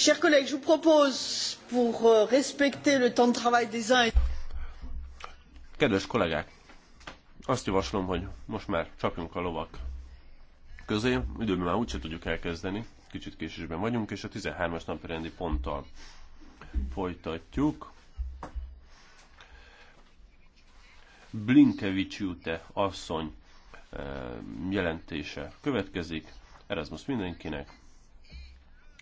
chers collègues je vous propose pour euh, respecter le temps de travail des uns et des autres Kedves kollégák, azt javaslom, hogy most már csapjunk a lovak közé. Időben már úgyse tudjuk elkezdeni, kicsit késésben vagyunk, és a 13-as napirendi ponttal folytatjuk. Blinkevics Jute asszony eh, jelentése következik. Erasmus mindenkinek,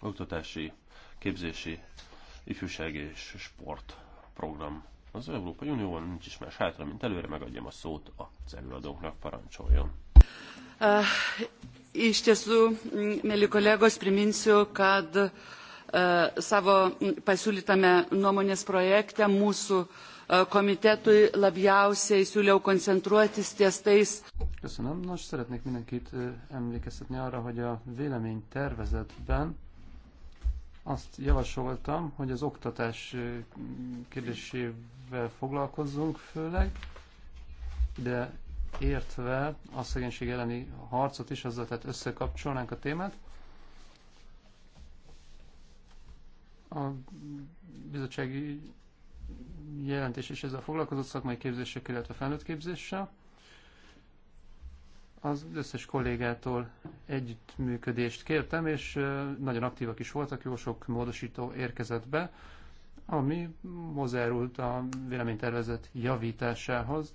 oktatási képzési, ifjúság és sport program. Az Európai Unióban nincs is más hátra, mint előre megadjam a szót a előadóknak, parancsoljon. Iš uh, tiesų, mėly mm, kolegos, priminsiu, kad uh, savo mm, pasiūlytame nuomonės projekte mūsų komitetui uh, labiausiai siūliau koncentruotis ties tais. Köszönöm. Nos, szeretnék mindenkit emlékeztetni arra, hogy a vélemény tervezetben azt javasoltam, hogy az oktatás kérdésével foglalkozzunk főleg, de értve a szegénység elleni harcot is, azzal tehát összekapcsolnánk a témát. A bizottsági jelentés is ezzel foglalkozott szakmai képzések, illetve felnőtt képzéssel. Az összes kollégától együttműködést kértem, és nagyon aktívak is voltak, jó sok módosító érkezett be, ami hozzájárult a véleménytervezet javításához.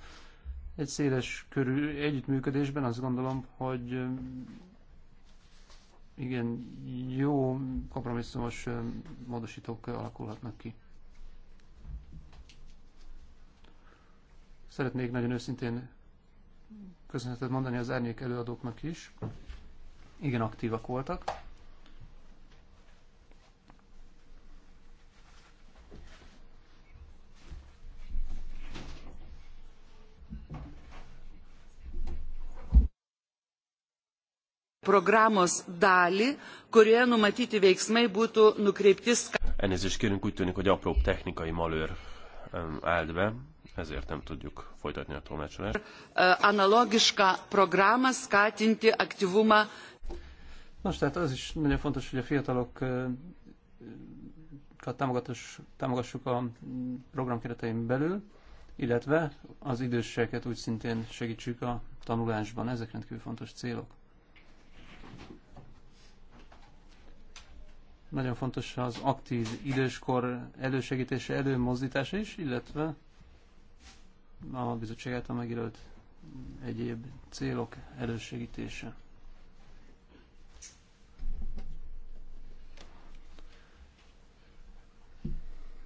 Egy széles körű együttműködésben azt gondolom, hogy igen, jó kompromisszumos módosítók alakulhatnak ki. Szeretnék nagyon őszintén köszönetet mondani az árnyék előadóknak is. Igen aktívak voltak. programos dali kurioje numatyti veiksmai būtų nukreipti. Elnézést kérünk, úgy tűnik, hogy apró technikai malőr állt ezért nem tudjuk folytatni a tolmácsolást. Analogiska programa skatinti aktivuma. Nos, tehát az is nagyon fontos, hogy a fiatalok támogassuk a program keretein belül, illetve az időseket úgy szintén segítsük a tanulásban. Ezek rendkívül fontos célok. Nagyon fontos az aktív időskor elősegítése, előmozdítása is, illetve a bizottság által megjelölt egyéb célok elősegítése.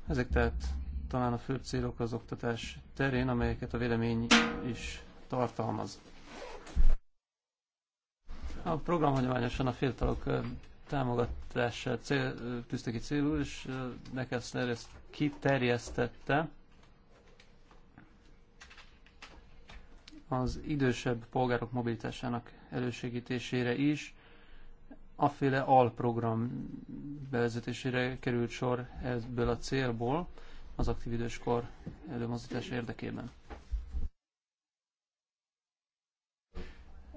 Ezek tehát talán a fő célok az oktatás terén, amelyeket a vélemény is tartalmaz. A program hagyományosan a fiatalok támogatását cél, tűzte ki célul, és nekem ezt kiterjesztette az idősebb polgárok mobilitásának elősegítésére is, aféle alprogram bevezetésére került sor ebből a célból az aktív időskor előmozdítása érdekében.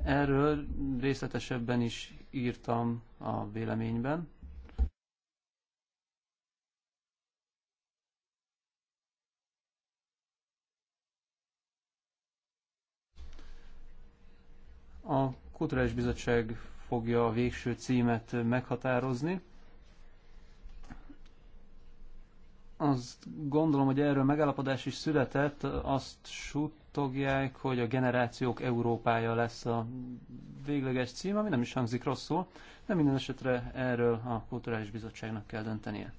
Erről részletesebben is írtam a véleményben. A Kulturális Bizottság fogja a végső címet meghatározni. Azt gondolom, hogy erről megállapodás is született, azt suttogják, hogy a generációk Európája lesz a végleges cím, ami nem is hangzik rosszul, de minden esetre erről a Kulturális Bizottságnak kell döntenie.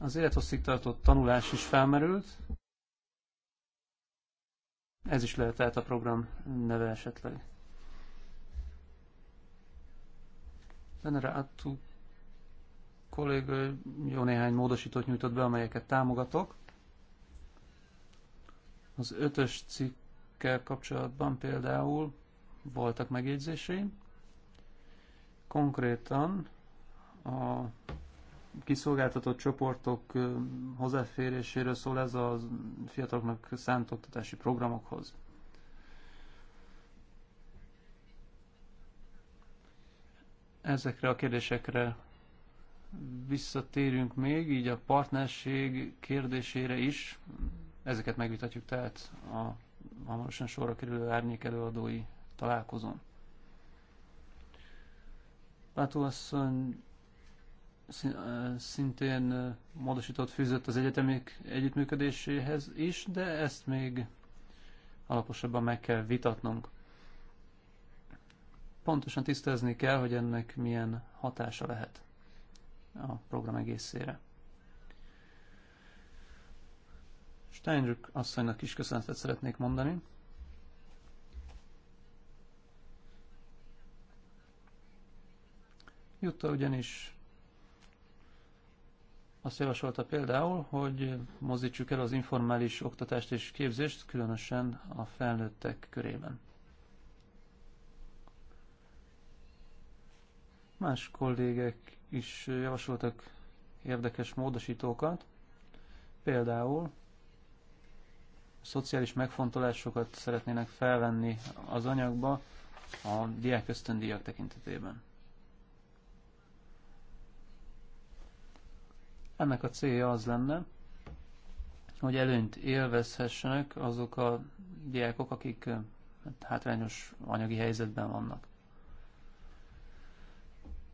Az élethosszig tartott tanulás is felmerült. Ez is lehet tehát a program neve esetleg. Venerátú kolléga jó néhány módosítót nyújtott be, amelyeket támogatok. Az ötös cikkkel kapcsolatban például voltak megjegyzéseim. Konkrétan a kiszolgáltatott csoportok hozzáféréséről szól ez a fiataloknak szánt oktatási programokhoz. Ezekre a kérdésekre visszatérünk még, így a partnerség kérdésére is. Ezeket megvitatjuk tehát a hamarosan sorra kerülő árnyék előadói találkozón. Pátó asszony szintén módosított fűzött az egyetemek együttműködéséhez is, de ezt még alaposabban meg kell vitatnunk. Pontosan tisztázni kell, hogy ennek milyen hatása lehet a program egészére. Steinrück asszonynak is köszönetet szeretnék mondani. Jutta ugyanis azt javasolta például, hogy mozdítsuk el az informális oktatást és képzést, különösen a felnőttek körében. Más kollégek is javasoltak érdekes módosítókat, például szociális megfontolásokat szeretnének felvenni az anyagba a diák ösztöndíjak tekintetében. Ennek a célja az lenne, hogy előnyt élvezhessenek azok a diákok, akik hát hátrányos anyagi helyzetben vannak.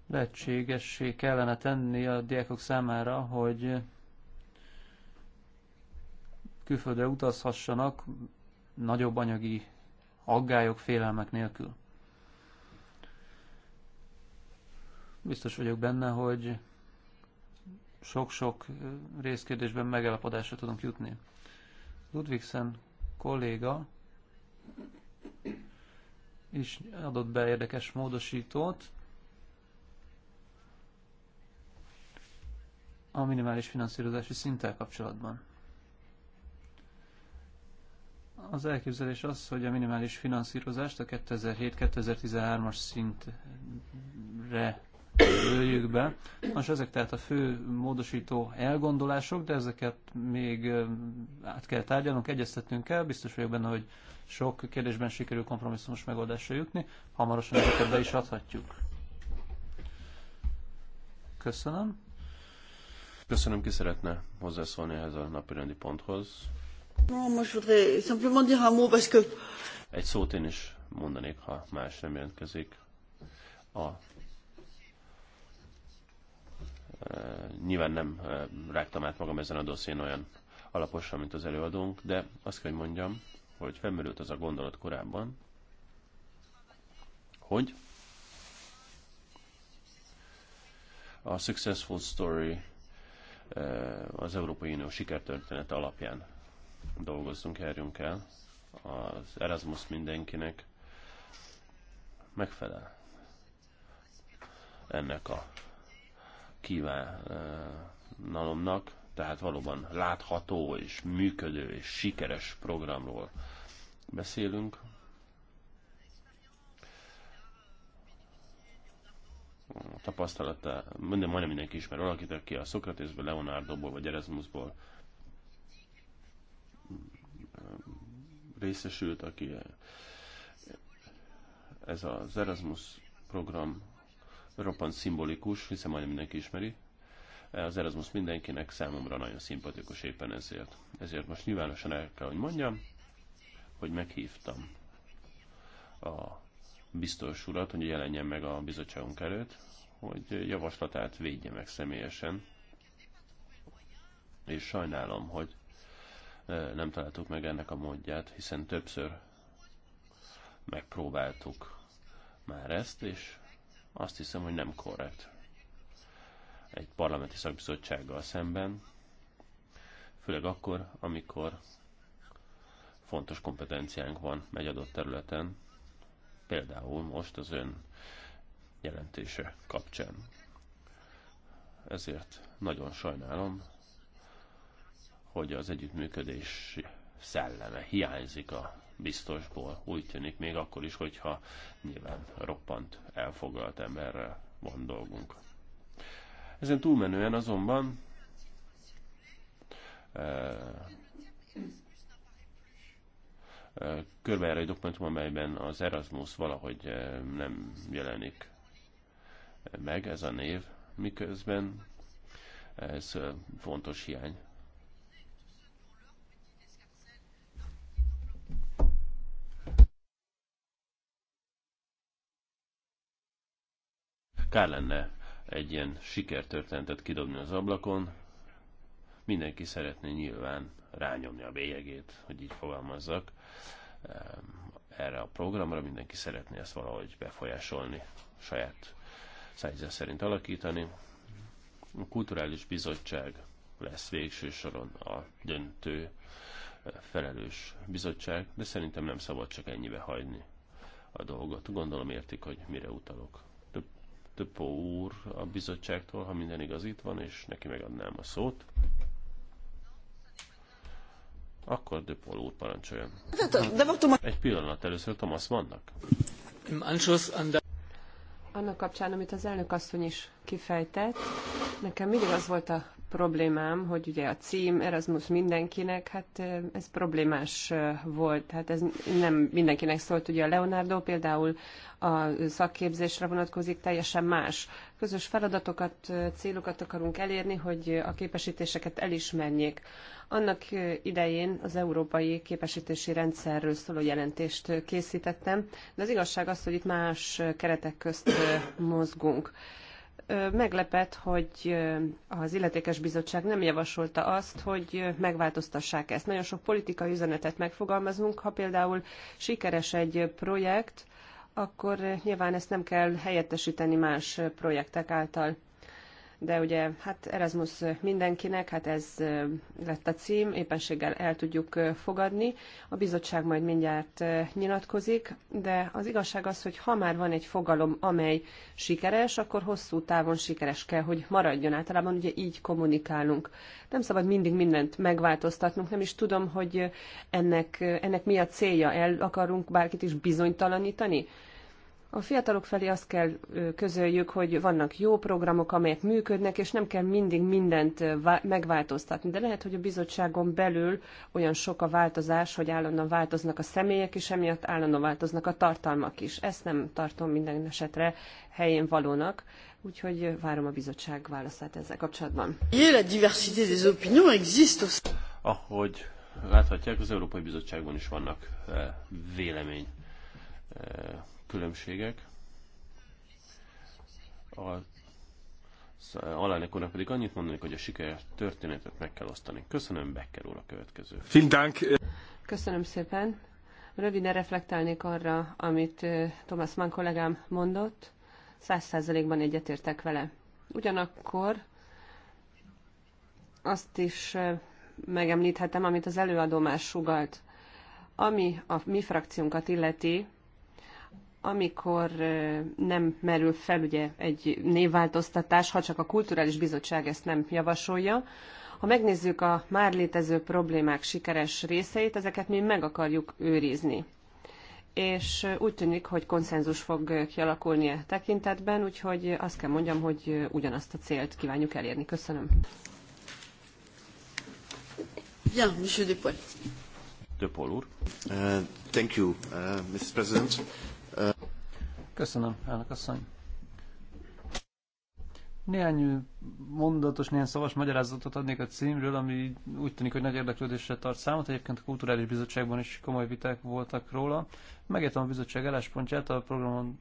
Lehetségessé kellene tenni a diákok számára, hogy külföldre utazhassanak nagyobb anyagi aggályok, félelmek nélkül. Biztos vagyok benne, hogy sok-sok részkérdésben megállapodásra tudunk jutni. Ludvigsen kolléga is adott be érdekes módosítót, a minimális finanszírozási szinttel kapcsolatban. Az elképzelés az, hogy a minimális finanszírozást a 2007-2013-as szintre öljük be. Nos, ezek tehát a fő módosító elgondolások, de ezeket még át kell tárgyalnunk, egyeztetnünk kell. Biztos vagyok benne, hogy sok kérdésben sikerül kompromisszumos megoldásra jutni. Hamarosan ezeket be is adhatjuk. Köszönöm. Köszönöm, ki szeretne hozzászólni ehhez a napirendi ponthoz. moi simplement dire un mot parce que... Egy szót én is mondanék, ha más nem jelentkezik. A Eh, nyilván nem eh, rágtam át magam ezen a dosszén olyan alaposan, mint az előadónk, de azt kell, hogy mondjam, hogy felmerült az a gondolat korábban, hogy a Successful Story eh, az Európai Unió sikertörténete alapján dolgozzunk, járjunk el. Az Erasmus mindenkinek megfelel ennek a kívánalomnak, tehát valóban látható és működő és sikeres programról beszélünk. A tapasztalata, minden, majdnem mindenki ismer valakit, aki a Szokratészből, Leonardoból vagy Erasmusból részesült, aki ez az Erasmus program roppant szimbolikus, hiszen majdnem mindenki ismeri. Az Erasmus mindenkinek számomra nagyon szimpatikus éppen ezért. Ezért most nyilvánosan el kell, hogy mondjam, hogy meghívtam a biztos urat, hogy jelenjen meg a bizottságunk előtt, hogy javaslatát védje meg személyesen. És sajnálom, hogy nem találtuk meg ennek a módját, hiszen többször megpróbáltuk már ezt, és azt hiszem, hogy nem korrekt egy parlamenti szakbizottsággal szemben, főleg akkor, amikor fontos kompetenciánk van egy adott területen, például most az ön jelentése kapcsán. Ezért nagyon sajnálom, hogy az együttműködés szelleme hiányzik a biztosból. Úgy tűnik még akkor is, hogyha nyilván roppant elfoglalt emberre van dolgunk. Ezen túlmenően azonban e, e, körbejár egy dokumentum, amelyben az Erasmus valahogy e, nem jelenik meg ez a név, miközben ez fontos hiány Kár lenne egy ilyen sikertörténetet kidobni az ablakon. Mindenki szeretné nyilván rányomni a bélyegét, hogy így fogalmazzak. Erre a programra mindenki szeretné ezt valahogy befolyásolni, saját szájzás szerint alakítani. A Kulturális Bizottság lesz végső soron a döntő eh, felelős bizottság, de szerintem nem szabad csak ennyibe hagyni a dolgot. Gondolom értik, hogy mire utalok. Töpó úr a bizottságtól, ha minden igaz itt van, és neki megadnám a szót. Akkor Döpol úr parancsoljon. Egy pillanat először Thomas vannak. Annak kapcsán, amit az elnök asszony is kifejtett, nekem mindig az volt a problémám, hogy ugye a cím Erasmus mindenkinek, hát ez problémás volt, hát ez nem mindenkinek szólt, ugye a Leonardo például a szakképzésre vonatkozik, teljesen más. Közös feladatokat, célokat akarunk elérni, hogy a képesítéseket elismerjék. Annak idején az európai képesítési rendszerről szóló jelentést készítettem, de az igazság az, hogy itt más keretek közt mozgunk meglepett, hogy az illetékes bizottság nem javasolta azt, hogy megváltoztassák ezt. Nagyon sok politikai üzenetet megfogalmazunk, ha például sikeres egy projekt, akkor nyilván ezt nem kell helyettesíteni más projektek által de ugye hát Erasmus mindenkinek, hát ez lett a cím, éppenséggel el tudjuk fogadni. A bizottság majd mindjárt nyilatkozik, de az igazság az, hogy ha már van egy fogalom, amely sikeres, akkor hosszú távon sikeres kell, hogy maradjon. Általában ugye így kommunikálunk. Nem szabad mindig mindent megváltoztatnunk, nem is tudom, hogy ennek, ennek mi a célja, el akarunk bárkit is bizonytalanítani. A fiatalok felé azt kell közöljük, hogy vannak jó programok, amelyek működnek, és nem kell mindig mindent megváltoztatni. De lehet, hogy a bizottságon belül olyan sok a változás, hogy állandóan változnak a személyek, és emiatt állandóan változnak a tartalmak is. Ezt nem tartom minden esetre helyén valónak, úgyhogy várom a bizottság válaszát ezzel kapcsolatban. Ahogy láthatják, az Európai Bizottságban is vannak vélemény különbségek. A alelnök pedig annyit mondanék, hogy a siker történetet meg kell osztani. Köszönöm, Becker úr a következő. Köszönöm szépen. Röviden reflektálnék arra, amit Thomas Mann kollégám mondott. Száz százalékban egyetértek vele. Ugyanakkor azt is megemlíthetem, amit az előadó már sugalt. Ami a mi frakciónkat illeti, amikor nem merül fel ugye egy névváltoztatás, ha csak a kulturális bizottság ezt nem javasolja, ha megnézzük a már létező problémák sikeres részeit, ezeket mi meg akarjuk őrizni. És úgy tűnik, hogy konszenzus fog kialakulni a e tekintetben, úgyhogy azt kell mondjam, hogy ugyanazt a célt kívánjuk elérni. Köszönöm. Bien, Monsieur Depol. Depol úr. Uh, thank you, uh, Mrs. President. Köszönöm, elnök asszony. Néhány mondatos, néhány szavas magyarázatot adnék a címről, ami úgy tűnik, hogy nagy érdeklődésre tart számot. Egyébként a Kulturális Bizottságban is komoly viták voltak róla. Megértem a bizottság álláspontját, a programon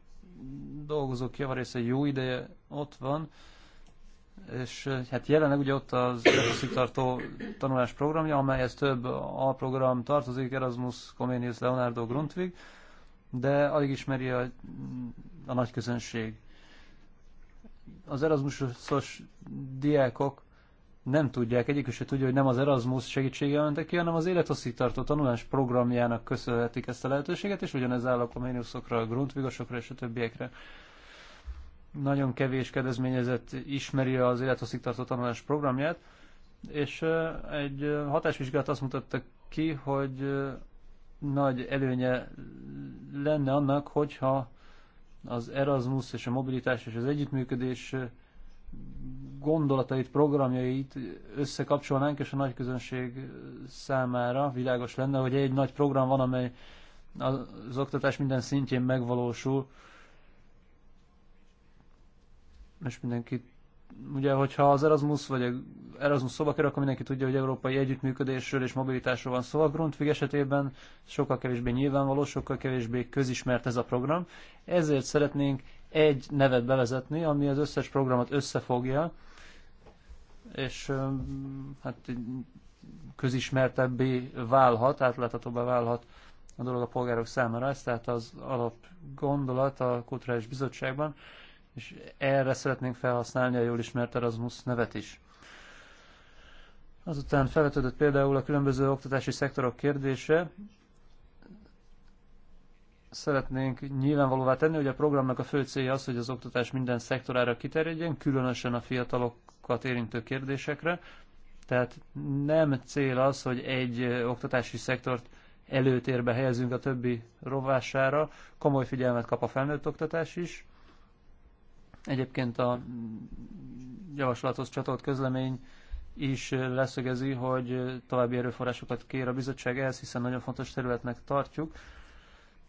dolgozók javarésze jó ideje ott van, és hát jelenleg ugye ott az tartó tanulás programja, amelyhez több alprogram tartozik, Erasmus, Comenius, Leonardo, Grundtvig, de alig ismeri a, a nagy közönség. Az Erasmusos diákok nem tudják, egyikük se tudja, hogy nem az Erasmus segítsége mentek ki, hanem az élethosszígtartó tanulás programjának köszönhetik ezt a lehetőséget, és ugyanez áll a Comeniusokra, a Grundvigasokra és a többiekre. Nagyon kevés kedvezményezett ismeri az élethosszígtartó tanulás programját, és egy hatásvizsgálat azt mutatta ki, hogy nagy előnye lenne annak, hogyha az Erasmus és a mobilitás és az együttműködés gondolatait, programjait összekapcsolnánk, és a nagy közönség számára világos lenne, hogy egy nagy program van, amely az oktatás minden szintjén megvalósul, és mindenkit ugye, hogyha az Erasmus vagy a Erasmus szóba kerül, akkor mindenki tudja, hogy európai együttműködésről és mobilitásról van szó. A Grundtvig esetében sokkal kevésbé nyilvánvaló, sokkal kevésbé közismert ez a program. Ezért szeretnénk egy nevet bevezetni, ami az összes programot összefogja, és hát közismertebbé válhat, átláthatóbbá válhat a dolog a polgárok számára. Ez tehát az alap gondolat a Kulturális Bizottságban, és erre szeretnénk felhasználni a jól ismert Erasmus nevet is. Azután felvetődött például a különböző oktatási szektorok kérdése. Szeretnénk nyilvánvalóvá tenni, hogy a programnak a fő célja az, hogy az oktatás minden szektorára kiterjedjen, különösen a fiatalokat érintő kérdésekre. Tehát nem cél az, hogy egy oktatási szektort előtérbe helyezünk a többi rovására, komoly figyelmet kap a felnőtt oktatás is Egyébként a javaslathoz csatolt közlemény is leszögezi, hogy további erőforrásokat kér a bizottság ehhez, hiszen nagyon fontos területnek tartjuk,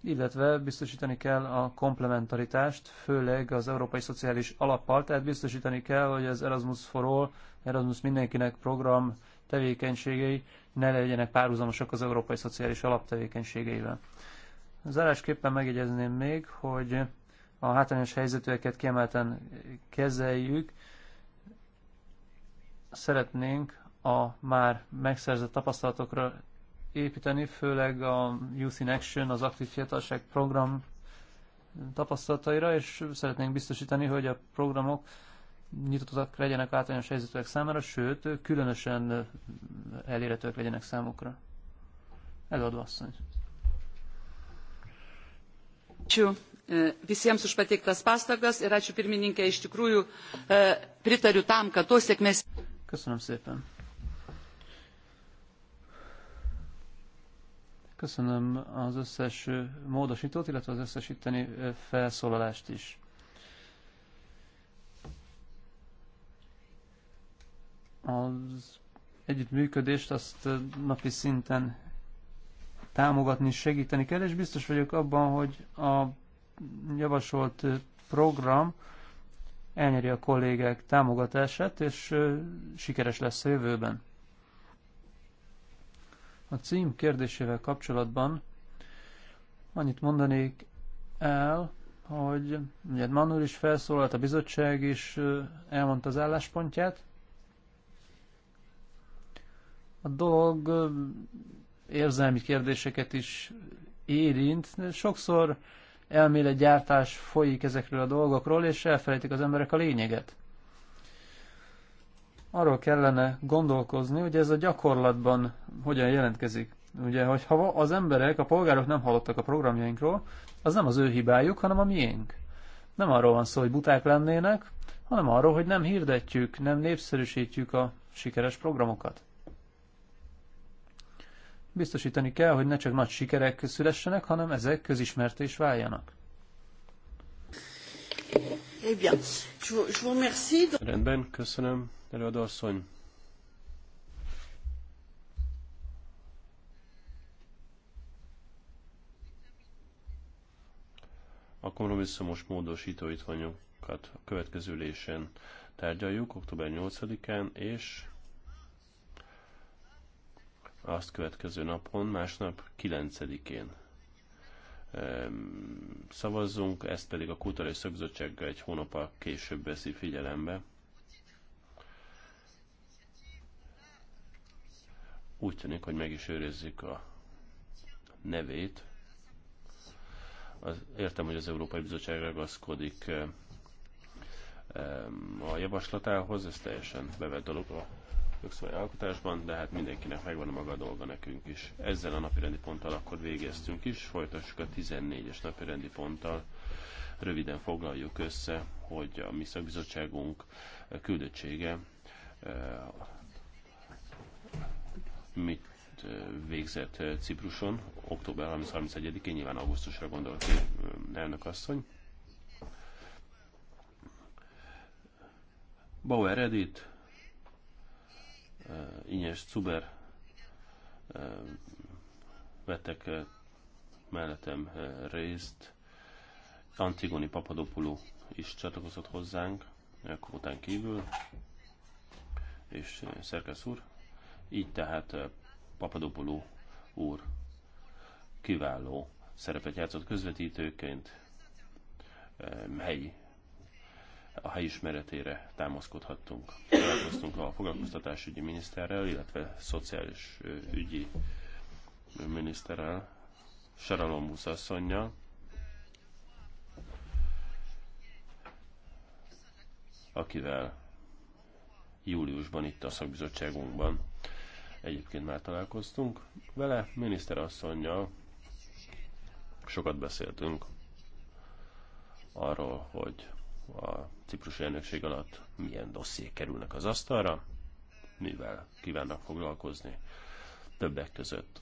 illetve biztosítani kell a komplementaritást, főleg az Európai Szociális Alappal, tehát biztosítani kell, hogy az Erasmus for All, Erasmus mindenkinek program tevékenységei ne legyenek párhuzamosak az Európai Szociális Alap tevékenységeivel. Zárásképpen megjegyezném még, hogy a hátrányos helyzetűeket kiemelten kezeljük. Szeretnénk a már megszerzett tapasztalatokra építeni, főleg a Youth in Action, az Aktív Fiatalság program tapasztalataira, és szeretnénk biztosítani, hogy a programok nyitottak legyenek általános helyzetűek számára, sőt, különösen elérhetőek legyenek számukra. Előadó asszony. Csú. E, visiems už pateiktas pastangas ir ačiū pirmininkė, iš tikrųjų e, pritariu tam, kad tos sėkmės. Köszönöm az összes módosítót, illetve az összes itteni e, felszólalást is. Az együttműködést azt napi szinten támogatni, segíteni kell, és biztos vagyok abban, hogy a javasolt program elnyeri a kollégák támogatását, és sikeres lesz a jövőben. A cím kérdésével kapcsolatban annyit mondanék el, hogy ugye Manur is felszólalt, a bizottság is elmondta az álláspontját. A dolog érzelmi kérdéseket is érint. Sokszor elméletgyártás folyik ezekről a dolgokról, és elfelejtik az emberek a lényeget. Arról kellene gondolkozni, hogy ez a gyakorlatban hogyan jelentkezik. Ugye, hogy ha az emberek, a polgárok nem hallottak a programjainkról, az nem az ő hibájuk, hanem a miénk. Nem arról van szó, hogy buták lennének, hanem arról, hogy nem hirdetjük, nem népszerűsítjük a sikeres programokat. Biztosítani kell, hogy ne csak nagy sikerek szülessenek, hanem ezek közismerte is váljanak. Eh bien, je vous, remercie. Rendben, köszönöm, előadó asszony. A kompromisszumos módosítóit vagyunk a következő ülésen tárgyaljuk, október 8-án, és azt következő napon, másnap 9-én szavazzunk, ezt pedig a kultúrai Szakbizottság egy hónappal később veszi figyelembe. Úgy tűnik, hogy meg is őrizzük a nevét. Az, értem, hogy az Európai Bizottság ragaszkodik a javaslatához, ez teljesen bevett dolog a alkotásban, de hát mindenkinek megvan a maga dolga nekünk is. Ezzel a napirendi ponttal akkor végeztünk is, folytassuk a 14-es napirendi ponttal. Röviden foglaljuk össze, hogy a mi szakbizottságunk eh, küldöttsége eh, mit eh, végzett Cipruson, október 31-én, nyilván augusztusra gondolt elnök asszony. Bauer Edith, Inyes Cuber vettek mellettem részt. Antigoni Papadopoulou is csatlakozott hozzánk kvótán kívül, és Szerkesz úr. Így tehát Papadopoulou úr kiváló szerepet játszott közvetítőként, helyi a helyismeretére támaszkodhattunk. Találkoztunk a foglalkoztatásügyi miniszterrel, illetve szociális ügyi miniszterrel, Sharon asszonynal, akivel júliusban itt a szakbizottságunkban egyébként már találkoztunk vele, miniszterasszonynal sokat beszéltünk arról, hogy a ciprusi elnökség alatt milyen dossziék kerülnek az asztalra, mivel kívánnak foglalkozni többek között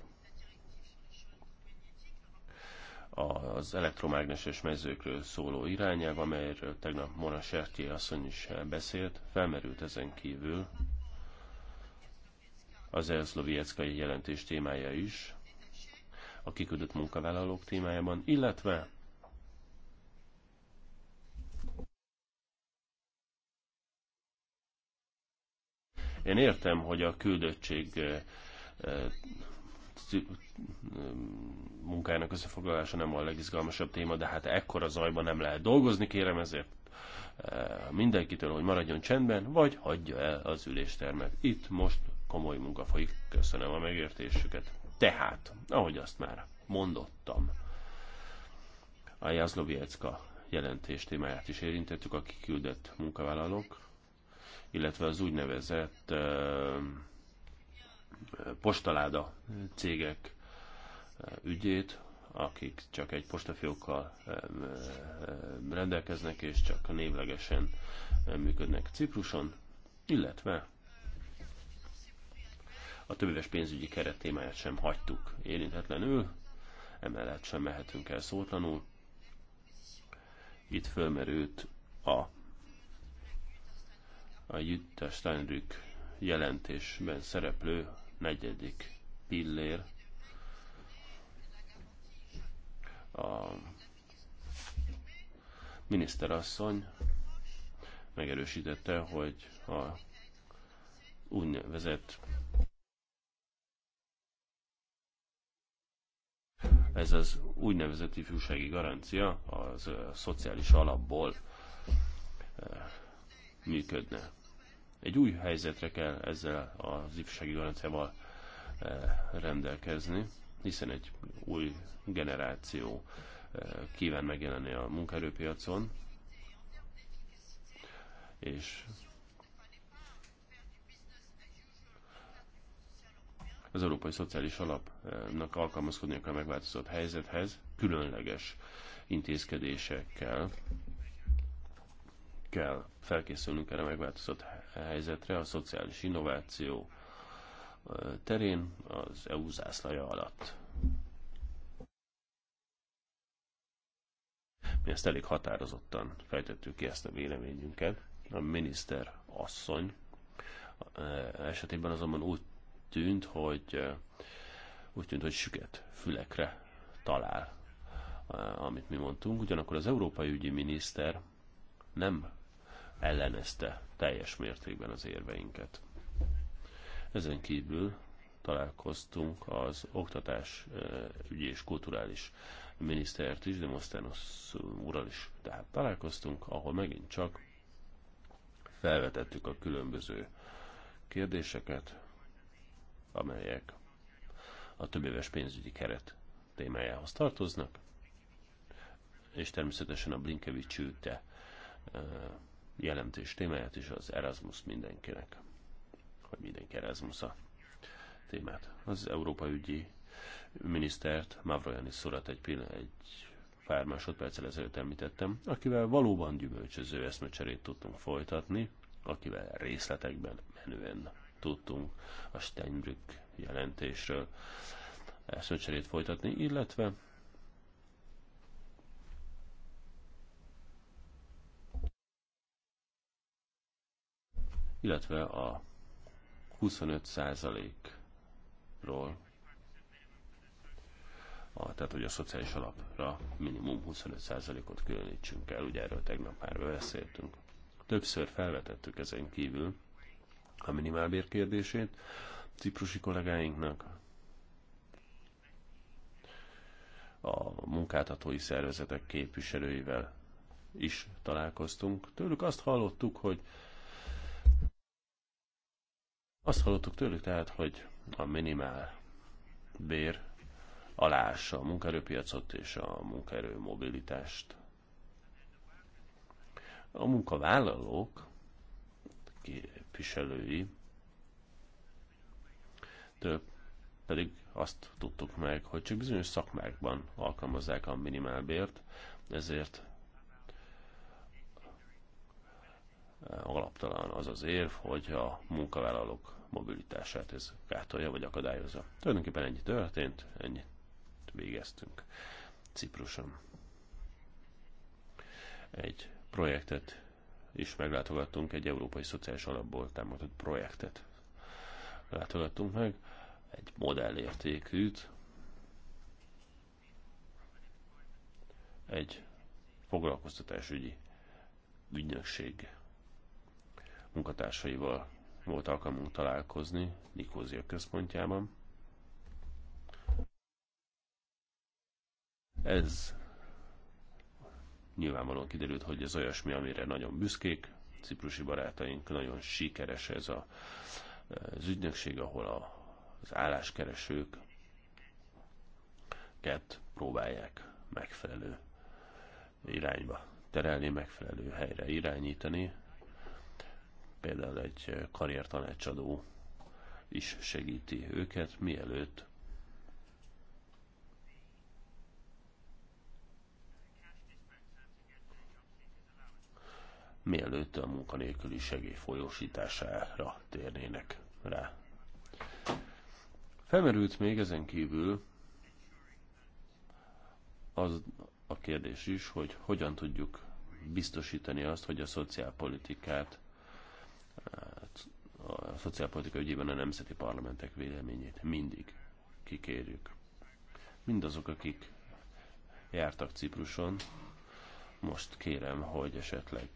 az elektromágneses mezőkről szóló irányelv, amelyről tegnap Mona Sertjé asszony is beszélt, felmerült ezen kívül az elszlovieckai jelentés témája is, a kiküldött munkavállalók témájában, illetve Én értem, hogy a küldöttség munkának összefoglalása nem a legizgalmasabb téma, de hát ekkora zajban nem lehet dolgozni, kérem ezért mindenkitől, hogy maradjon csendben, vagy hagyja el az üléstermet. Itt most komoly munka folyik, köszönöm a megértésüket. Tehát, ahogy azt már mondottam, a Jazlovjecka jelentés témáját is érintettük, a küldött munkavállalók illetve az úgynevezett postaláda cégek ügyét, akik csak egy postafiókkal rendelkeznek és csak névlegesen működnek Cipruson, illetve a többéves pénzügyi keret témáját sem hagytuk érintetlenül, emellett sem mehetünk el szótlanul. Itt fölmerült a a Jutta Steinrück jelentésben szereplő negyedik pillér a miniszterasszony megerősítette, hogy a úgynevezett ez az úgynevezett ifjúsági garancia az szociális alapból működne. Egy új helyzetre kell ezzel az ifjúsági garanciával eh, rendelkezni, hiszen egy új generáció eh, kíván megjelenni a munkaerőpiacon, és az Európai Szociális Alapnak alkalmazkodni kell a megváltozott helyzethez, különleges intézkedésekkel kell felkészülnünk erre megváltozott helyzetre a szociális innováció terén az EU zászlaja alatt. Mi ezt elég határozottan fejtettük ki ezt a véleményünket. A miniszter asszony esetében azonban úgy tűnt, hogy úgy tűnt, hogy süket fülekre talál, amit mi mondtunk. Ugyanakkor az európai ügyi miniszter nem ellenezte teljes mértékben az érveinket. Ezen kívül találkoztunk az oktatás ügyi és kulturális minisztert is, de Demosztános úrral is tehát találkoztunk, ahol megint csak felvetettük a különböző kérdéseket, amelyek a többéves pénzügyi keret témájához tartoznak, és természetesen a Blinkevics jelentés témáját is, az Erasmus mindenkinek, hogy mindenki erasmus -a témát. Az Európai Ügyi minisztert, Mavrojani Szorat egy, pillanat, egy pár másodperccel ezelőtt említettem, akivel valóban gyümölcsöző eszmecserét tudtunk folytatni, akivel részletekben menően tudtunk a Steinbrück jelentésről eszmecserét folytatni, illetve illetve a 25%-ról, a, tehát hogy a szociális alapra minimum 25%-ot különítsünk el, ugye erről tegnap már beszéltünk. Többször felvetettük ezen kívül a minimálbér kérdését ciprusi kollégáinknak, a munkáltatói szervezetek képviselőivel is találkoztunk. Tőlük azt hallottuk, hogy azt hallottuk tőlük tehát, hogy a minimál bér alása a munkaerőpiacot és a munkaerő mobilitást. A munkavállalók képviselői több, pedig azt tudtuk meg, hogy csak bizonyos szakmákban alkalmazzák a minimálbért, ezért alaptalan az az érv, hogy a munkavállalók mobilitását ez gátolja vagy akadályozza. Tulajdonképpen ennyi történt, ennyit végeztünk Cipruson. Egy projektet is meglátogattunk, egy Európai Szociális Alapból támogatott projektet látogattunk meg, egy modellértékűt, egy foglalkoztatásügyi ügynökség munkatársaival volt alkalmunk találkozni Nikózia központjában. Ez nyilvánvalóan kiderült, hogy ez olyasmi, amire nagyon büszkék. Ciprusi barátaink nagyon sikeres ez a, az ügynökség, ahol a, az álláskeresők próbálják megfelelő irányba terelni, megfelelő helyre irányítani, például egy karriertanácsadó is segíti őket, mielőtt mielőtt a munkanélküli segély folyósítására térnének rá. Felmerült még ezen kívül az a kérdés is, hogy hogyan tudjuk biztosítani azt, hogy a szociálpolitikát a szociálpolitika ügyében a nemzeti parlamentek véleményét mindig kikérjük. Mindazok, akik jártak Cipruson, most kérem, hogy esetleg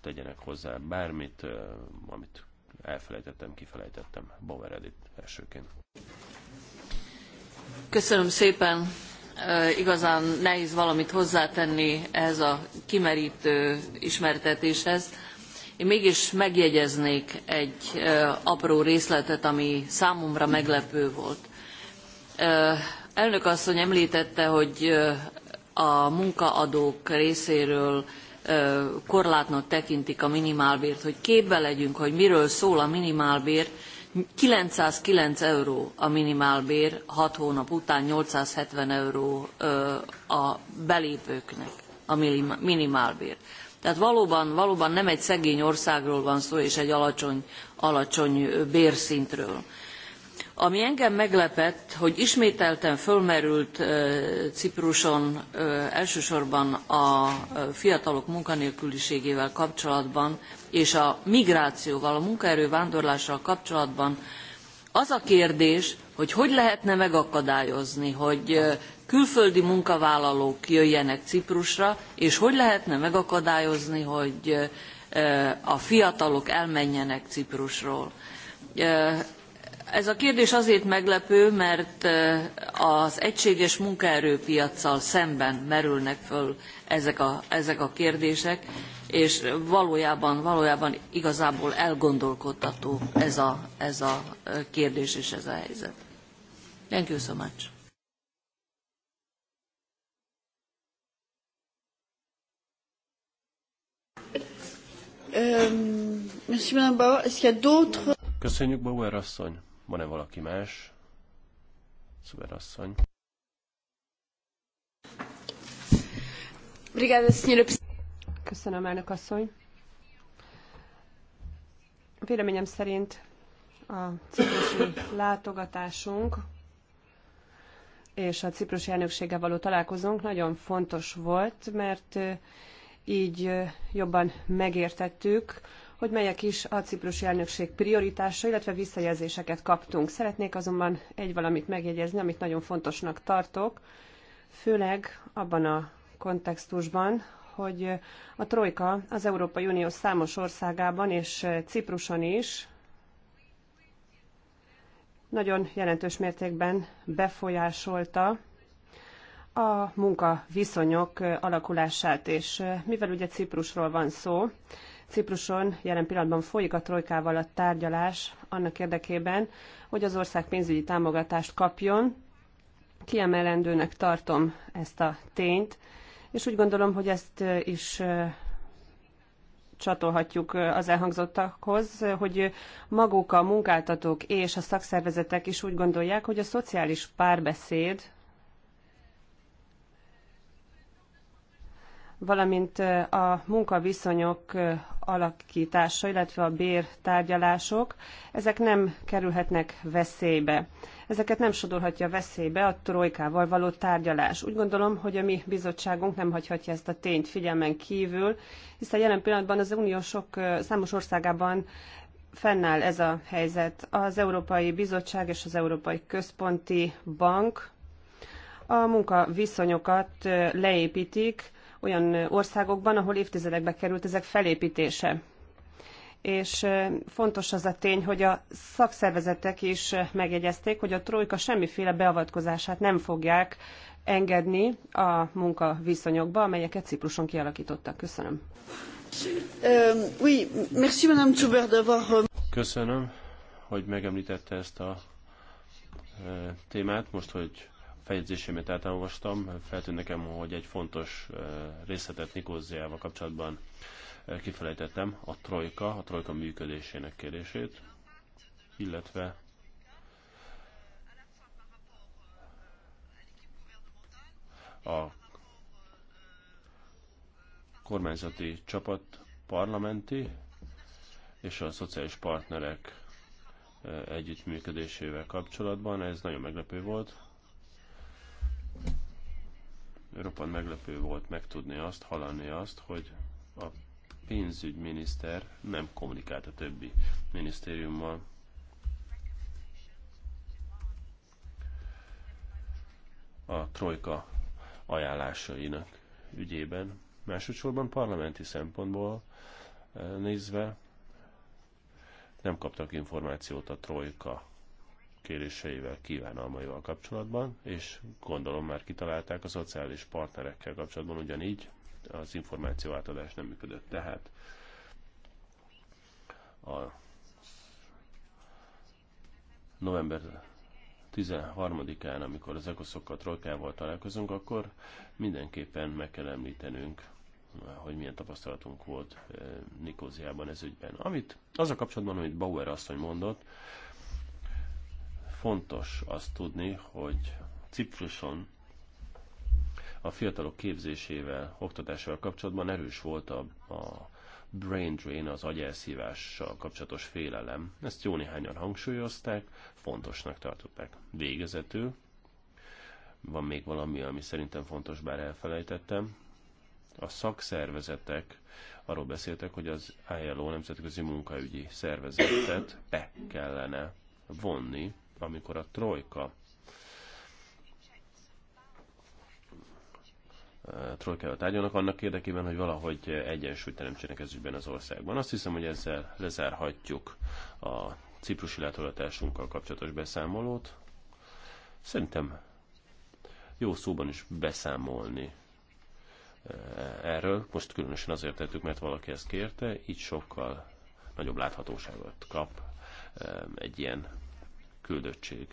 tegyenek hozzá bármit, amit elfelejtettem, kifelejtettem. Bauer Edith elsőként. Köszönöm szépen. E, igazán nehéz valamit hozzátenni ehhez a kimerítő ismertetéshez én mégis megjegyeznék egy apró részletet, ami számomra meglepő volt. Elnök asszony említette, hogy a munkaadók részéről korlátnak tekintik a minimálbért, hogy képbe legyünk, hogy miről szól a minimálbér. 909 euró a minimálbér, 6 hónap után 870 euró a belépőknek a minimálbér. Tehát valóban, valóban nem egy szegény országról van szó, és egy alacsony, alacsony bérszintről. Ami engem meglepett, hogy ismételten fölmerült Cipruson elsősorban a fiatalok munkanélküliségével kapcsolatban, és a migrációval, a munkaerő vándorlással kapcsolatban az a kérdés, hogy hogy lehetne megakadályozni, hogy külföldi munkavállalók jöjjenek Ciprusra, és hogy lehetne megakadályozni, hogy a fiatalok elmenjenek Ciprusról. Ez a kérdés azért meglepő, mert az egységes munkaerőpiacsal szemben merülnek föl ezek a, ezek a kérdések, és valójában, valójában igazából elgondolkodtató ez a, ez a kérdés és ez a helyzet. Thank you so much. Euh, Köszönjük, Bauer asszony. Van-e valaki más? Szuper asszony. Köszönöm, elnök asszony. Véleményem szerint a ciprusi látogatásunk és a ciprusi elnökséggel való találkozónk nagyon fontos volt, mert így jobban megértettük, hogy melyek is a ciprusi elnökség prioritása, illetve visszajelzéseket kaptunk. Szeretnék azonban egy valamit megjegyezni, amit nagyon fontosnak tartok, főleg abban a kontextusban, hogy a Trojka az Európai Unió számos országában és Cipruson is nagyon jelentős mértékben befolyásolta a munkaviszonyok alakulását, és mivel ugye Ciprusról van szó, Cipruson jelen pillanatban folyik a trojkával a tárgyalás annak érdekében, hogy az ország pénzügyi támogatást kapjon. Kiemelendőnek tartom ezt a tényt, és úgy gondolom, hogy ezt is csatolhatjuk az elhangzottakhoz, hogy maguk a munkáltatók és a szakszervezetek is úgy gondolják, hogy a szociális párbeszéd valamint a munkaviszonyok alakítása, illetve a bértárgyalások, ezek nem kerülhetnek veszélybe. Ezeket nem sodorhatja veszélybe a trojkával való tárgyalás. Úgy gondolom, hogy a mi bizottságunk nem hagyhatja ezt a tényt figyelmen kívül, hiszen jelen pillanatban az unió sok számos országában fennáll ez a helyzet. Az Európai Bizottság és az Európai Központi Bank a munkaviszonyokat leépítik, olyan országokban, ahol évtizedekbe került ezek felépítése. És fontos az a tény, hogy a szakszervezetek is megjegyezték, hogy a trojka semmiféle beavatkozását nem fogják engedni a munkaviszonyokba, amelyeket Cipruson kialakítottak. Köszönöm. Euh, Köszönöm, hogy megemlítette ezt a témát, most, hogy fejegyzésémet átolvastam, feltűnt nekem, hogy egy fontos részletet Nikóziával kapcsolatban kifelejtettem, a trojka, a trojka működésének kérdését, illetve a kormányzati csapat parlamenti és a szociális partnerek együttműködésével kapcsolatban. Ez nagyon meglepő volt roppant meglepő volt megtudni azt, hallani azt, hogy a pénzügyminiszter nem kommunikált a többi minisztériummal. a trojka ajánlásainak ügyében. Másodszorban parlamenti szempontból eh, nézve nem kaptak információt a trojka kéréseivel, kívánalmaival kapcsolatban, és gondolom már kitalálták a szociális partnerekkel kapcsolatban, ugyanígy az információ átadás nem működött. Tehát a november 13-án, amikor az ekoszokkal trojkával találkozunk, akkor mindenképpen meg kell említenünk, hogy milyen tapasztalatunk volt eh, Nikóziában ez ügyben. Amit, az a kapcsolatban, amit Bauer asszony mondott, Fontos azt tudni, hogy Cipruson a fiatalok képzésével, oktatásával kapcsolatban erős volt a, a brain drain, az agyelszívással kapcsolatos félelem. Ezt jó néhányan hangsúlyozták, fontosnak tartották. Végezetül van még valami, ami szerintem fontos, bár elfelejtettem. A szakszervezetek arról beszéltek, hogy az ILO nemzetközi munkaügyi szervezetet be kellene vonni amikor a trojka trojkával tárgyalnak annak érdekében, hogy valahogy egyensúlyt teremtsenek ez ügyben az országban. Azt hiszem, hogy ezzel lezárhatjuk a ciprusi látogatásunkkal kapcsolatos beszámolót. Szerintem jó szóban is beszámolni eh, erről. Most különösen azért tettük, mert valaki ezt kérte, így sokkal nagyobb láthatóságot kap eh, egy ilyen küldöttség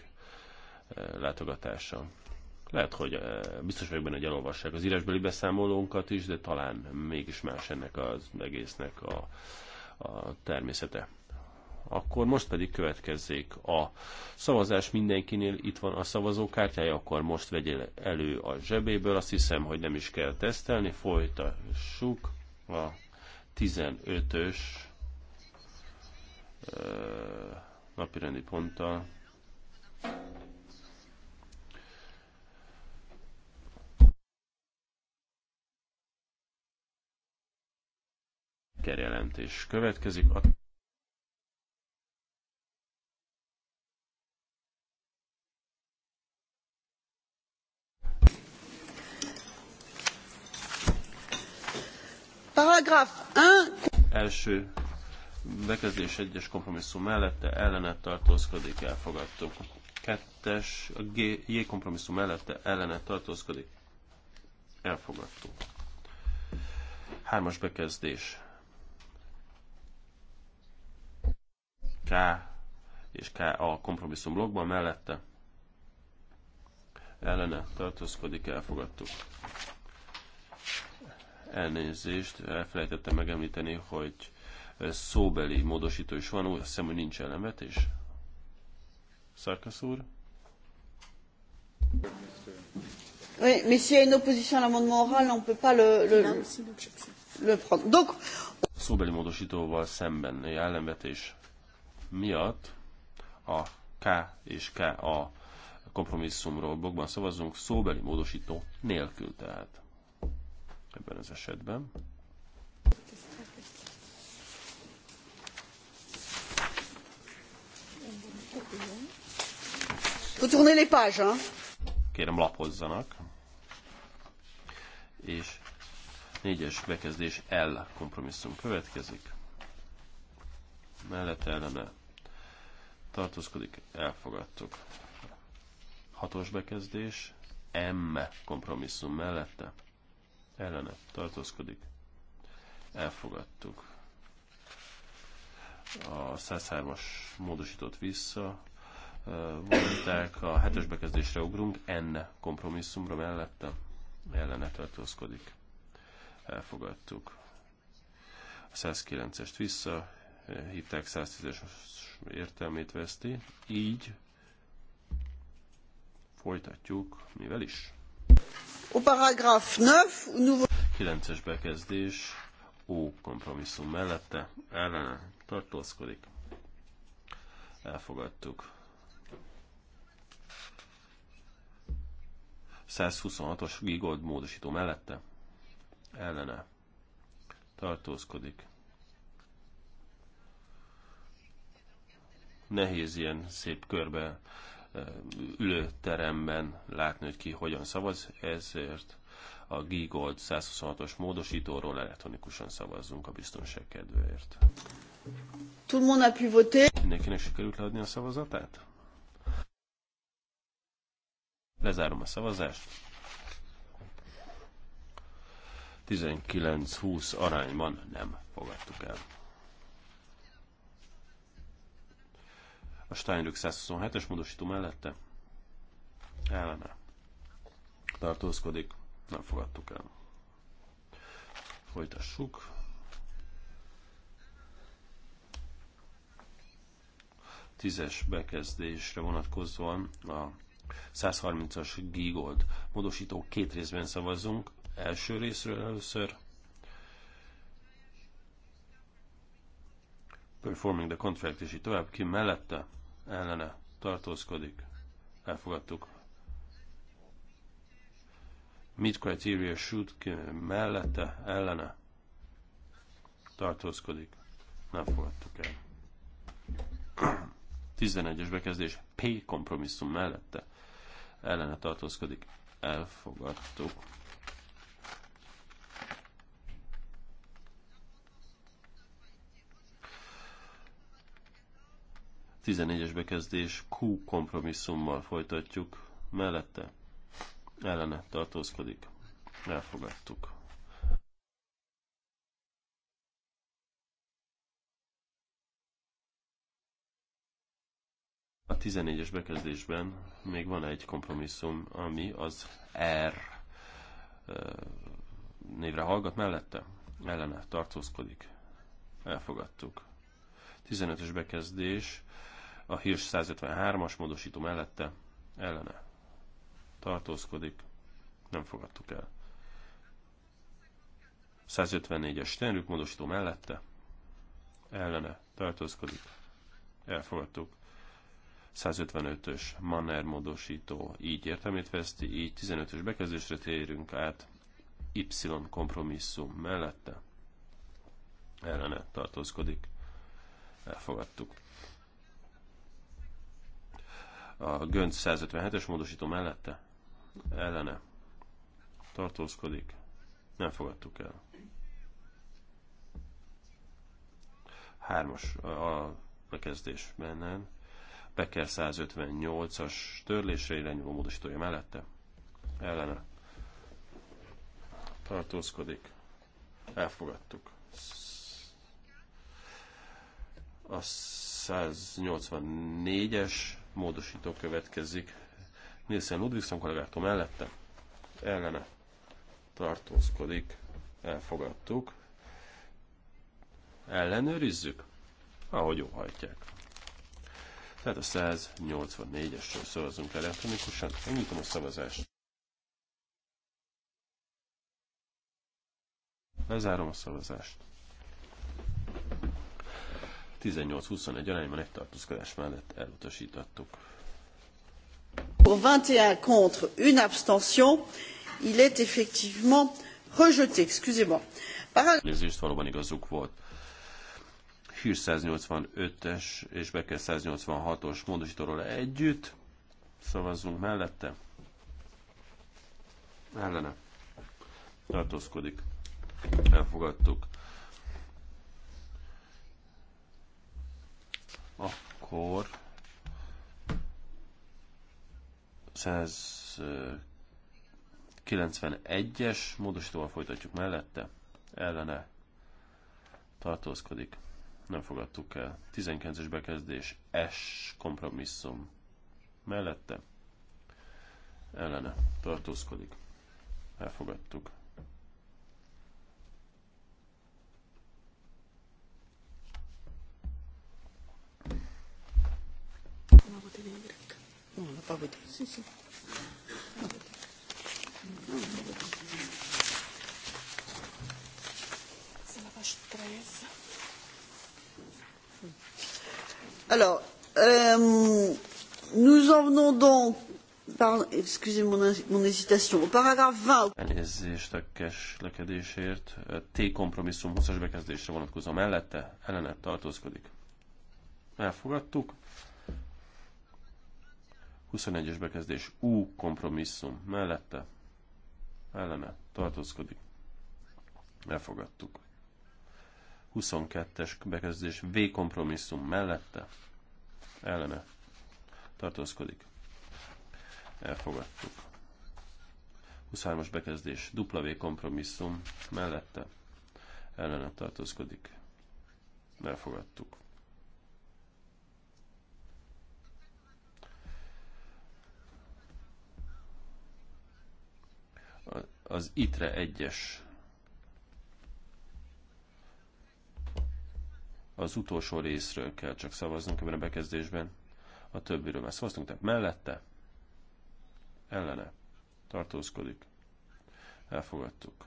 eh, látogatása. Lehet, hogy eh, biztos vagyok benne, hogy elolvassák az írásbeli beszámolónkat is, de talán mégis más ennek az egésznek a, a természete. Akkor most pedig következzék a szavazás mindenkinél, itt van a szavazókártyája, akkor most vegyél elő a zsebéből, azt hiszem, hogy nem is kell tesztelni, folytassuk a 15-ös eh, napirendi ponttal. jelentés következik. A Paragraf 1. Első bekezdés egyes kompromisszum mellette ellenet tartózkodik, elfogadtuk. Kettes, a G, J kompromisszum mellette ellenet tartózkodik, elfogadtuk. Hármas bekezdés K és K a kompromisszum blogban mellette ellene tartózkodik, elfogadtuk. Elnézést, elfelejtettem megemlíteni, hogy szóbeli módosító is van, úgy hiszem, hogy nincs ellenvetés. Szarkasz úr? Oui, mais s'il y a une opposition à l'amendement oral, on ne peut pas le, le, le prendre. Donc... Szóbeli módosítóval szemben ellenvetés miatt a K és KA kompromisszumról blogban szavazunk, szóbeli módosító nélkül tehát ebben az esetben. Kérem lapozzanak. És négyes bekezdés L kompromisszum következik. Mellette ellene tartózkodik, elfogadtuk. Hatos bekezdés, M kompromisszum mellette, ellene tartózkodik, elfogadtuk. A 103-as módosított vissza, vonták, a hetes bekezdésre ugrunk, N kompromisszumra mellette, ellene tartózkodik, elfogadtuk. A 109-est vissza, hívták 110-es értelmét veszti, így folytatjuk, mivel is? A paragraf 9, 9-es bekezdés, ó kompromisszum mellette, ellene tartózkodik. Elfogadtuk. 126-os gigold módosító mellette, ellene tartózkodik Nehéz ilyen szép körbe eh, teremben látni, hogy ki hogyan szavaz, ezért a Gigold 126-os módosítóról elektronikusan szavazzunk a biztonság kedvéért. Tout le monde a pu voter. Mindenkinek sikerült leadni a szavazatát? Lezárom a szavazást. 19-20 arányban nem fogadtuk el. A Steinrück 127-es módosító mellette ellene tartózkodik. Nem fogadtuk el. Folytassuk. Tízes bekezdésre vonatkozóan a 130-as Gigold módosító két részben szavazzunk. Első részről először performing the contract, és így tovább ki mellette ellene tartózkodik. Elfogadtuk. Mit criteria should mellette ellene tartózkodik. Nem fogadtuk el. 11-es bekezdés P kompromisszum mellette ellene tartózkodik. Elfogadtuk. 11 es bekezdés Q kompromisszummal folytatjuk, mellette ellene tartózkodik. Elfogadtuk. A 14-es bekezdésben még van egy kompromisszum, ami az R névre hallgat mellette, ellene tartózkodik. Elfogadtuk. 15-ös bekezdés a Hirsch 153-as módosító mellette ellene tartózkodik, nem fogadtuk el. 154-es Sternrük módosító mellette ellene tartózkodik, elfogadtuk. 155-ös Manner módosító így értelmét veszti, így 15-ös bekezdésre térünk át Y kompromisszum mellette ellene tartózkodik. Elfogadtuk a Gönc 157-es módosító mellette ellene tartózkodik. Nem fogadtuk el. Hármas a bekezdés benne. Becker 158-as törlésre irányuló módosítója mellette ellene tartózkodik. Elfogadtuk. A 184-es módosító következik. Nielsen Ludvigson kollégától mellette ellene tartózkodik. Elfogadtuk. Ellenőrizzük, ahogy óhajtják. Tehát a 184-esről szavazunk elektronikusan. Megnyitom a szavazást. Lezárom a szavazást. 18-21 arányban egy tartózkodás mellett elutasítottuk. Pour 21 contre, une abstention, il est effectivement rejeté. Excusez-moi. Elnézést valóban igazuk volt. Hír 185-es és Becker 186-os módosítóról együtt. Szavazzunk mellette. Ellene. Tartózkodik. Elfogadtuk. akkor 191-es módosítóval folytatjuk mellette, ellene tartózkodik. Nem fogadtuk el. 19-es bekezdés S kompromisszum mellette, ellene tartózkodik. Elfogadtuk. pas voté. Si, si. C'est la page 13. Alors, euh, nous en venons donc Pardon, excusez mon, mon hésitation. Paragraf 20. Elnézést a keslekedésért. T kompromisszum 20-as bekezdésre vonatkozó mellette ellene tartózkodik. Elfogadtuk. 21-es bekezdés U kompromisszum mellette ellene tartózkodik. Elfogadtuk. 22-es bekezdés V kompromisszum mellette ellene tartózkodik. Elfogadtuk. 23-as bekezdés W kompromisszum mellette ellene tartózkodik. Elfogadtuk. az ITRE 1-es az utolsó részről kell csak szavaznunk ebben a bekezdésben. A többiről már szavaztunk, tehát mellette, ellene, tartózkodik. Elfogadtuk.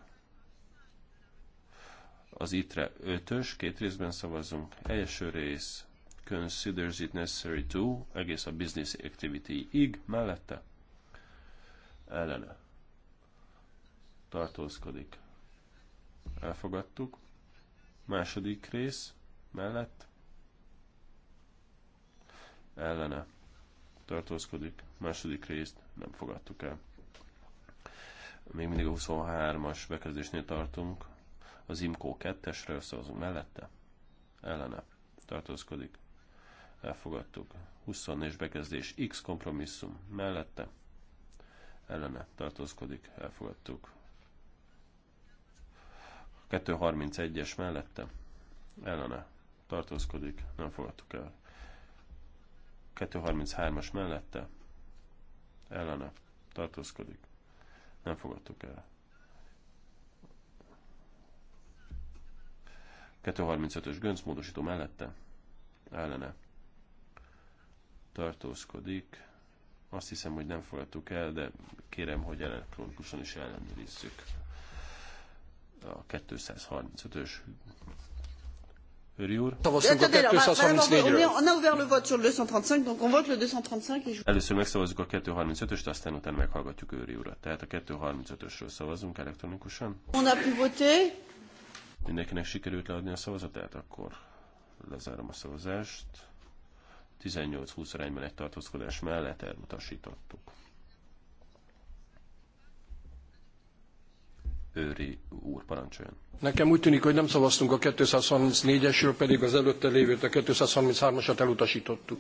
Az ITRE 5-ös, két részben szavazunk. Első rész considers it necessary to, egész a business activity-ig, mellette, ellene tartózkodik. Elfogadtuk. Második rész mellett ellene tartózkodik. Második részt nem fogadtuk el. Még mindig a 23-as bekezdésnél tartunk. Az IMCO 2-esre összehozunk mellette. Ellene tartózkodik. Elfogadtuk. 24-es bekezdés X kompromisszum mellette. Ellene tartózkodik. Elfogadtuk. 231-es mellette ellene tartózkodik, nem fogadtuk el. 233-as mellette ellene tartózkodik, nem fogadtuk el. 235-ös göncmódosító mellette ellene tartózkodik. Azt hiszem, hogy nem fogadtuk el, de kérem, hogy elektronikusan is ellenőrizzük a 235-ös Őri úr. Szavazunk a 234-ről. Eh, Először megszavazzuk a 235-öst, aztán utána meghallgatjuk Őri urat. Tehát a 235-ösről szavazunk elektronikusan. On a pu voter. Mindenkinek sikerült leadni a szavazatát, akkor lezárom a szavazást. 18-20 arányban egy tartózkodás mellett elutasítottuk. Őri úr parancsoljon. Nekem úgy tűnik, hogy nem szavaztunk a 234-esről, pedig az előtte lévőt a 233-asat elutasítottuk.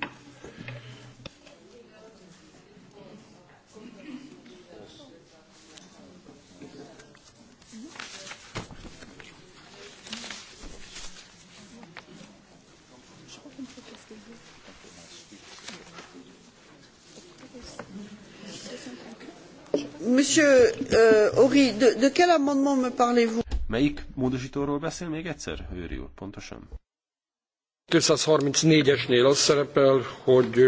Monsieur euh, Ori, de, de quel amendement me parlez-vous? Melyik módosítóról beszél még egyszer, Őri úr, pontosan? 234-esnél az szerepel, hogy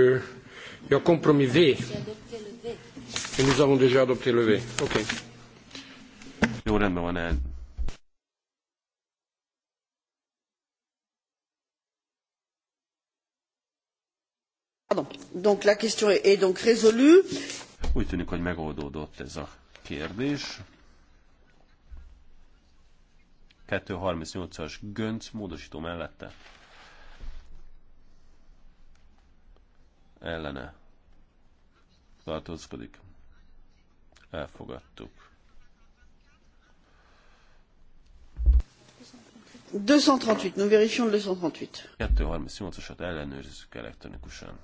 a kompromis V. Et nous avons déjà adopté le V. Ok. Jó, rendben van el. Pardon. Donc la question est donc résolue. Úgy tűnik, hogy megoldódott ez a kérdés. 238-as Gönc módosító mellette. Ellene tartózkodik. Elfogadtuk. 238, nous vérifions le 238. 238-asat ellenőrizzük elektronikusan.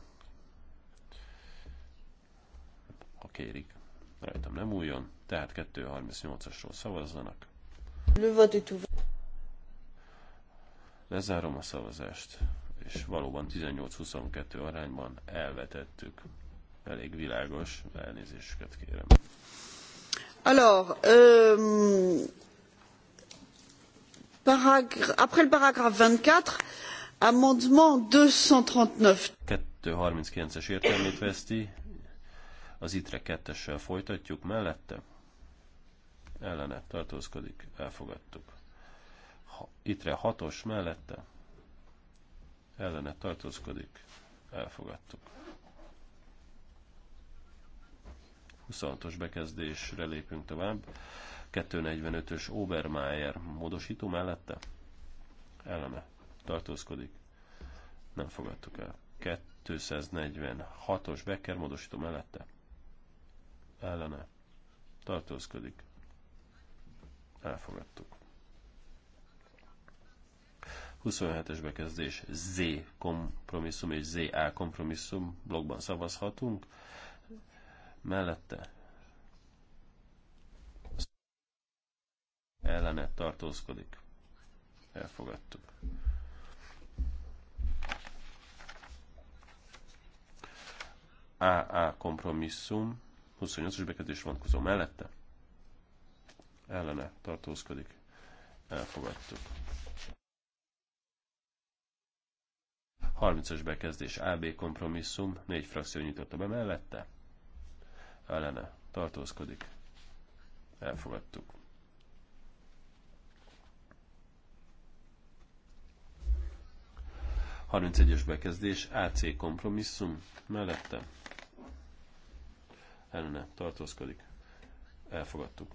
ha kérik. Rajtam nem újon, tehát 238-asról szavazzanak. Lezárom a szavazást, és valóban 18-22 arányban elvetettük. Elég világos, elnézésüket kérem. Alors, euh, après le paragraphe 24, amendement 239. 239-es értelmét veszti, az ITRE kettessel folytatjuk, mellette ellene tartózkodik, elfogadtuk. Ha, ITRE hatos, mellette ellene tartózkodik, elfogadtuk. 26-os bekezdésre lépünk tovább. 245-ös Obermeier módosító mellette ellene tartózkodik. Nem fogadtuk el. 246-os Becker módosító mellette ellene tartózkodik. Elfogadtuk. 27-es bekezdés Z kompromisszum és ZA kompromisszum blogban szavazhatunk. Mellette ellene tartózkodik. Elfogadtuk. AA kompromisszum 28-as bekezdés vonatkozó mellette ellene tartózkodik. Elfogadtuk. 30-as bekezdés AB kompromisszum, négy frakció nyitotta be mellette, ellene tartózkodik. Elfogadtuk. Harmincegyes bekezdés, AC kompromisszum mellette ellene tartózkodik. Elfogadtuk.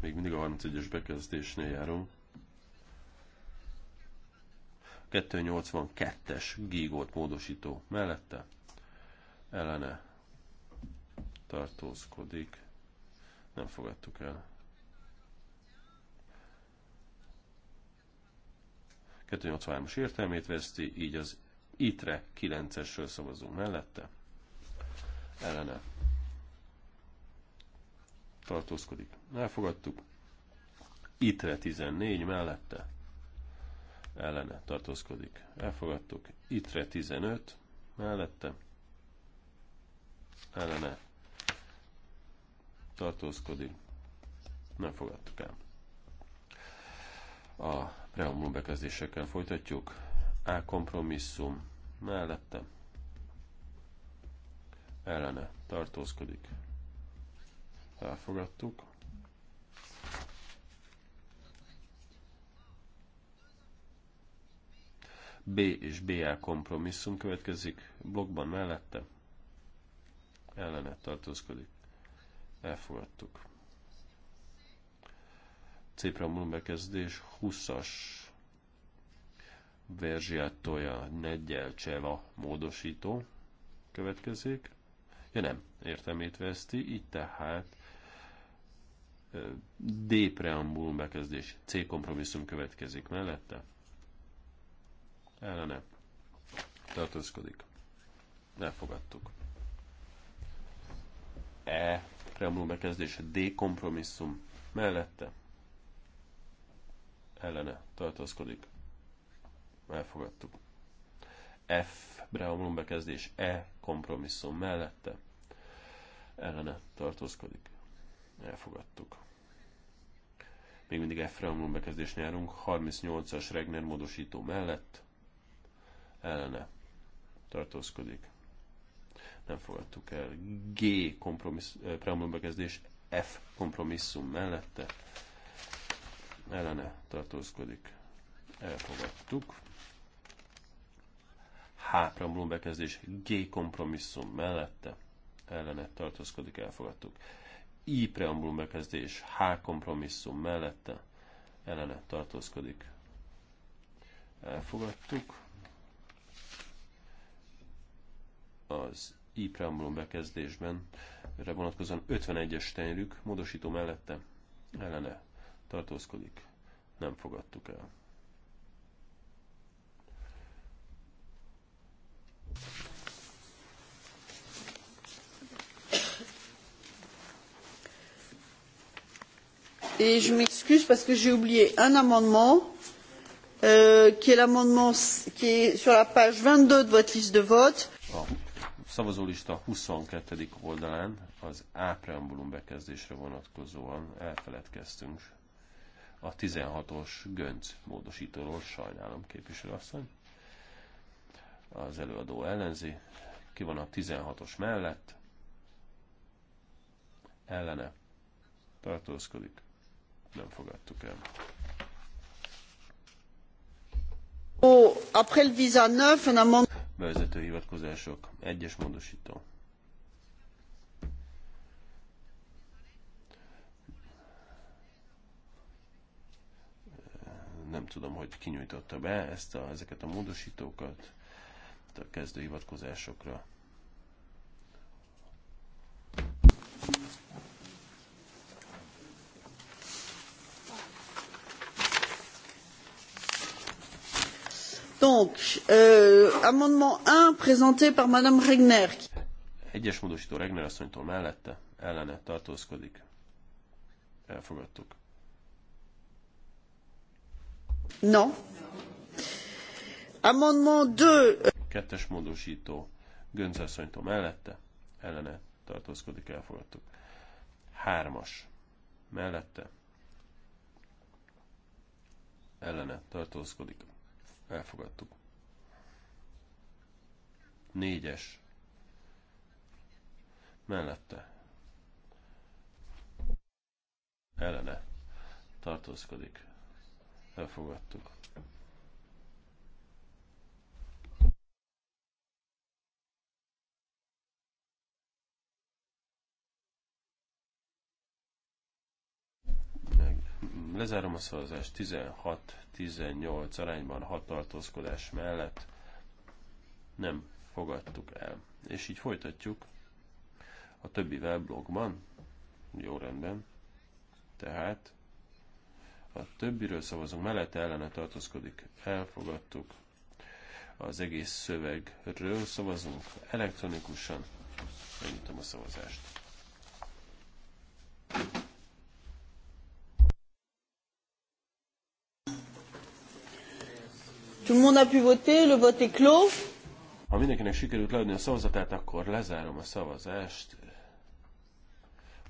Még mindig a 31-es bekezdésnél járunk. 282-es gigot módosító mellette ellene tartózkodik. Nem fogadtuk el. 283-as értelmét veszti, így az ITRE 9-esről szavazunk mellette. Ellene. Tartózkodik. Elfogadtuk. ITRE 14 mellette. Ellene. Tartózkodik. Elfogadtuk. ITRE 15 mellette. Ellene. Tartózkodik. Nem fogadtuk el. A preambul bekezdésekkel folytatjuk. A kompromisszum mellette ellene tartózkodik. Elfogadtuk. B és BA kompromisszum következik, blokkban mellette ellene tartózkodik. Elfogadtuk. C preambulum bekezdés 20-as verziátója negyel cseva módosító következik. Ja nem, értelmét veszti, így tehát D preambulum bekezdés, C kompromisszum következik mellette. Ellene. Tartózkodik. Elfogadtuk. E preambulum bekezdés, D kompromisszum mellette ellene tartózkodik. Elfogadtuk. F-bre bekezdés E kompromisszum mellette ellene tartózkodik. Elfogadtuk. Még mindig F-re bekezdés nyárunk. 38-as Regner módosító mellett ellene tartózkodik. Nem fogadtuk el. G kompromissz, eh, preambulum bekezdés F kompromisszum mellette ellene tartózkodik. Elfogadtuk. H. Preambulum bekezdés G. Kompromisszum mellette ellene tartózkodik. Elfogadtuk. I. Preambulum bekezdés H. Kompromisszum mellette ellene tartózkodik. Elfogadtuk. Az I. Preambulum bekezdésben erre vonatkozóan 51-es tenyerük módosító mellette ellene tartózkodik, nem fogadtuk el. Et je m'excuse parce que j'ai oublié un amendement euh, qui est l'amendement qui est sur la page 22 de votre liste de vote. Szavazó lista 22. oldalán az ápreambulum bekezdésre vonatkozóan elfeledkeztünk a 16-os Gönc módosítóról, sajnálom képviselőasszony. Az előadó ellenzi, ki van a 16-os mellett, ellene tartózkodik, nem fogadtuk el. Oh, après le visa Bevezető hivatkozások, egyes módosító. nem tudom, hogy kinyújtotta be ezt a, ezeket a módosítókat a kezdő hivatkozásokra. Donc, euh, amendement 1 présenté par Madame Regner. Egyes módosító Regner asszonytól mellette ellene tartózkodik. Elfogadtuk. Amendment 2. Euh, Kettes módosító. Göncasszonytól mellette, ellene tartózkodik, elfogadtuk. Hármas. Mellette. Ellene tartózkodik, elfogadtuk. Négyes. Mellette. Ellene tartózkodik, elfogadtuk. lezárom a szavazást 16-18 arányban hat tartózkodás mellett nem fogadtuk el. És így folytatjuk a többi weblogban. Jó rendben. Tehát a többiről szavazunk, mellette ellene tartózkodik. Elfogadtuk. Az egész szövegről szavazunk elektronikusan. Megnyitom a szavazást. Tout le monde a pu voter, le vote est clos. Ha mindenkinek sikerült leadni a szavazatát, akkor lezárom a szavazást.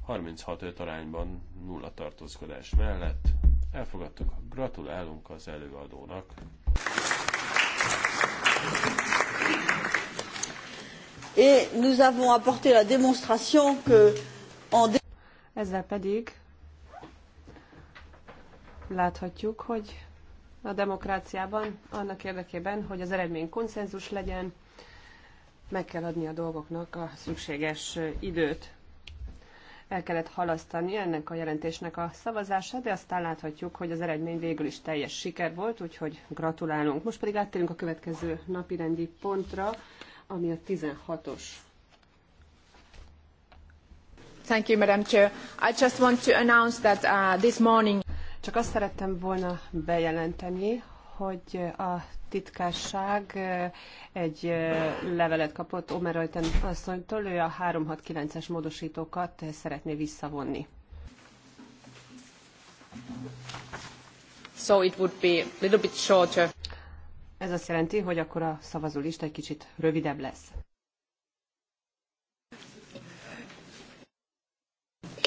36-5 arányban nulla tartózkodás mellett Elfogadtuk. Gratulálunk az előadónak. Et nous avons apporté la démonstration que en ezzel pedig láthatjuk, hogy a demokráciában annak érdekében, hogy az eredmény konszenzus legyen, meg kell adni a dolgoknak a szükséges időt el kellett halasztani ennek a jelentésnek a szavazása, de aztán láthatjuk, hogy az eredmény végül is teljes siker volt, úgyhogy gratulálunk. Most pedig áttérünk a következő napirendi pontra, ami a 16-os. Thank you, Madam Chair. I just want to announce that uh, this morning... Csak azt szerettem volna bejelenteni, hogy a titkárság egy levelet kapott Omer Ajten asszonytól, ő a 369-es módosítókat szeretné visszavonni. So it would be a little bit shorter. Ez azt jelenti, hogy akkor a szavazólista egy kicsit rövidebb lesz.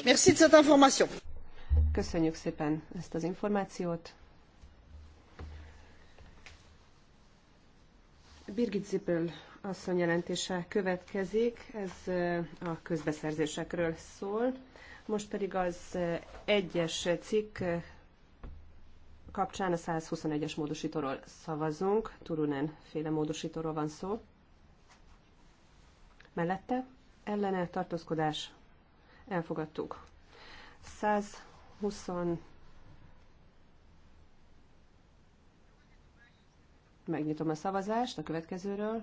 Merci de cette information. Köszönjük szépen ezt az információt. Birgit Zippel asszony jelentése következik, ez a közbeszerzésekről szól. Most pedig az egyes cikk kapcsán a 121-es módosítóról szavazunk. Turunen féle módosítóról van szó. Mellette ellene tartózkodás elfogadtuk. 120 Megnyitom a szavazást a következőről.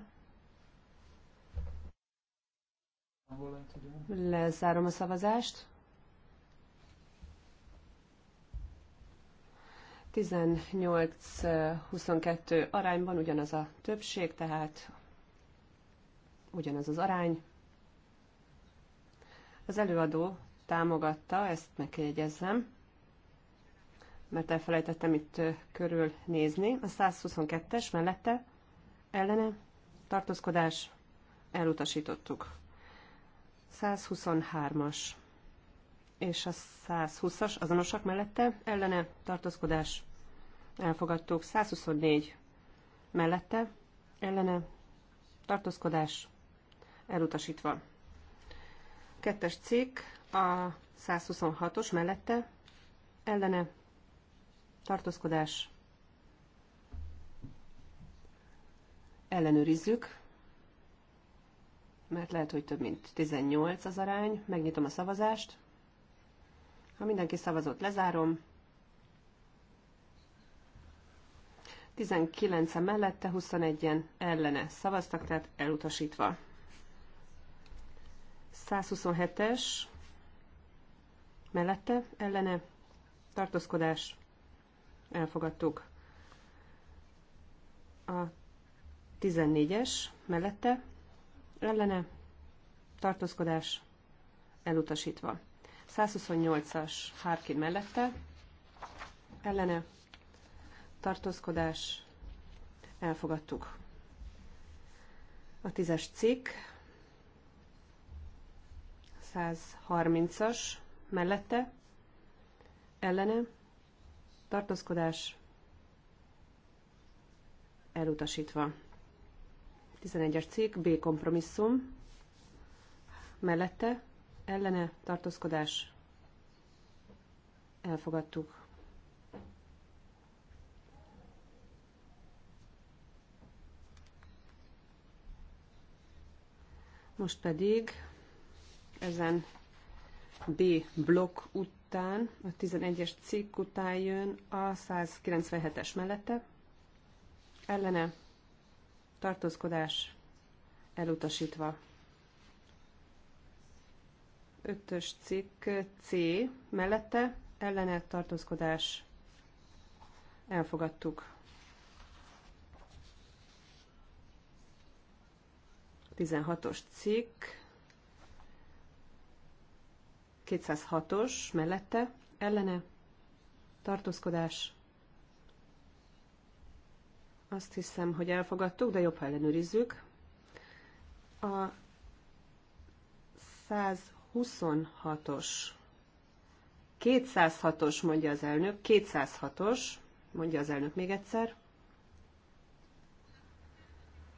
Lezárom a szavazást. 18-22 arányban ugyanaz a többség, tehát ugyanaz az arány. Az előadó támogatta, ezt megjegyezzem mert elfelejtettem itt körülnézni. A 122-es mellette ellene tartózkodás elutasítottuk. 123-as és a 120-as azonosak mellette ellene tartózkodás elfogadtuk. 124 mellette ellene tartózkodás elutasítva. Kettes cikk a 126-os mellette ellene tartózkodás, ellenőrizzük, mert lehet, hogy több mint 18 az arány. Megnyitom a szavazást. Ha mindenki szavazott, lezárom. 19 mellette, 21-en ellene szavaztak, tehát elutasítva. 127-es mellette, ellene, tartózkodás, elfogadtuk. A 14-es mellette ellene tartózkodás elutasítva. 128-as Harkin mellette ellene tartózkodás elfogadtuk. A 10-es cikk 130-as mellette ellene tartózkodás elutasítva. 11-es cikk, B kompromisszum, mellette, ellene, tartózkodás, elfogadtuk. Most pedig ezen B blokk után, a 11-es cikk után jön a 197-es mellette. Ellene tartózkodás elutasítva. 5-ös cikk C mellette ellene tartózkodás elfogadtuk. 16-os cikk 206-os mellette, ellene, tartózkodás. Azt hiszem, hogy elfogadtuk, de jobb, ha ellenőrizzük. A 126-os, 206-os mondja az elnök, 206-os, mondja az elnök még egyszer.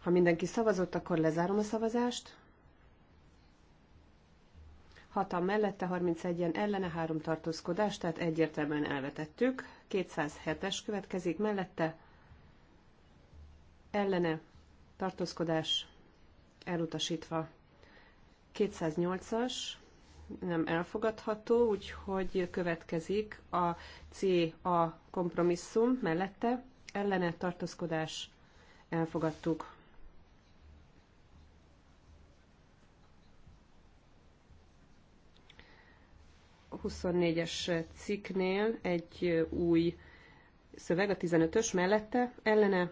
Ha mindenki szavazott, akkor lezárom a szavazást hatan mellette, 31-en ellene, három tartózkodás, tehát egyértelműen elvetettük. 207-es következik mellette, ellene, tartózkodás, elutasítva. 208-as, nem elfogadható, úgyhogy következik a CA kompromisszum mellette, ellene tartózkodás elfogadtuk. 24-es cikknél egy új szöveg, a 15-ös mellette ellene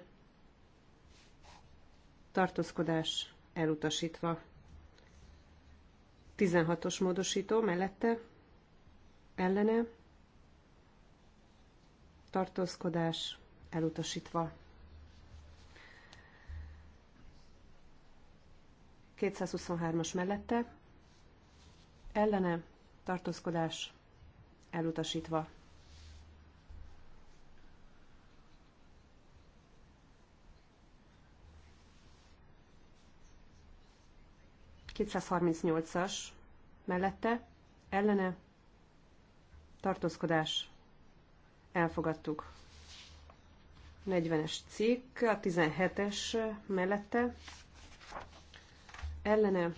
tartózkodás elutasítva. 16-os módosító mellette ellene tartózkodás elutasítva. 223-as mellette ellene tartózkodás elutasítva. as mellette, ellene, tartózkodás, elfogadtuk. 40-es cikk, a 17-es mellette, ellene,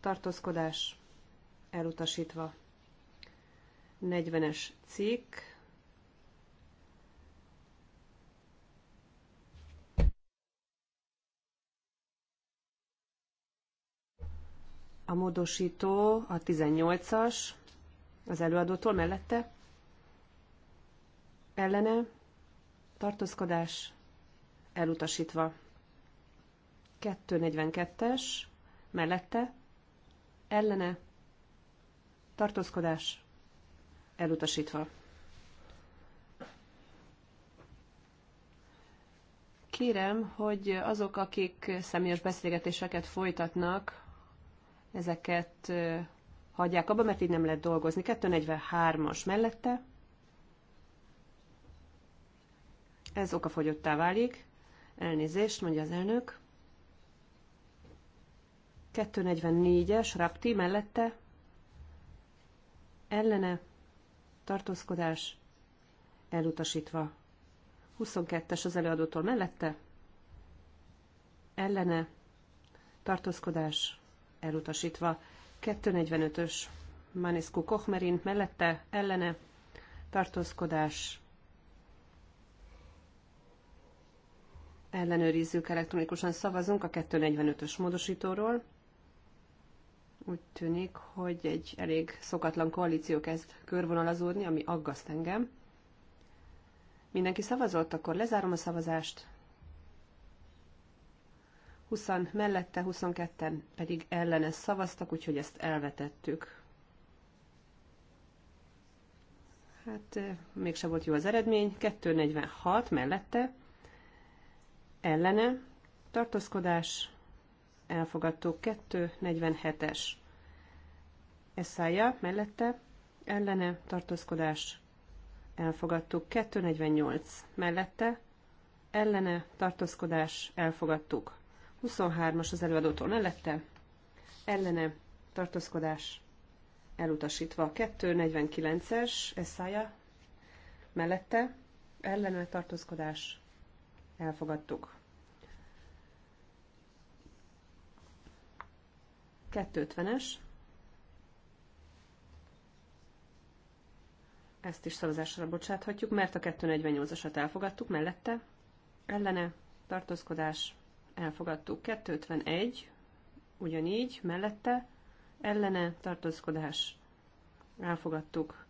tartózkodás, elutasítva. 40-es cikk. A módosító a 18-as az előadótól mellette. Ellene tartózkodás elutasítva. 242-es mellette ellene tartózkodás elutasítva. Kérem, hogy azok, akik személyes beszélgetéseket folytatnak, ezeket hagyják abba, mert így nem lehet dolgozni. 243-as mellette. Ez okafogyottá válik. Elnézést, mondja az elnök. 244-es, Rapti mellette ellene, tartózkodás, elutasítva. 22-es az előadótól mellette, ellene, tartózkodás, elutasítva. 245-ös Manescu Kochmerin mellette, ellene, tartózkodás, ellenőrizzük, elektronikusan szavazunk a 245-ös módosítóról. Úgy tűnik, hogy egy elég szokatlan koalíció kezd körvonalazódni, ami aggaszt engem. Mindenki szavazott, akkor lezárom a szavazást. 20 mellette, 22-en pedig ellene szavaztak, úgyhogy ezt elvetettük. Hát eh, mégsem volt jó az eredmény. 246 mellette, ellene, tartózkodás, elfogadtó 247-es eszája mellette ellene tartózkodás elfogadtuk. 248 mellette ellene tartózkodás elfogadtuk. 23-as az előadótól mellette ellene tartózkodás elutasítva. 249-es eszája mellette ellene tartózkodás elfogadtuk. 250-es. Ezt is szavazásra bocsáthatjuk, mert a 248-asat elfogadtuk mellette. Ellene tartózkodás elfogadtuk. 251 ugyanígy mellette. Ellene tartózkodás elfogadtuk.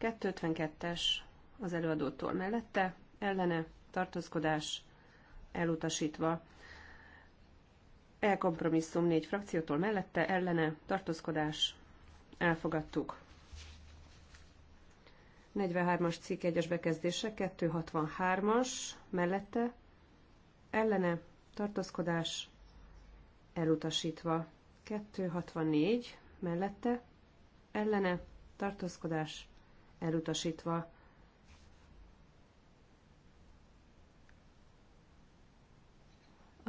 252-es az előadótól mellette. Ellene tartózkodás elutasítva. E kompromisszum négy frakciótól mellette, ellene, tartózkodás, elfogadtuk. 43-as cikk 1-es bekezdése, 263-as, mellette, ellene, tartózkodás, elutasítva. 264, mellette, ellene, tartózkodás, elutasítva.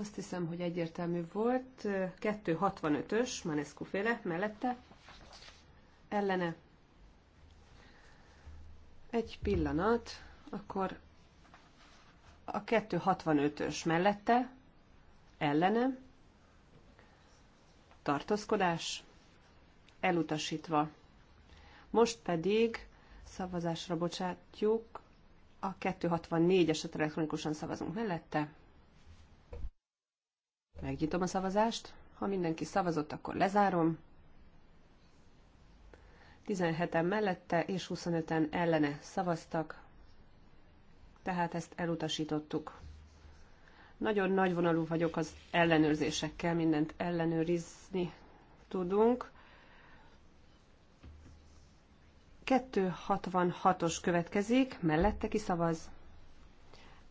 Azt hiszem, hogy egyértelmű volt. 265-ös, Manescu féle, mellette. Ellene. Egy pillanat, akkor a 265-ös mellette, ellene, tartózkodás, elutasítva. Most pedig szavazásra bocsátjuk, a 264-eset elektronikusan szavazunk mellette, Megnyitom a szavazást. Ha mindenki szavazott, akkor lezárom. 17-en mellette és 25-en ellene szavaztak, tehát ezt elutasítottuk. Nagyon nagyvonalú vagyok az ellenőrzésekkel, mindent ellenőrizni tudunk. 266-os következik, mellette kiszavaz.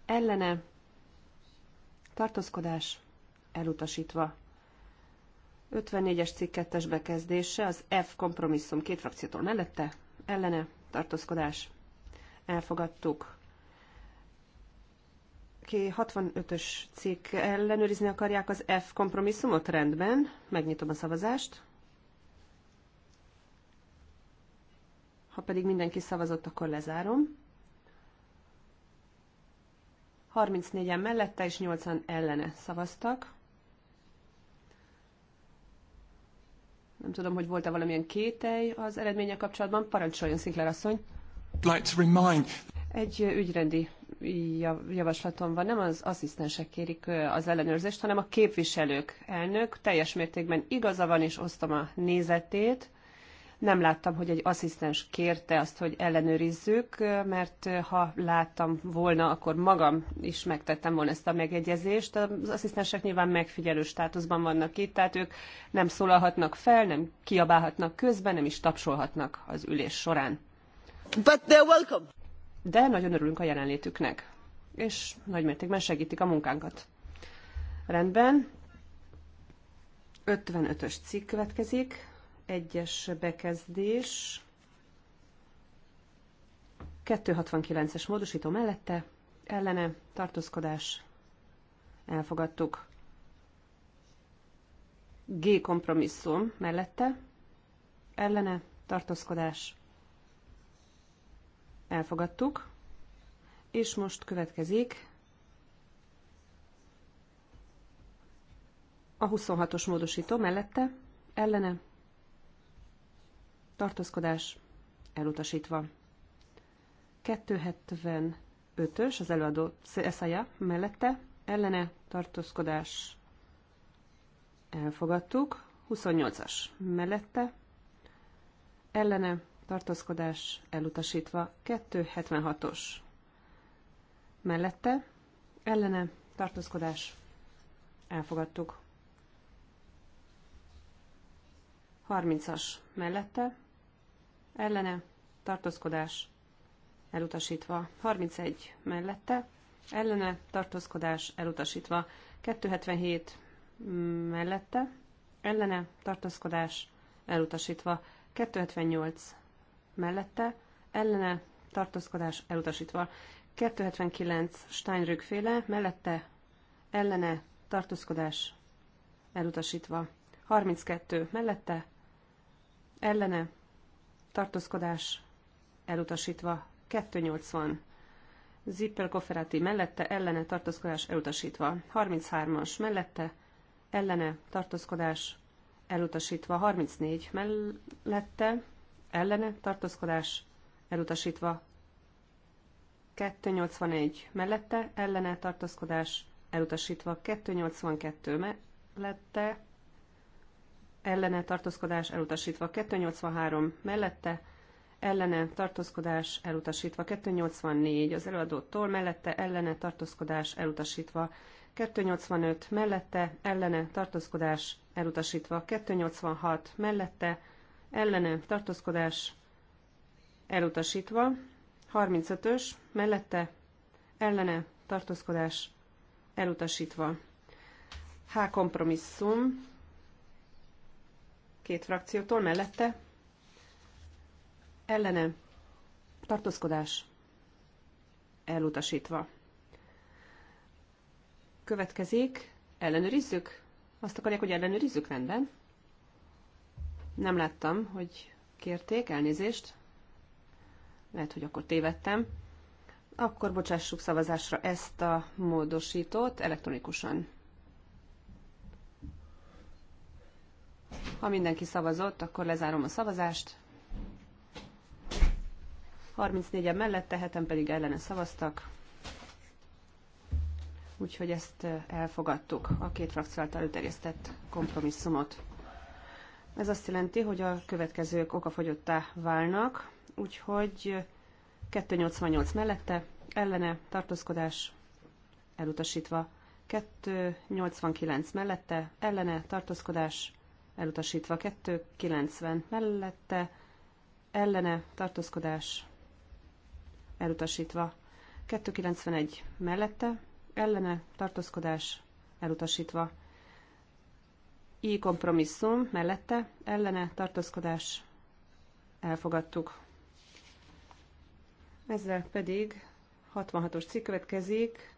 Ellene tartózkodás elutasítva. 54-es cikk 2 bekezdése, az F kompromisszum két frakciótól mellette, ellene, tartózkodás, elfogadtuk. Ki 65-ös cikk ellenőrizni akarják az F kompromisszumot? Rendben, megnyitom a szavazást. Ha pedig mindenki szavazott, akkor lezárom. 34-en mellette és 80 ellene szavaztak. Nem tudom, hogy volt-e valamilyen kételj az eredménye kapcsolatban. Parancsoljon, Szinkler asszony! Egy ügyrendi javaslatom van, nem az asszisztensek kérik az ellenőrzést, hanem a képviselők elnök teljes mértékben igaza van, és osztom a nézetét nem láttam, hogy egy asszisztens kérte azt, hogy ellenőrizzük, mert ha láttam volna, akkor magam is megtettem volna ezt a megegyezést. Az asszisztensek nyilván megfigyelő státuszban vannak itt, tehát ők nem szólalhatnak fel, nem kiabálhatnak közben, nem is tapsolhatnak az ülés során. But they're welcome. De nagyon örülünk a jelenlétüknek, és nagymértékben segítik a munkánkat. Rendben. 55-ös cikk következik egyes bekezdés, 269-es módosító mellette, ellene, tartózkodás, elfogadtuk. G kompromisszum mellette, ellene, tartózkodás, elfogadtuk. És most következik a 26-os módosító mellette, ellene, tartózkodás elutasítva. 275-ös az előadó Szeszaja mellette, ellene tartózkodás elfogadtuk, 28-as mellette, ellene tartózkodás elutasítva, 276-os mellette, ellene tartózkodás elfogadtuk. 30-as mellette, ellene, tartózkodás elutasítva. 31 mellette, ellene, tartózkodás elutasítva. 277 mellette, ellene, tartózkodás elutasítva. 278 mellette, ellene, tartózkodás elutasítva. 279 Steinrück féle, mellette, ellene, tartózkodás elutasítva. 32 mellette, ellene, tartózkodás elutasítva 280. Zippel Kofferati mellette ellene tartózkodás elutasítva. 33-as mellette ellene tartózkodás elutasítva. 34 mellette ellene tartózkodás elutasítva. 281 mellette ellene tartózkodás elutasítva. 282 mellette ellene tartózkodás elutasítva 283 mellette, ellene tartózkodás elutasítva 284 az előadótól mellette, ellene tartózkodás elutasítva 285 mellette, ellene tartózkodás elutasítva 286 mellette, ellene tartózkodás elutasítva 35-ös mellette, ellene tartózkodás elutasítva. H kompromisszum két frakciótól mellette. Ellene. Tartózkodás. Elutasítva. Következik. Ellenőrizzük? Azt akarják, hogy ellenőrizzük rendben? Nem láttam, hogy kérték elnézést. Lehet, hogy akkor tévedtem. Akkor bocsássuk szavazásra ezt a módosítót elektronikusan. Ha mindenki szavazott, akkor lezárom a szavazást. 34-en mellette, heten pedig ellene szavaztak. Úgyhogy ezt eh, elfogadtuk, a két frakció által előterjesztett kompromisszumot. Ez azt jelenti, hogy a következők okafogyottá válnak, úgyhogy 288 eh, mellette, ellene, tartózkodás, elutasítva. 289 mellette, ellene, tartózkodás, elutasítva 290 mellette, ellene tartózkodás elutasítva 291 mellette, ellene tartózkodás elutasítva i kompromisszum mellette, ellene tartózkodás elfogadtuk. Ezzel pedig 66-os cikk következik,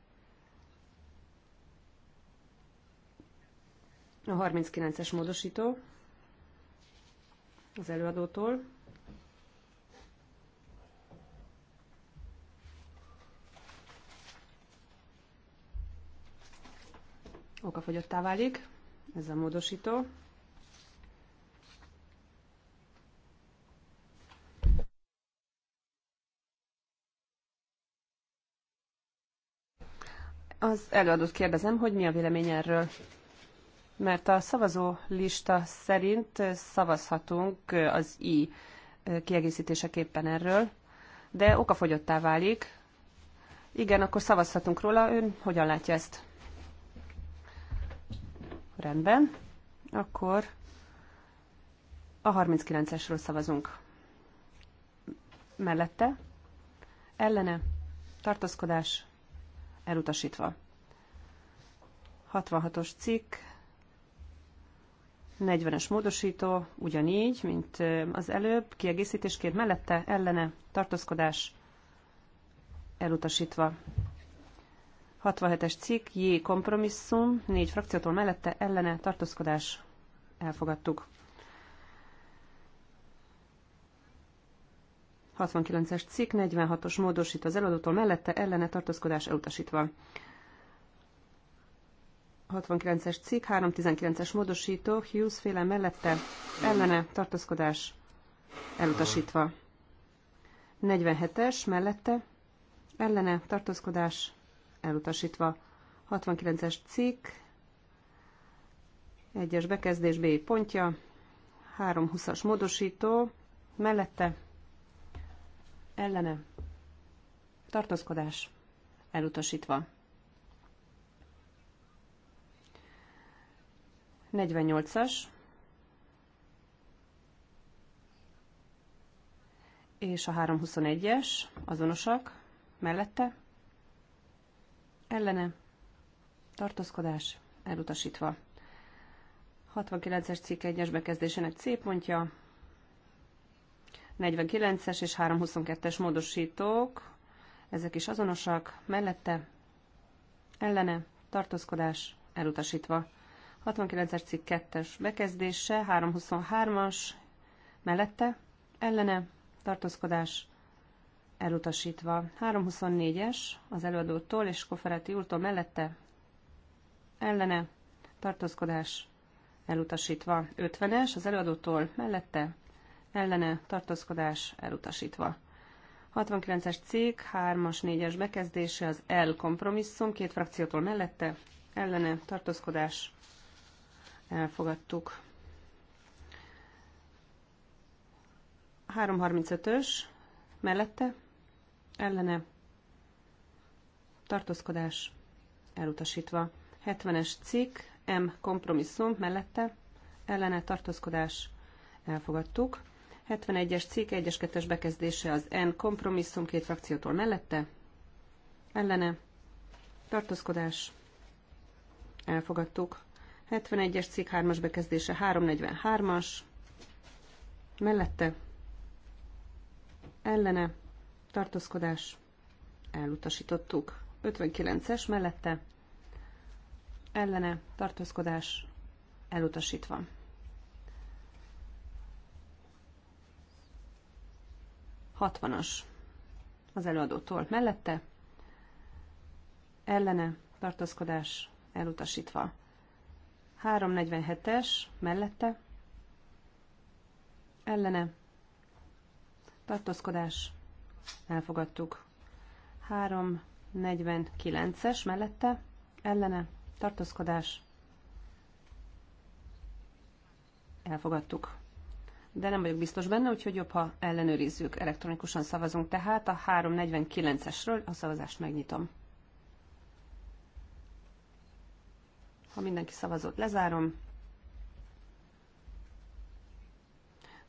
A 39-es módosító az előadótól. Okafogyottá válik ez a módosító. Az előadót kérdezem, hogy mi a vélemény erről mert a szavazó lista szerint szavazhatunk az i kiegészítéseképpen erről, de okafogyottá válik. Igen, akkor szavazhatunk róla. Ön hogyan látja ezt? Rendben. Akkor a 39-esről szavazunk. Mellette? Ellene? Tartózkodás? Elutasítva. 66-os cikk, 40-es módosító, ugyanígy, mint az előbb, kiegészítésként mellette, ellene, tartózkodás, elutasítva. 67-es cikk, J kompromisszum, négy frakciótól mellette, ellene, tartózkodás, elfogadtuk. 69-es cikk, 46-os módosít az előadótól mellette, ellene, tartózkodás, elutasítva. 69-es cikk, 319-es módosító, Hughes féle mellette, ellene, tartózkodás, elutasítva. 47-es mellette, ellene, tartózkodás, elutasítva. 69-es cikk, 1-es bekezdés B pontja, 320-as módosító, mellette, ellene, tartózkodás, elutasítva. 48-as, és a 321-es azonosak mellette, ellene, tartózkodás, elutasítva. 69-es cikk 1-es bekezdésének C pontja, 49-es és 322-es módosítók, ezek is azonosak, mellette, ellene, tartózkodás, elutasítva. 69-es cikk 2-es bekezdése, 323-as mellette, ellene, tartózkodás elutasítva. 324-es az előadótól és Koferáti úrtól mellette, ellene, tartózkodás elutasítva. 50-es az előadótól mellette, ellene, tartózkodás elutasítva. 69-es cikk, 3-as, 4-es bekezdése, az L kompromisszum, két frakciótól mellette, ellene, tartózkodás elfogadtuk. 335-ös mellette ellene tartózkodás elutasítva. 70-es cikk M kompromisszum mellette ellene tartózkodás elfogadtuk. 71-es cikk 1-es 2-es bekezdése az N kompromisszum két frakciótól mellette ellene tartózkodás elfogadtuk. 71-es cikk 3-as bekezdése 343-as, mellette ellene tartózkodás elutasítottuk. 59-es mellette ellene tartózkodás elutasítva. Hatvanas az előadótól mellette, ellene tartózkodás elutasítva. 347-es mellette ellene tartózkodás elfogadtuk. 349-es mellette ellene tartózkodás elfogadtuk. De nem vagyok biztos benne, úgyhogy jobb, ha ellenőrizzük. Elektronikusan szavazunk tehát a 349-esről, a szavazást megnyitom. Ha mindenki szavazott, lezárom.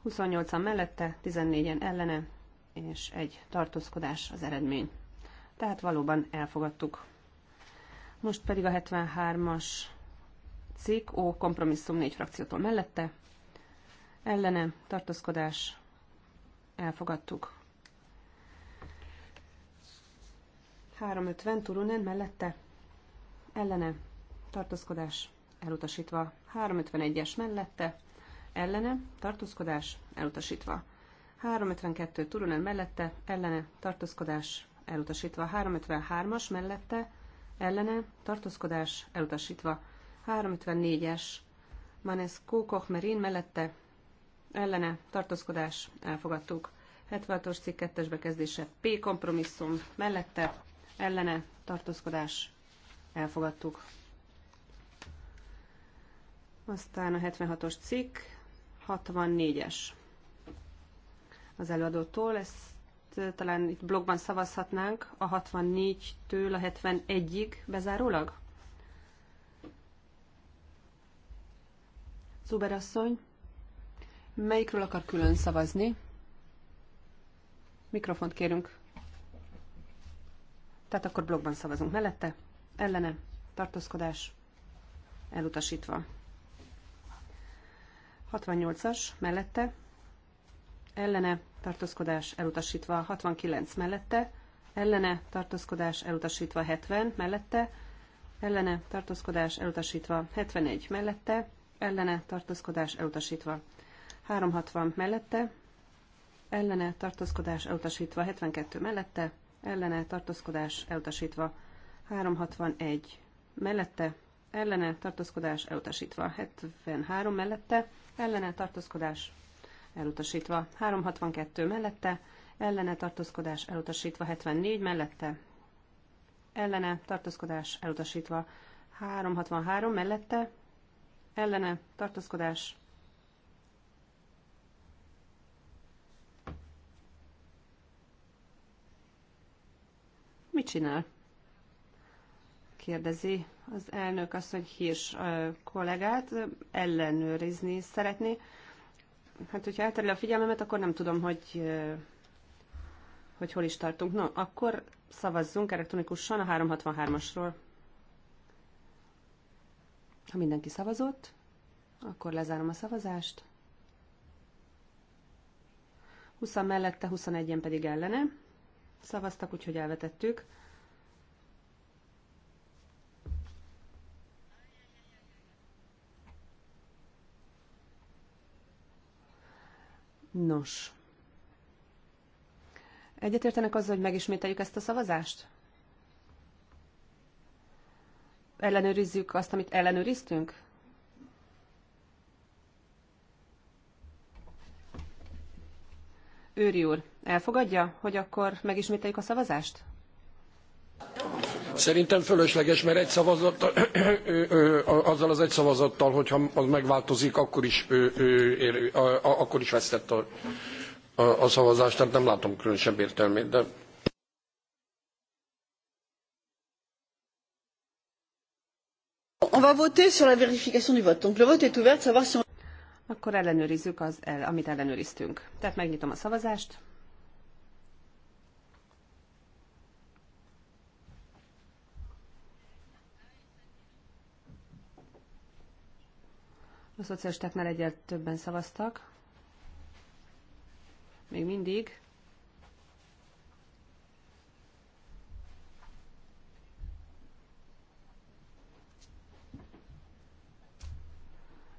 28-an mellette, 14-en ellene, és egy tartózkodás az eredmény. Tehát valóban elfogadtuk. Most pedig a 73-as cikk, ó, kompromisszum négy frakciótól mellette, ellene, tartózkodás, elfogadtuk. 350 Turunen mellette, ellene, tartózkodás elutasítva. 351-es mellette, ellene, tartózkodás elutasítva. 352 Turunen mellette, ellene, tartózkodás elutasítva. 353-as mellette, ellene, tartózkodás elutasítva. 354-es Kókoch Merin mellette, ellene, tartózkodás elfogadtuk. 76-os cikk 2 bekezdése P kompromisszum mellette, ellene, tartózkodás elfogadtuk. Aztán a 76-os cikk, 64-es az előadótól. Ezt eh, talán itt blogban szavazhatnánk a 64-től a 71-ig bezárólag. Zuber asszony, melyikről akar külön szavazni? Mikrofont kérünk. Tehát akkor blogban szavazunk mellette, ellene, tartózkodás, elutasítva. 68-as mellette, ellene tartózkodás elutasítva 69 mellette, ellene tartózkodás elutasítva 70 mellette, ellene tartózkodás elutasítva 71 mellette, ellene tartózkodás elutasítva 360 mellette, ellene tartózkodás elutasítva 72 mellette, ellene tartózkodás elutasítva 361 mellette, ellene tartózkodás elutasítva. 73 mellette ellene tartózkodás elutasítva. 362 mellette ellene tartózkodás elutasítva. 74 mellette ellene tartózkodás elutasítva. 363 mellette ellene tartózkodás Mit csinál? Kérdezi az elnök asszony hírs kollégát ellenőrizni szeretné. Hát, hogyha elterül a figyelmemet, akkor nem tudom, hogy, hogy hol is tartunk. No, akkor szavazzunk elektronikusan a 363-asról. Ha mindenki szavazott, akkor lezárom a szavazást. 20 mellette, 21-en pedig ellene szavaztak, úgyhogy elvetettük. Nos. Egyetértenek azzal, hogy megismételjük ezt a szavazást? Ellenőrizzük azt, amit ellenőriztünk? Őri úr, elfogadja, hogy akkor megismételjük a szavazást? Szerintem fölösleges, mert egy szavazattal, azzal az egy szavazattal, hogyha az megváltozik, akkor is, a, a, akkor is vesztett a, a, a szavazást, tehát nem látom különösebb értelmét, de... On va voter sur la vérification du vote. Donc le vote est ouvert, savoir si on... Akkor ellenőrizzük az, amit ellenőriztünk. Tehát megnyitom a szavazást. A szocialistáknál egyet többen szavaztak. Még mindig.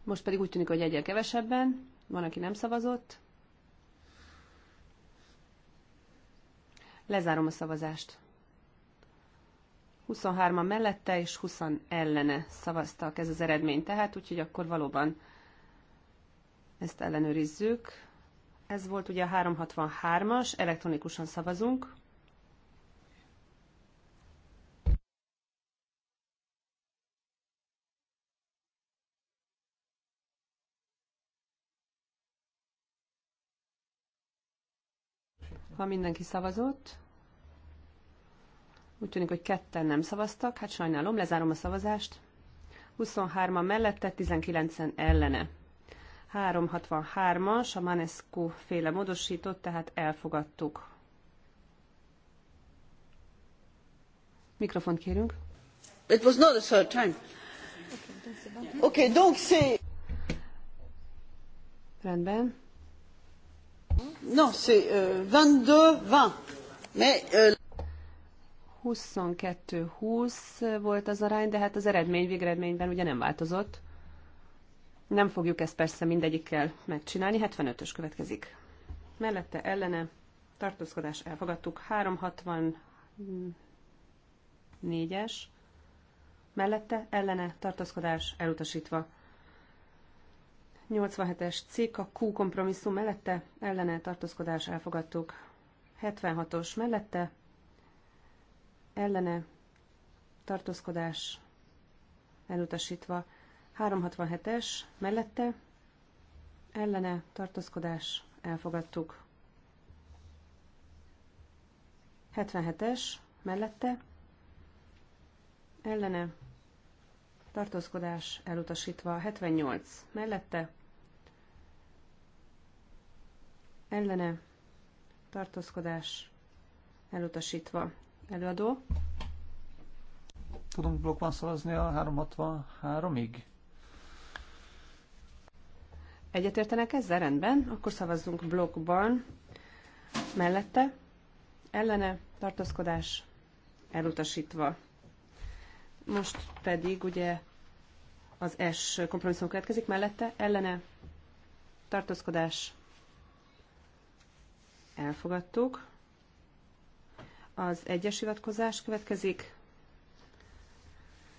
Most pedig úgy tűnik, hogy egyel kevesebben. Van, aki nem szavazott. Lezárom a szavazást. 23-an mellette és 20 ellene szavaztak ez az eredmény, tehát úgyhogy akkor valóban ezt ellenőrizzük. Ez volt ugye a 363-as, elektronikusan szavazunk. Ha mindenki szavazott, úgy tűnik, hogy ketten nem szavaztak. Hát sajnálom, lezárom a szavazást. 23-an mellette, 19-en ellene. 363-as, a Manescu féle módosított, tehát elfogadtuk. Mikrofont kérünk. It was not the third time. Okay, donc c'est... Rendben. Non, c'est euh, 22-20. Mais euh, 22-20 volt az arány, de hát az eredmény végeredményben ugye nem változott. Nem fogjuk ezt persze mindegyikkel megcsinálni. 75-ös következik. Mellette ellene tartózkodás elfogadtuk. 364-es. Mellette ellene tartózkodás elutasítva. 87-es cikk a Q kompromisszum mellette ellene tartózkodás elfogadtuk. 76-os mellette ellene tartózkodás elutasítva. 367-es mellette ellene tartózkodás elfogadtuk. 77-es mellette ellene tartózkodás elutasítva. 78 mellette ellene tartózkodás elutasítva előadó. Tudunk blokkban szavazni a 363-ig? Egyetértenek ezzel? Rendben. Akkor szavazzunk blokkban. Mellette, ellene, tartózkodás, elutasítva. Most pedig ugye az S kompromisszum következik mellette, ellene, tartózkodás, elfogadtuk. Az egyes hivatkozás következik.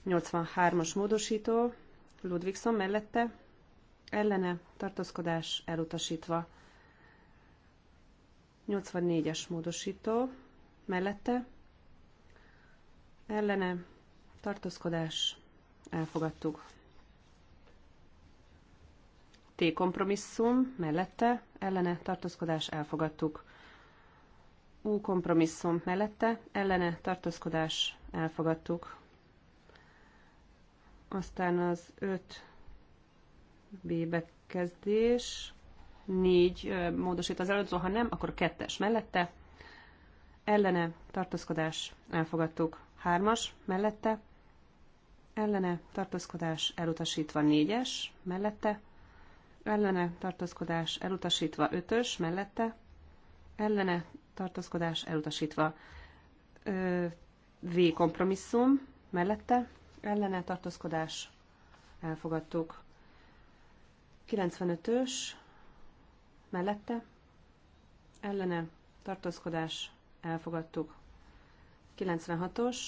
83-as módosító, Ludvigson mellette, ellene tartózkodás elutasítva. 84-es módosító, mellette, ellene tartózkodás elfogadtuk. T kompromisszum, mellette, ellene tartózkodás elfogadtuk. U kompromisszum mellette, ellene tartózkodás elfogadtuk. Aztán az 5 B bekezdés, 4 módosít az előző, ha nem, akkor a 2 mellette, ellene tartózkodás elfogadtuk. 3 as mellette, ellene tartózkodás elutasítva 4-es mellette, ellene tartózkodás elutasítva 5-ös mellette, ellene tartózkodás elutasítva. V kompromisszum mellette, ellene tartózkodás elfogadtuk. 95-ös mellette, ellene tartózkodás elfogadtuk. 96-os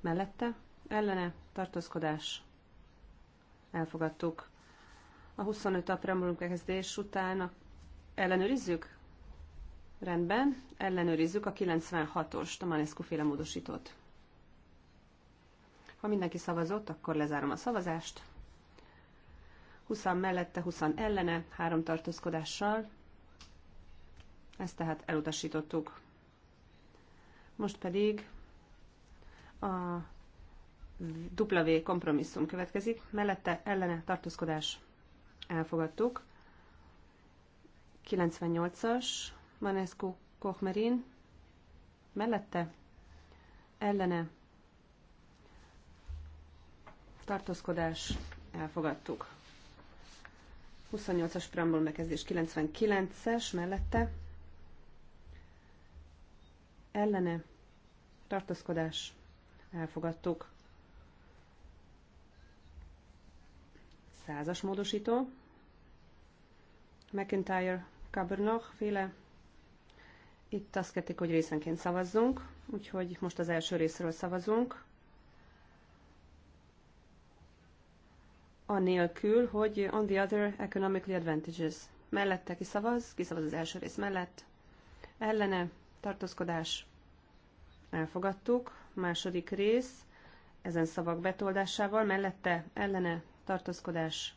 mellette, ellene tartózkodás elfogadtuk. A 25 a preambulum kezdés után ellenőrizzük? Rendben, ellenőrizzük a 96-os Tamanescu féle módosítót. Ha mindenki szavazott, akkor lezárom a szavazást. 20 mellette, 20 ellene, három tartózkodással. Ezt tehát elutasítottuk. Most pedig a W kompromisszum következik. Mellette ellene tartózkodás elfogadtuk. 98-as Manescu Kochmerin mellette ellene tartózkodás elfogadtuk. 28-as preambul megkezdés, 99-es mellette ellene tartózkodás elfogadtuk. Százas módosító. McIntyre Cabernoch féle itt azt kették, hogy részenként szavazzunk, úgyhogy most az első részről szavazunk. Anélkül, hogy on the other economically advantages. Mellette kiszavaz, kiszavaz az első rész mellett. Ellene, tartózkodás, elfogadtuk. Második rész, ezen szavak betoldásával, mellette, ellene, tartózkodás,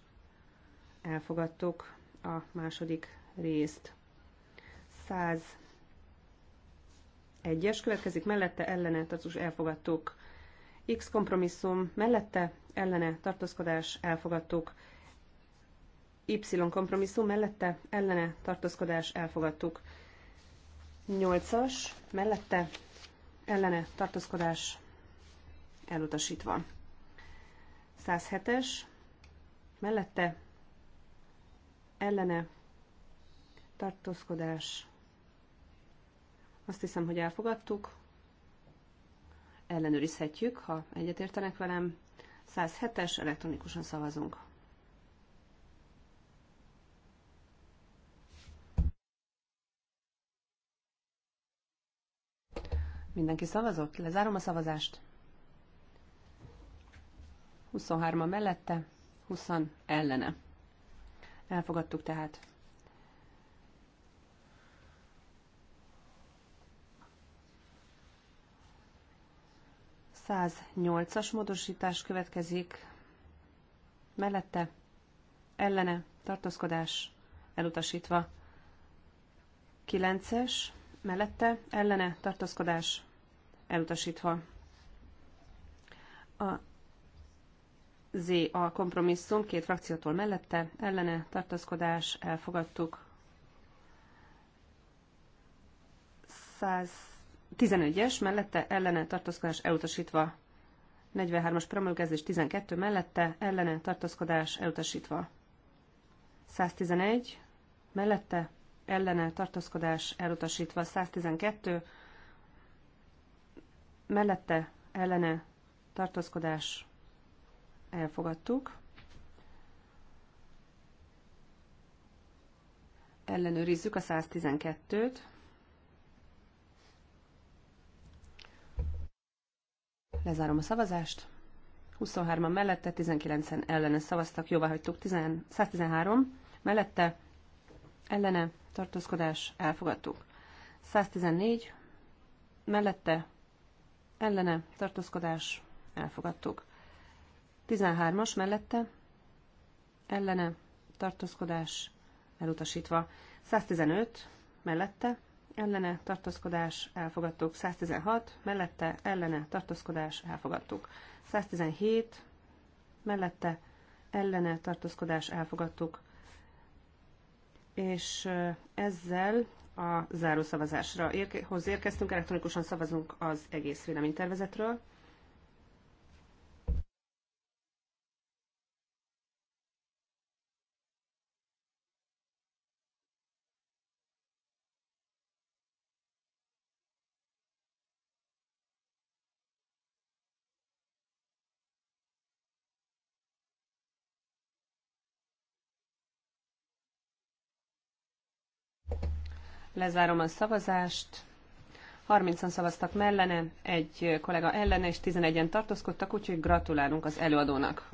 elfogadtuk a második részt. 100 egyes következik, mellette ellene tartozás elfogadtuk. X kompromisszum mellette ellene tartózkodás elfogadtuk. Y kompromisszum mellette ellene tartózkodás elfogadtuk. 8-as mellette ellene tartózkodás elutasítva. 107-es mellette ellene tartózkodás azt hiszem, hogy elfogadtuk. Ellenőrizhetjük, ha egyetértenek velem. 107-es, elektronikusan szavazunk. Mindenki szavazott? Lezárom a szavazást. 23-a mellette, 20 ellene. Elfogadtuk tehát. 108-as módosítás következik, mellette, ellene, tartózkodás, elutasítva. 9-es, mellette, ellene, tartózkodás, elutasítva. A Z a kompromisszum, két frakciótól mellette, ellene, tartózkodás, elfogadtuk. 100 11-es mellette ellene tartózkodás elutasítva. 43-as promulgázés 12 mellette ellene tartózkodás elutasítva. 111 mellette ellene tartózkodás elutasítva. 112 mellette ellene tartózkodás elfogadtuk. Ellenőrizzük a 112-t. Lezárom a szavazást. 23-an mellette, 19-en ellene szavaztak, jóvá hagytuk. 113 mellette, ellene, tartózkodás, elfogadtuk. 114 mellette, ellene, tartózkodás, elfogadtuk. 13-as mellette, ellene, tartózkodás, elutasítva. 115 mellette, ellene tartózkodás elfogadtuk. 116 mellette ellene tartózkodás elfogadtuk. 117 mellette ellene tartózkodás elfogadtuk. És ezzel a zárószavazásra érke, hozzáérkeztünk, elektronikusan szavazunk az egész véleménytervezetről. Lezárom a szavazást. 30-an szavaztak mellene, egy kollega ellene és 11-en tartózkodtak, úgyhogy gratulálunk az előadónak.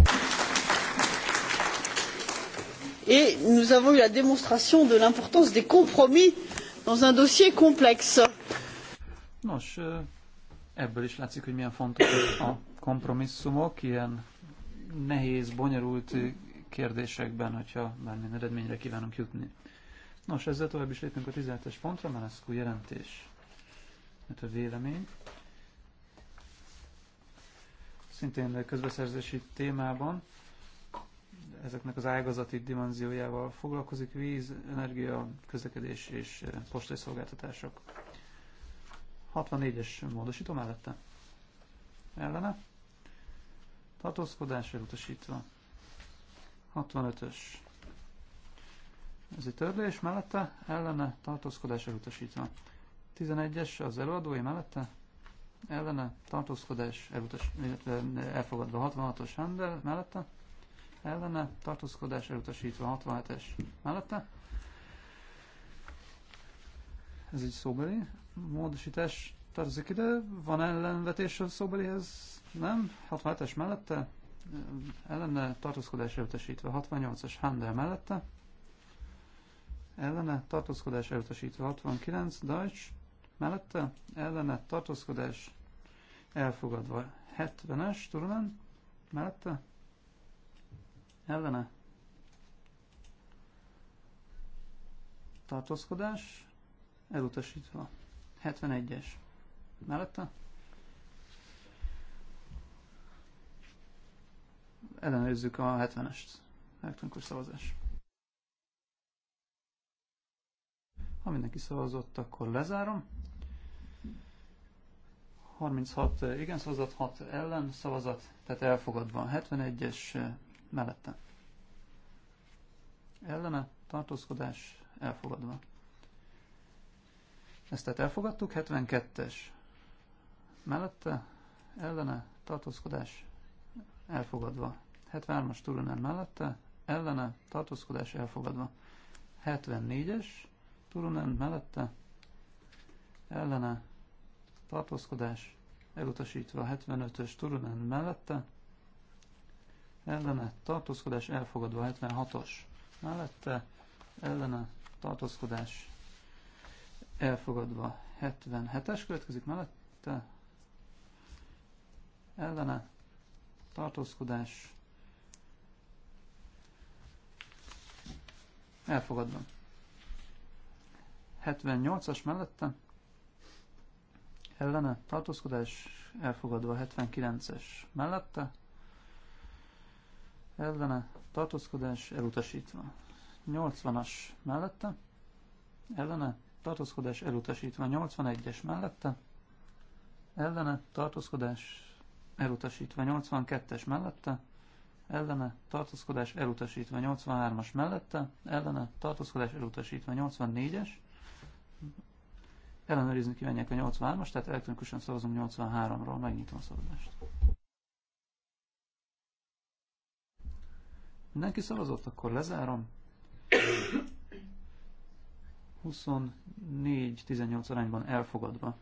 Et nous avons eu la démonstration de l'importance des compromis dans un dossier complexe. Nos, ebből is látszik, hogy milyen fontos a kompromisszumok, ilyen nehéz, bonyolult kérdésekben, hogyha bármilyen eredményre kívánunk jutni. Nos, ezzel tovább is lépünk a 17-es pontra, ez jelentés, mert a vélemény. Szintén közbeszerzési témában ezeknek az ágazati dimenziójával foglalkozik víz, energia, közlekedés és eh, postai szolgáltatások. 64-es módosító mellette. Ellene. Tartózkodás elutasítva. 65-ös ez egy törlés, mellette, ellene, tartózkodás elutasítva. 11-es az előadói mellette, ellene, tartózkodás elutas, illetve eh, elfogadva 66-os rendel mellette, ellene, tartózkodás elutasítva 67-es mellette. Ez egy szóbeli módosítás tartozik ide, van ellenvetés a szóbelihez? Nem, 67-es mellette, eh, ellene, tartózkodás elutasítva 68-as Handel mellette, ellene tartózkodás elutasítva 69 Deutsch mellette ellene tartózkodás elfogadva 70-es Turunen mellette ellene tartózkodás elutasítva 71-es mellette ellenőrizzük a 70-est elektronikus szavazás Ha mindenki szavazott, akkor lezárom. 36 igen szavazat, 6 ellen szavazat, tehát elfogadva a 71-es eh, mellette. Ellene tartózkodás elfogadva. Ezt tehát elfogadtuk, 72-es mellette, ellene tartózkodás elfogadva. 73-as turunen mellette, ellene tartózkodás elfogadva. 74-es Turunen mellette ellene tartózkodás elutasítva 75-ös Turunen mellette ellene tartózkodás elfogadva 76-os mellette ellene tartózkodás elfogadva 77-es következik mellette ellene tartózkodás elfogadva 78-as mellette ellene tartózkodás elfogadva 79-es mellette ellene tartózkodás elutasítva 80-as mellette ellene tartózkodás elutasítva 81-es mellette ellene tartózkodás elutasítva 82-es mellette ellene tartózkodás elutasítva 83-as mellette ellene tartózkodás elutasítva 84-es ellenőrizni kívánják a 83-as, tehát elektronikusan szavazom 83-ról, megnyitom a szavazást. Mindenki szavazott, akkor lezárom. 24-18 arányban elfogadva.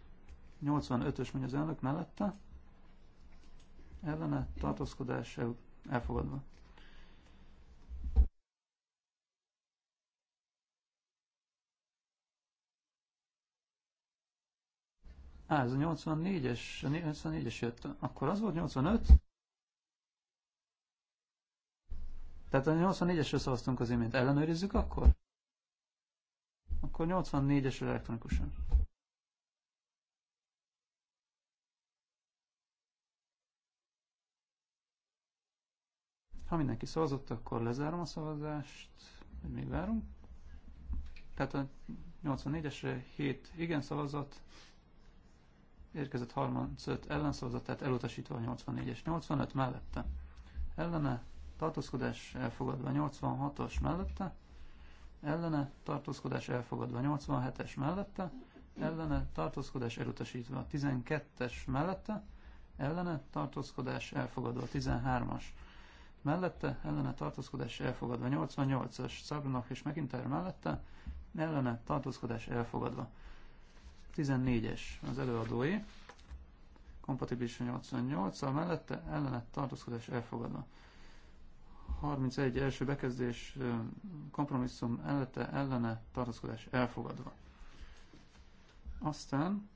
85-ös mondja az elnök mellette. Ellene tartózkodás elfogadva. Á, ez a 84-es, a 84-es jött. Akkor az volt 85? Tehát a 84-esre szavaztunk az imént. Ellenőrizzük akkor? Akkor 84-es elektronikusan. Ha mindenki szavazott, akkor lezárom a szavazást. Még várunk. Tehát a 84-esre 7 igen szavazott érkezett 35 ellenszavazatát elutasítva a 84-es, 85 mellette ellene, tartózkodás elfogadva 86-os mellette, ellene, tartózkodás elfogadva 87-es mellette, ellene, tartózkodás elutasítva 12-es mellette, ellene, tartózkodás elfogadva 13-as mellette, ellene, tartózkodás elfogadva 88-as, szablonok és Megintár mellette, ellene, tartózkodás elfogadva 14-es az előadói, kompatibilis 88-al mellette ellenet tartózkodás elfogadva. 31 első bekezdés kompromisszum ellete ellene tartózkodás elfogadva. Aztán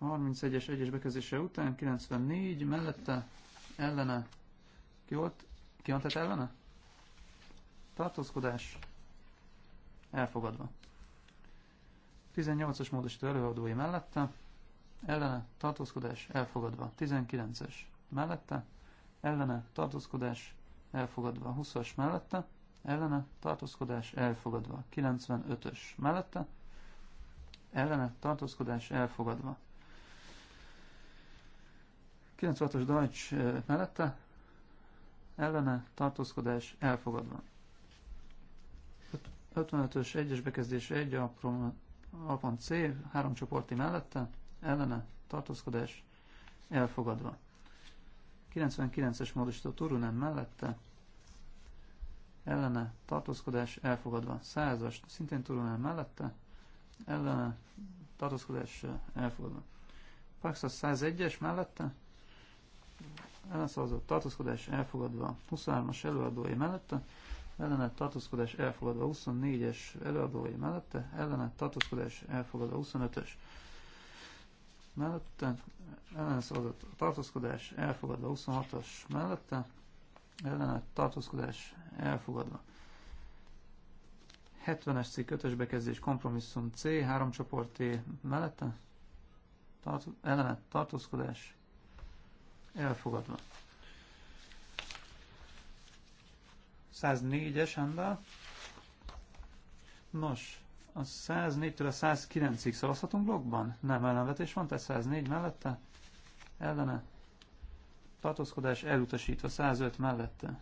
31-es egyes bekezdése után 94 mellette ellene ki volt? Ki van tett ellene? Tartózkodás elfogadva. 18-as módosító előadói mellette, ellene tartózkodás elfogadva. 19-es mellette, ellene tartózkodás elfogadva. 20-as mellette, ellene tartózkodás elfogadva. 95-ös mellette, ellene tartózkodás elfogadva. 96-os Deutsch mellette, ellene tartózkodás elfogadva. 55-ös egyes bekezdés 1 a a pont C, három csoporti mellette, ellene, tartózkodás, elfogadva. 99-es módosító turunem mellette, ellene, tartózkodás, elfogadva. 100-as, szintén turunem mellette, ellene, tartózkodás, elfogadva. Paxas 101-es mellette, ellenszavazott tartózkodás elfogadva 23-as előadói mellette, ellene tartózkodás elfogadva 24-es vagy mellette, ellene tartózkodás elfogadva 25-ös mellette, ellene szavazat tartózkodás elfogadva 26-as mellette, ellene tartózkodás elfogadva. 70-es cikk 5-ös bekezdés kompromisszum C, 3 T e mellette, tart, ellene tartózkodás elfogadva. 104-es Handel. Nos, a 104-től a 109-ig szavazhatunk blogban? Nem, ellenvetés van, tehát 104 mellette, ellene, tartózkodás elutasítva, 105 mellette,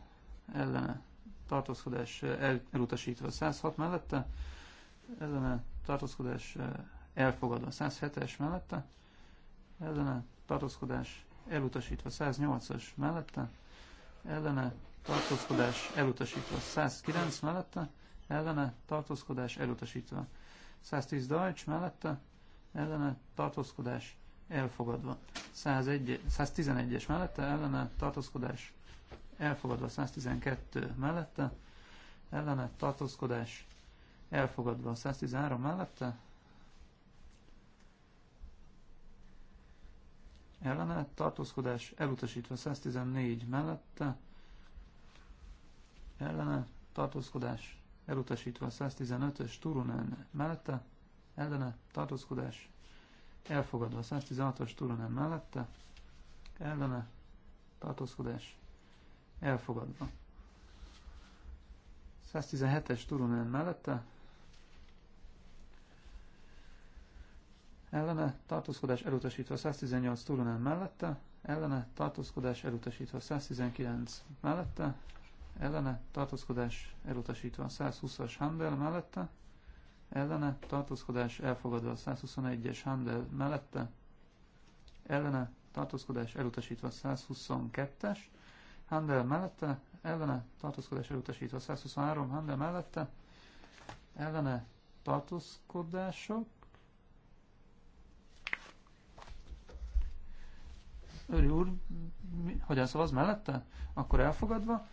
ellene, tartózkodás elutasítva, 106 mellette, ellene, tartózkodás elfogadva, 107-es mellette, ellene, tartózkodás elutasítva, 108-as mellette, ellene, tartózkodás elutasítva. 109 mellette, ellene tartózkodás elutasítva. 110 Deutsch mellette, ellene tartózkodás elfogadva. 111-es mellette, ellene tartózkodás elfogadva. 112 mellette, ellene tartózkodás elfogadva. 113 mellette, ellene tartózkodás elutasítva. 114 mellette, ellene tartózkodás elutasítva 115-ös Turunen mellette, ellene tartózkodás elfogadva 116-os Turunen mellette, ellene tartózkodás elfogadva. 117-es Turunen mellette, ellene tartózkodás elutasítva 118 Turunen mellette, ellene tartózkodás elutasítva 119 mellette, ellene tartózkodás elutasítva, 120-as Handel mellette, ellene tartózkodás elfogadva, 121-es Handel mellette, ellene tartózkodás elutasítva, 122-es Handel mellette, ellene tartózkodás elutasítva, 123 Handel mellette, ellene tartózkodások, Őri úr, mi, hogyan szavaz mellette? Akkor elfogadva.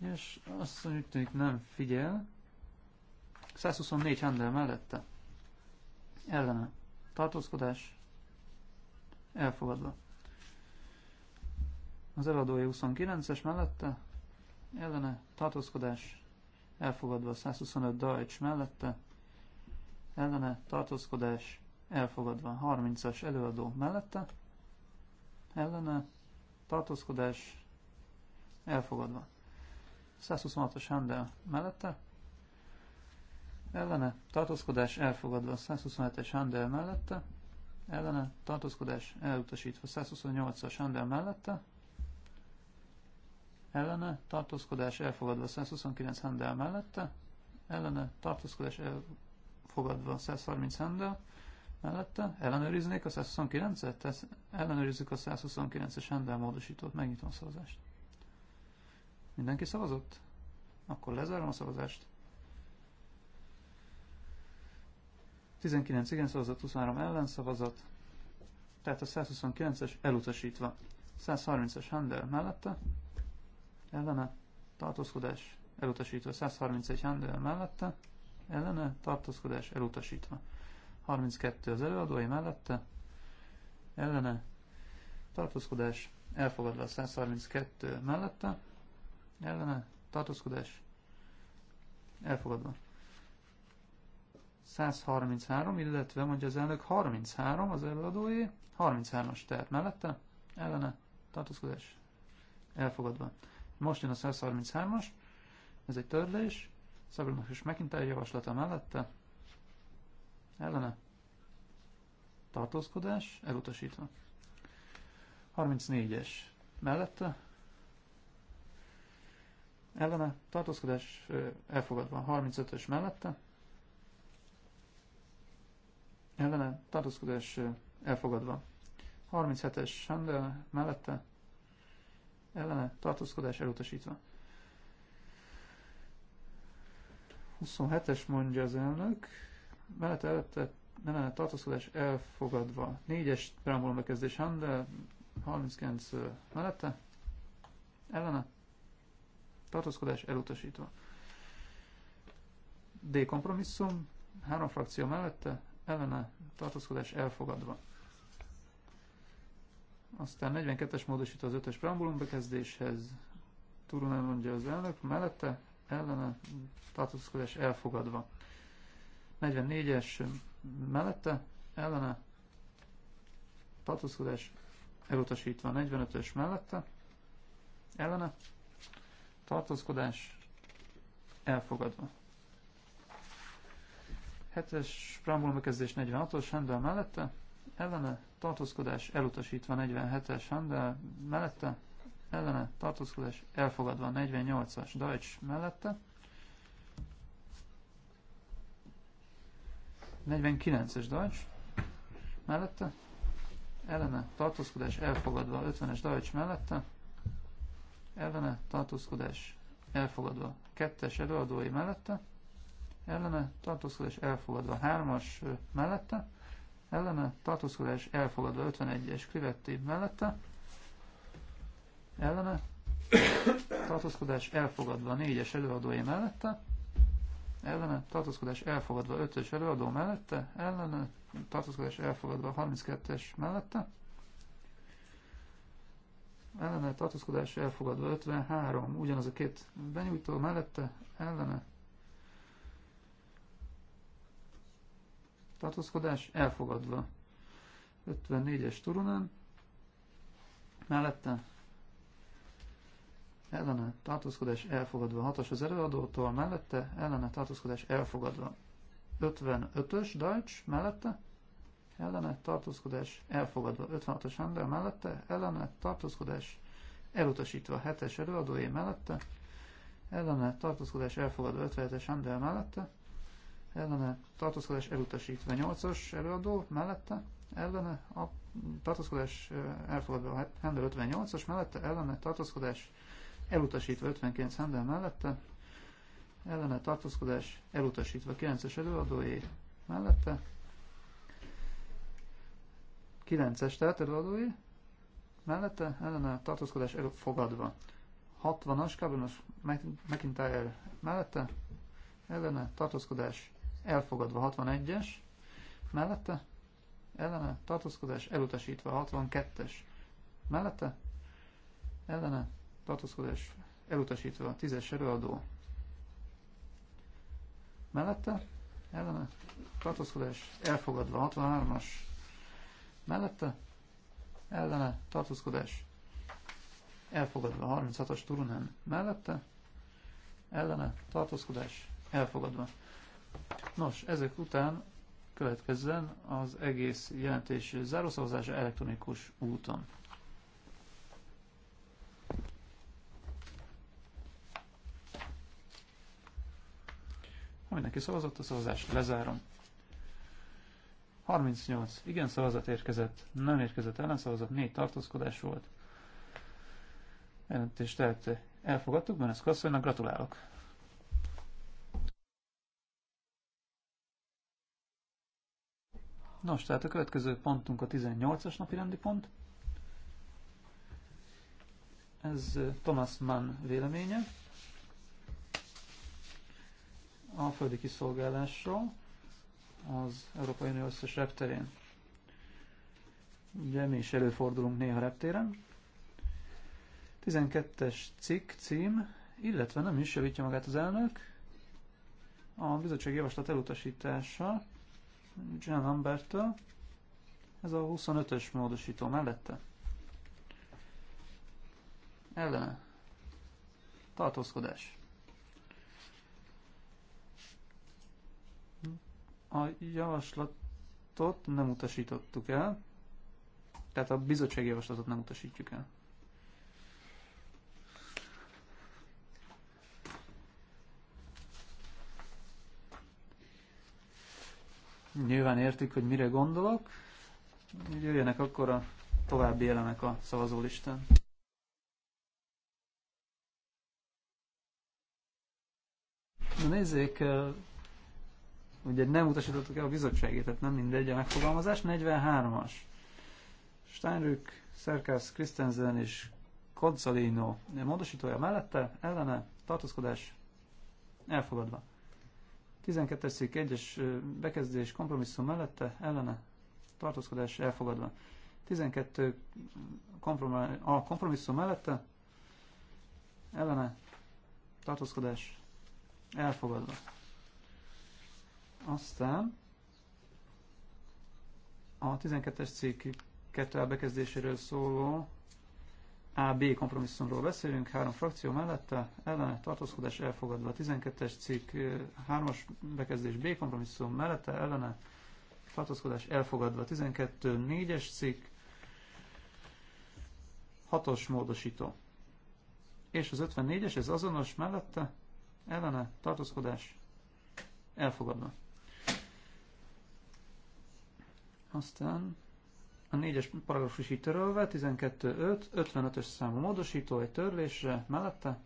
És azt mondjuk tűnik nem figyel. 124 Handel mellette. Ellene. Tartózkodás. Elfogadva. Az eladója 29-es mellette. Ellene. Tartózkodás. Elfogadva. 125 Deutsch mellette. Ellene. Tartózkodás. Elfogadva. 30-as előadó mellette. Ellene. Tartózkodás. Elfogadva. 126-os Handel mellette, ellene tartózkodás elfogadva 127-es Handel mellette, ellene tartózkodás elutasítva 128-as Handel mellette, ellene tartózkodás elfogadva 129 Handel mellette, ellene tartózkodás elfogadva 130 Handel mellette, ellenőriznék a 129-et, ellenőrizzük a 129-es Handel módosítót, megnyitom a szavazást. Mindenki szavazott? Akkor lezárom a szavazást. 19 igen szavazat, 23 ellen szavazat. Tehát a 129-es elutasítva. 130-es Handel mellette. Ellene tartózkodás elutasítva. 131 Handel mellette. Ellene tartózkodás elutasítva. 32 az előadói mellette. Ellene tartózkodás elfogadva. a 132 mellette ellene tartózkodás elfogadva. 133, illetve mondja az elnök 33 az előadói, 33-as tehát mellette, ellene tartózkodás elfogadva. Most jön a 133-as, ez egy törlés, Szabrinak és McIntyre javaslata mellette, ellene tartózkodás elutasítva. 34-es mellette, ellene tartózkodás elfogadva 35-ös mellette, ellene tartózkodás elfogadva 37-es Sandel mellette, ellene tartózkodás elutasítva. 27-es mondja az elnök, mellette ellette ellene tartózkodás elfogadva 4-es preambulum bekezdés Handel, 39 mellette, ellene tartózkodás elutasítva. D kompromisszum, három frakció mellette, ellene tartózkodás elfogadva. Aztán 42-es módosít az 5-ös preambulum bekezdéshez, Turun elmondja az elnök, mellette, ellene tartózkodás elfogadva. 44-es mellette, ellene tartózkodás elutasítva. 45-ös mellette, ellene tartózkodás elfogadva. 7-es preambulum bekezdés 46-os Handel mellette, ellene tartózkodás elutasítva 47-es Handel mellette, ellene tartózkodás elfogadva 48-as Deutsch mellette, 49-es Deutsch mellette, ellene tartózkodás elfogadva 50-es Deutsch mellette, ellene tartózkodás elfogadva. Kettes előadói mellette, ellene tartózkodás elfogadva. Hármas mellette, ellene tartózkodás elfogadva. 51-es Krivetti mellette, ellene tartózkodás elfogadva. Négyes előadói mellette, ellene tartózkodás elfogadva. Ötös előadó mellette, ellene tartózkodás elfogadva. 32-es mellette, ellene tartózkodás elfogadva 53, ugyanaz a két benyújtó mellette ellene tartózkodás elfogadva 54-es turunán mellette ellene tartózkodás elfogadva 6-as az erőadótól mellette ellene tartózkodás elfogadva 55-ös Deutsch mellette ellene tartózkodás elfogadva 56-os ember mellette, ellene tartózkodás elutasítva 7-es előadóé mellette, ellene tartózkodás elfogadva 57-es ember mellette, ellene tartózkodás elutasítva 8-os előadó mellette, ellene a tartózkodás elfogadva Handel hát, 58-as mellette, ellene tartózkodás elutasítva 59 Handel mellette, ellene tartózkodás elutasítva 9-es előadóé mellette, 9-es tehát előadói, mellette ellene tartózkodás előbb fogadva. 60-as Cabernos McIntyre mellette ellene tartózkodás elfogadva 61-es, mellette ellene tartózkodás elutasítva 62-es, mellette ellene tartózkodás elutasítva 10-es előadó, mellette ellene tartózkodás elfogadva 63-as, mellette, ellene, tartózkodás, elfogadva. 36-as turunán mellette, ellene, tartózkodás, elfogadva. Nos, ezek után következzen az egész jelentés zárószavazása elektronikus úton. Ha mindenki szavazott, a szavazást lezárom. 38 igen szavazat érkezett, nem érkezett ellenszavazat, 4 tartózkodás volt. Jelentést tehát elfogadtuk, mert ezt kasszony, gratulálok. Nos, tehát a következő pontunk a 18-as napi rendi pont. Ez Thomas Mann véleménye a földi kiszolgálásról az Európai Unió összes repterén. Ugye mi is előfordulunk néha reptéren. 12-es cikk cím, illetve nem is javítja magát az elnök. A bizottság javaslat elutasítása John lambert Ez a 25-ös módosító mellette. Ellene. Tartózkodás. A javaslatot nem utasítottuk el, tehát a bizottsági javaslatot nem utasítjuk el. Nyilván értik, hogy mire gondolok. Jöjjenek akkor a további elemek a szavazólistán. Na nézzék, ugye nem utasítottuk el a bizottságét, tehát nem mindegy a megfogalmazás. 43-as. Steinrück, Szerkász, Christensen és Kodzalino módosítója mellette, ellene, tartózkodás elfogadva. 12-es szék 1-es bekezdés kompromisszum mellette, ellene, tartózkodás elfogadva. 12 a kompromisszum mellette, ellene, tartózkodás elfogadva. Aztán a 12-es cikk 2 bekezdéséről szóló AB kompromisszumról beszélünk, három frakció mellette, ellene tartózkodás elfogadva. A 12-es cikk 3-as bekezdés B kompromisszum mellette, ellene tartózkodás elfogadva. 12 4-es cikk 6-os módosító. És az 54-es, ez azonos mellette, ellene tartózkodás elfogadva. Aztán a 4-es paragrafus így törölve, 12.5, 55-ös számú módosító egy törlésre mellette.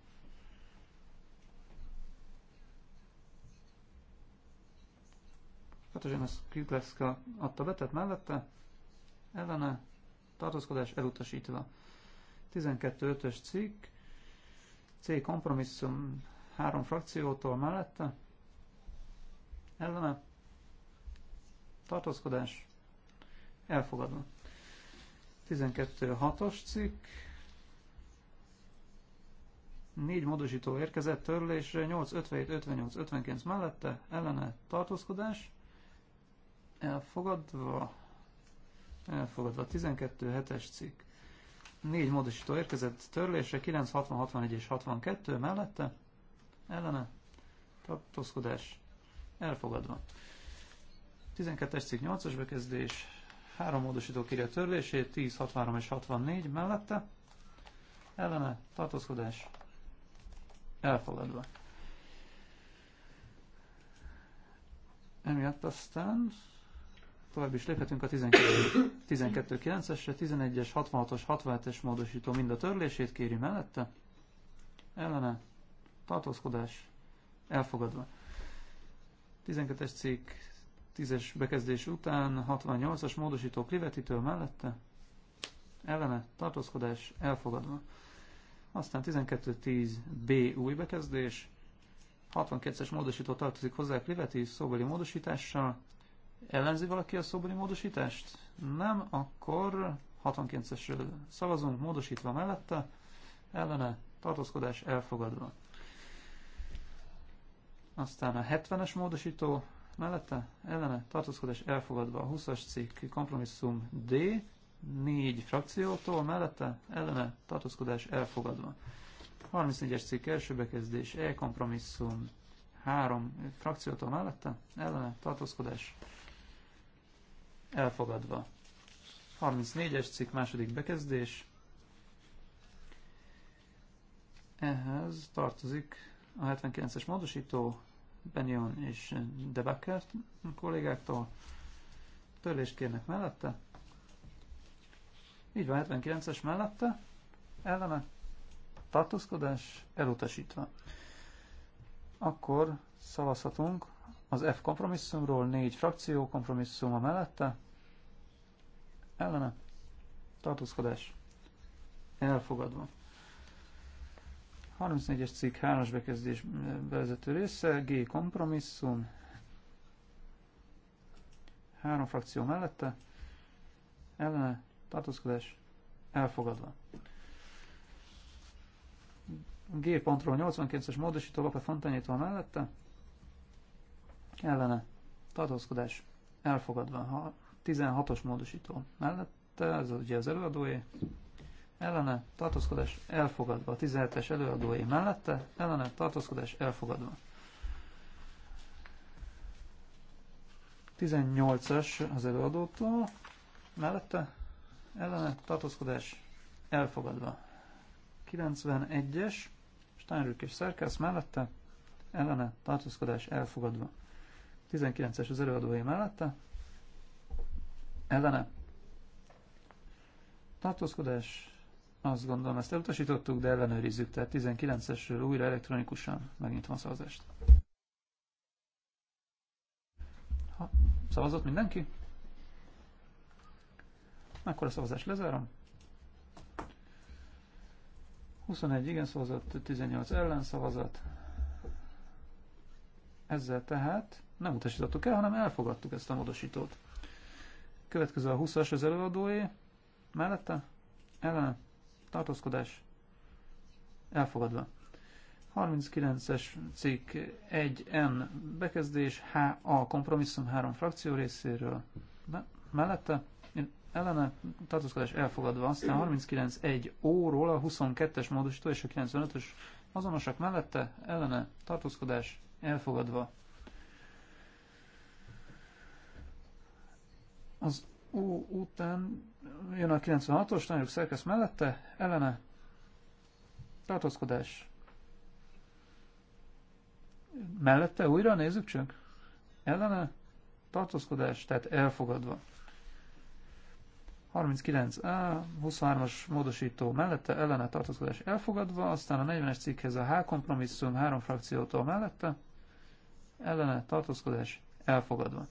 Katarzyna hát Skrigleszka adta betet mellette, ellene tartózkodás elutasítva. 12.5-ös cikk, C kompromisszum három frakciótól mellette, ellene tartózkodás elfogadom. 126 6-os cikk. Négy módosító érkezett törlésre, 8, 57, 58, 59 mellette, ellene tartózkodás. Elfogadva. Elfogadva. 127 es cikk. Négy módosító érkezett törlésre, 9, 60, 61 és 62 mellette, ellene tartózkodás. Elfogadva. 12-es cikk 8-as bekezdés, Három módosító kérje a törlését, 10, 63 és 64 mellette. Ellene tartózkodás elfogadva. Emiatt aztán tovább is léphetünk a 12.9-esre, 12, 11-es, 66-os, 67-es módosító mind a törlését kéri mellette. Ellene tartózkodás elfogadva. 12-es cikk 10-es bekezdés után 68-as módosító Klivetitől mellette ellene tartózkodás elfogadva. Aztán 12.10b új bekezdés, 62-es módosító tartozik hozzá Kliveti szóbeli módosítással. Ellenzi valaki a szóbeli módosítást? Nem, akkor 69-esről szavazunk, módosítva mellette, ellene tartózkodás elfogadva. Aztán a 70-es módosító mellette ellene tartózkodás elfogadva a 20-as cikk kompromisszum D, négy frakciótól, mellette ellene tartózkodás elfogadva. 34-es cikk első bekezdés E kompromisszum három frakciótól mellette ellene tartózkodás elfogadva. 34-es cikk második bekezdés. Ehhez tartozik a 79-es módosító Benyon és Debaker kollégáktól. Törlést kérnek mellette. Így van, 79-es mellette. Ellene tartózkodás elutasítva. Akkor szavazhatunk az F kompromisszumról, négy frakció kompromisszuma mellette. Ellene tartózkodás elfogadva. 34-es cikk 3-as bekezdés mm, bevezető része, G kompromisszum, három frakció mellette, ellene tartózkodás elfogadva. G pontról 89-es módosító Lope Fontanyétól mellette, ellene tartózkodás elfogadva. 16-os módosító mellette, ez ugye az előadóé, ellene tartózkodás elfogadva. 17-es előadói mellette ellene tartózkodás elfogadva. 18-as az előadótól mellette ellene tartózkodás elfogadva. 91-es Steinrück és Szerkesz mellette ellene tartózkodás elfogadva. 19-es az előadói mellette ellene tartózkodás azt gondolom, ezt elutasítottuk, de ellenőrizzük, tehát 19-esről újra elektronikusan megnyitom a szavazást. Ha szavazott mindenki? Akkor a szavazást lezárom. 21 igen szavazat, 18 ellen szavazat. Ezzel tehát nem utasítottuk el, hanem elfogadtuk ezt a módosítót. Következő a 20-as az előadóé. Mellette? Ellene? tartózkodás elfogadva. 39-es cikk 1N bekezdés, HA kompromisszum három frakció részéről me mellette, ellene tartózkodás elfogadva, aztán 39-1 óról a 22-es módosító és a 95-ös azonosak mellette, ellene tartózkodás elfogadva. Az ó után jön a 96-os, nagyobb szerkesz mellette, ellene, tartózkodás. Mellette újra nézzük csak. Ellene, tartózkodás, tehát elfogadva. 39A, 23-as módosító mellette, ellene tartózkodás elfogadva, aztán a 40-es cikkhez a H kompromisszum három frakciótól mellette, ellene tartózkodás elfogadva.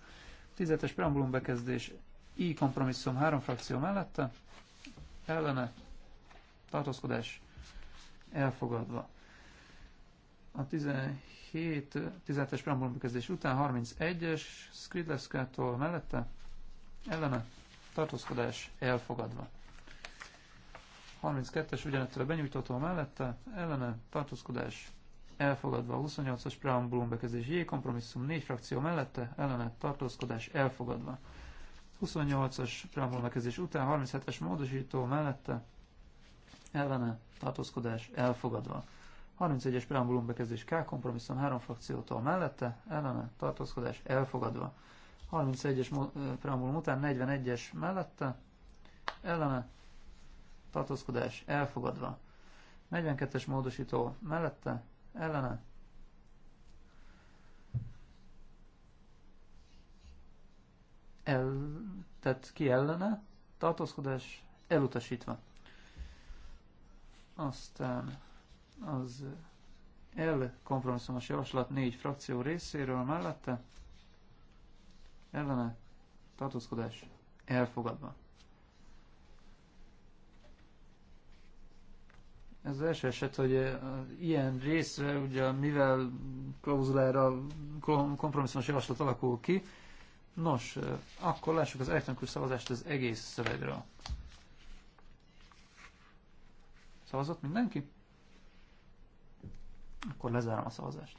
10-es preambulum bekezdés I kompromisszum három frakció mellette, ellene, tartózkodás elfogadva. A 17, 17-es preambulum bekezdés után 31-es Skridleszkától mellette, ellene, tartózkodás elfogadva. 32-es ugyanettől benyújtótól mellette, ellene, tartózkodás elfogadva. 28-as preambulum bekezdés J kompromisszum négy frakció mellette, ellene, tartózkodás elfogadva. 28-as preambulnakezés után 37-es módosító mellette ellene tartózkodás elfogadva. 31-es preambulum bekezdés K kompromisszum három frakciótól mellette ellene tartózkodás elfogadva. 31-es preambulum után 41-es mellette ellene tartózkodás elfogadva. 42-es módosító mellette ellene El, tehát ki ellene, tartózkodás elutasítva. Aztán az L kompromisszumos javaslat négy frakció részéről mellette ellene tartózkodás elfogadva. Ez az első eset, hogy eh, ilyen részre, ugye mivel klauzulára kompromisszumos javaslat alakul ki, Nos, akkor lássuk az elektronikus szavazást az egész szövegről. Szavazott mindenki? Akkor lezárom a szavazást.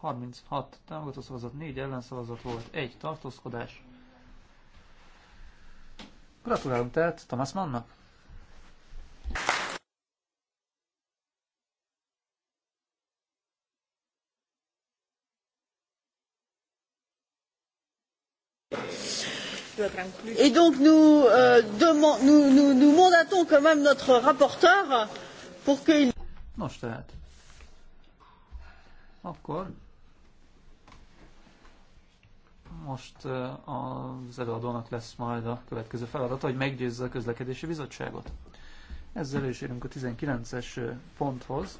36 támogató szavazat, 4 ellenszavazat volt, 1 tartózkodás. Gratulálunk tehát Thomas Mannnak! Et donc nous, euh, nous, nous, nous mandatons quand même notre rapporteur pour qu'il... Nos tehát. Akkor most euh, az előadónak lesz majd a következő feladata, hogy meggyőzze a közlekedési bizottságot. Ezzel is érünk a 19-es euh, ponthoz.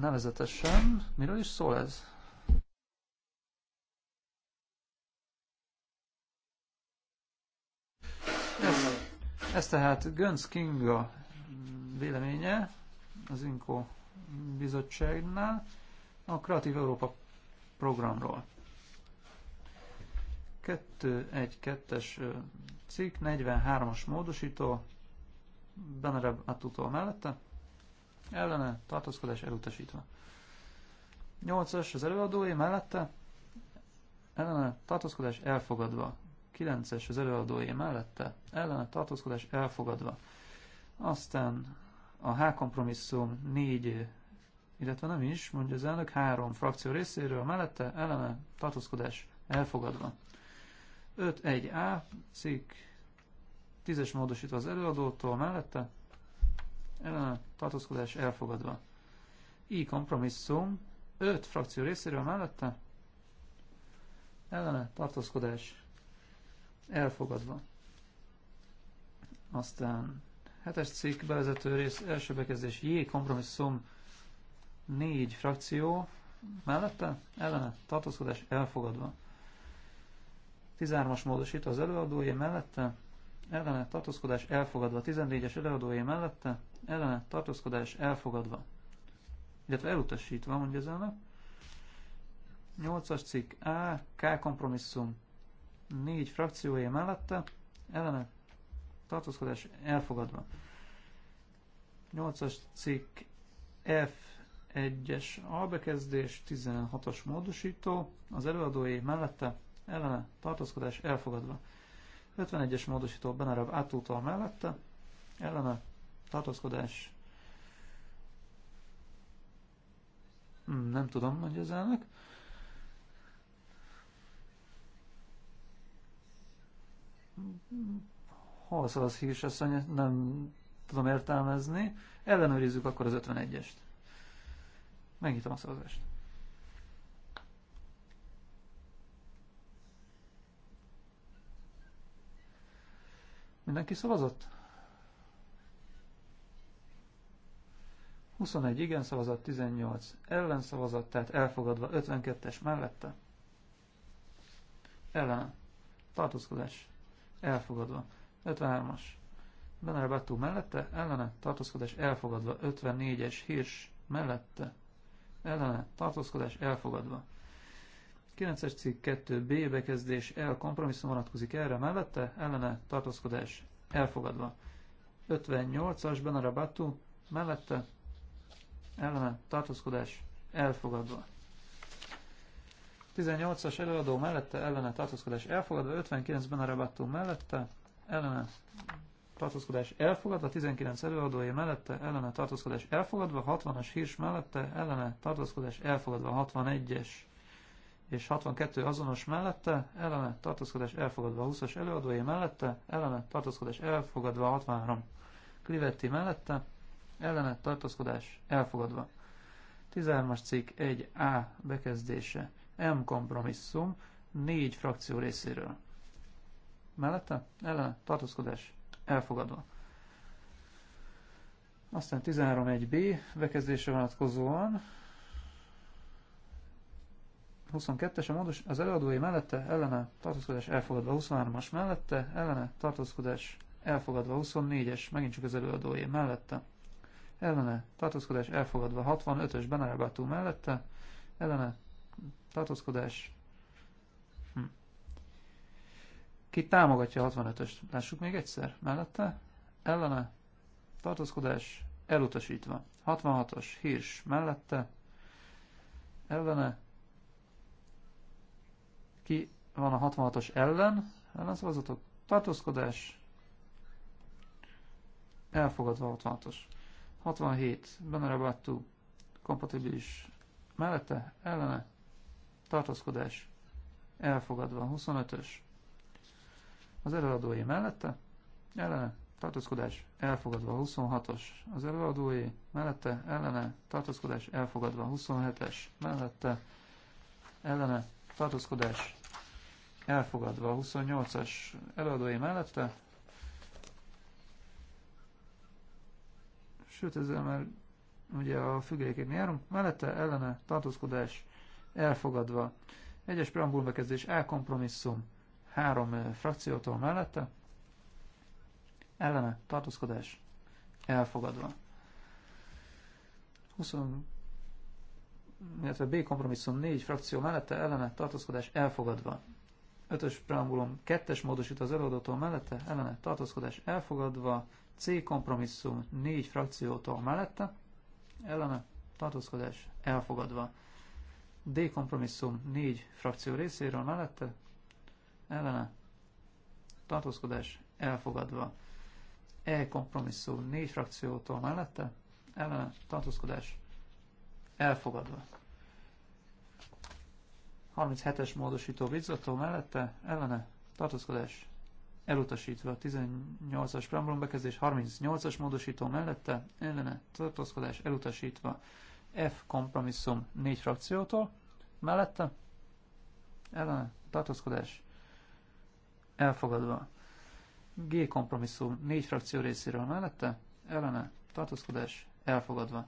Nevezetesen, miről is szól ez? Ez tehát Gönc Kinga véleménye az INKO bizottságnál a Kreatív Európa programról. 2.1.2-es cikk, 43-as módosító, Benarab Attutól mellette, ellene tartózkodás elutasítva. 8-as az előadói mellette, ellene tartózkodás elfogadva. 9-es az előadói mellette, ellene tartózkodás elfogadva. Aztán a H kompromisszum 4, illetve nem is, mondja az elnök, 3 frakció részéről mellette, ellene tartózkodás elfogadva. 5-1A cikk 10-es módosítva az előadótól mellette, ellene tartózkodás elfogadva. I kompromisszum 5 frakció részéről mellette, ellene tartózkodás elfogadva. Aztán hetes cikk bevezető rész első bekezdés J kompromisszum négy frakció mellette ellene tartózkodás elfogadva. 13-as módosító az előadója mellette ellene tartózkodás elfogadva. 14-es előadója mellette ellene tartózkodás elfogadva. Illetve elutasítva, mondja az 8-as cikk A, K kompromisszum négy frakciója mellette, ellene tartózkodás elfogadva. 8-as cikk F1-es albekezdés, 16 as módosító, az előadói mellette, ellene tartózkodás elfogadva. 51-es módosító Benarab átútal mellette, ellene tartózkodás hmm, nem tudom, hogy az elnök. Hasz az hírs, azt nem tudom értelmezni. Ellenőrizzük akkor az 51-est. Megnyitom a szavazást. Mindenki szavazott? 21 igen szavazat, 18 ellen szavazat, tehát elfogadva 52-es mellette. Ellen. Tartózkodás elfogadva. 53-as. Benel Batú mellette, ellene, tartózkodás elfogadva. 54-es hírs mellette, ellene, tartózkodás elfogadva. 9-es cikk 2b bekezdés el kompromisszum vonatkozik erre mellette, ellene, tartózkodás elfogadva. 58-as Benel Batú mellette, ellene, tartózkodás elfogadva. 18-as előadó mellette ellene tartózkodás elfogadva, 59-ben a rabattó mellette ellene tartózkodás elfogadva, 19 előadója mellette ellene tartózkodás elfogadva, 60-as hírs mellette ellene tartózkodás elfogadva, 61-es és 62 azonos mellette, ellene tartózkodás elfogadva, 20-as előadói mellette, ellene tartózkodás elfogadva, 63 Clivetti mellette, ellene tartózkodás elfogadva. 13-as cikk 1A bekezdése. M kompromisszum négy frakció részéről. Mellette? Ellen? Tartózkodás? Elfogadva. Aztán 13.1b bekezdésre vonatkozóan 22-es a módos, az előadói mellette ellene tartózkodás elfogadva, 23-as mellette ellene tartózkodás elfogadva, 24-es megint csak az előadói mellette ellene tartózkodás elfogadva, 65-ös Benaragatú mellette ellene tartózkodás. Hm. Ki támogatja a 65-öst? Lássuk még egyszer. Mellette? Ellene? Tartózkodás elutasítva. 66-os hírs mellette? Ellene? Ki van a 66-os ellen? Ellen szavazatok? Tartózkodás elfogadva 66-os. 67, Benarabattú, kompatibilis mellette, ellene, tartózkodás elfogadva. 25-ös az előadói mellette, ellene tartózkodás elfogadva. 26-os az előadói mellette, ellene tartózkodás elfogadva. 27-es mellette, ellene tartózkodás elfogadva. 28-as előadói mellette, sőt ezzel már ugye a függelékén járunk, mellette ellene tartózkodás elfogadva. Egyes preambulbekezdés A kompromisszum három frakciótól mellette, ellene tartózkodás elfogadva. 20, illetve B kompromisszum négy frakció mellette, ellene tartózkodás elfogadva. Ötös preambulum 2-es módosít az előadótól mellette, ellene tartózkodás elfogadva. C kompromisszum négy frakciótól mellette, ellene tartózkodás elfogadva. D kompromisszum négy frakció részéről mellette ellene tartózkodás elfogadva. E kompromisszum négy frakciótól mellette ellene tartózkodás elfogadva. 37-es módosító bizzató mellette ellene tartózkodás elutasítva. 18-as preambulum bekezdés 38-as módosító mellette ellene tartózkodás elutasítva. F kompromisszum négy frakciótól, mellette ellen tartózkodás elfogadva. G kompromisszum négy frakció részéről mellette ellene tartózkodás elfogadva.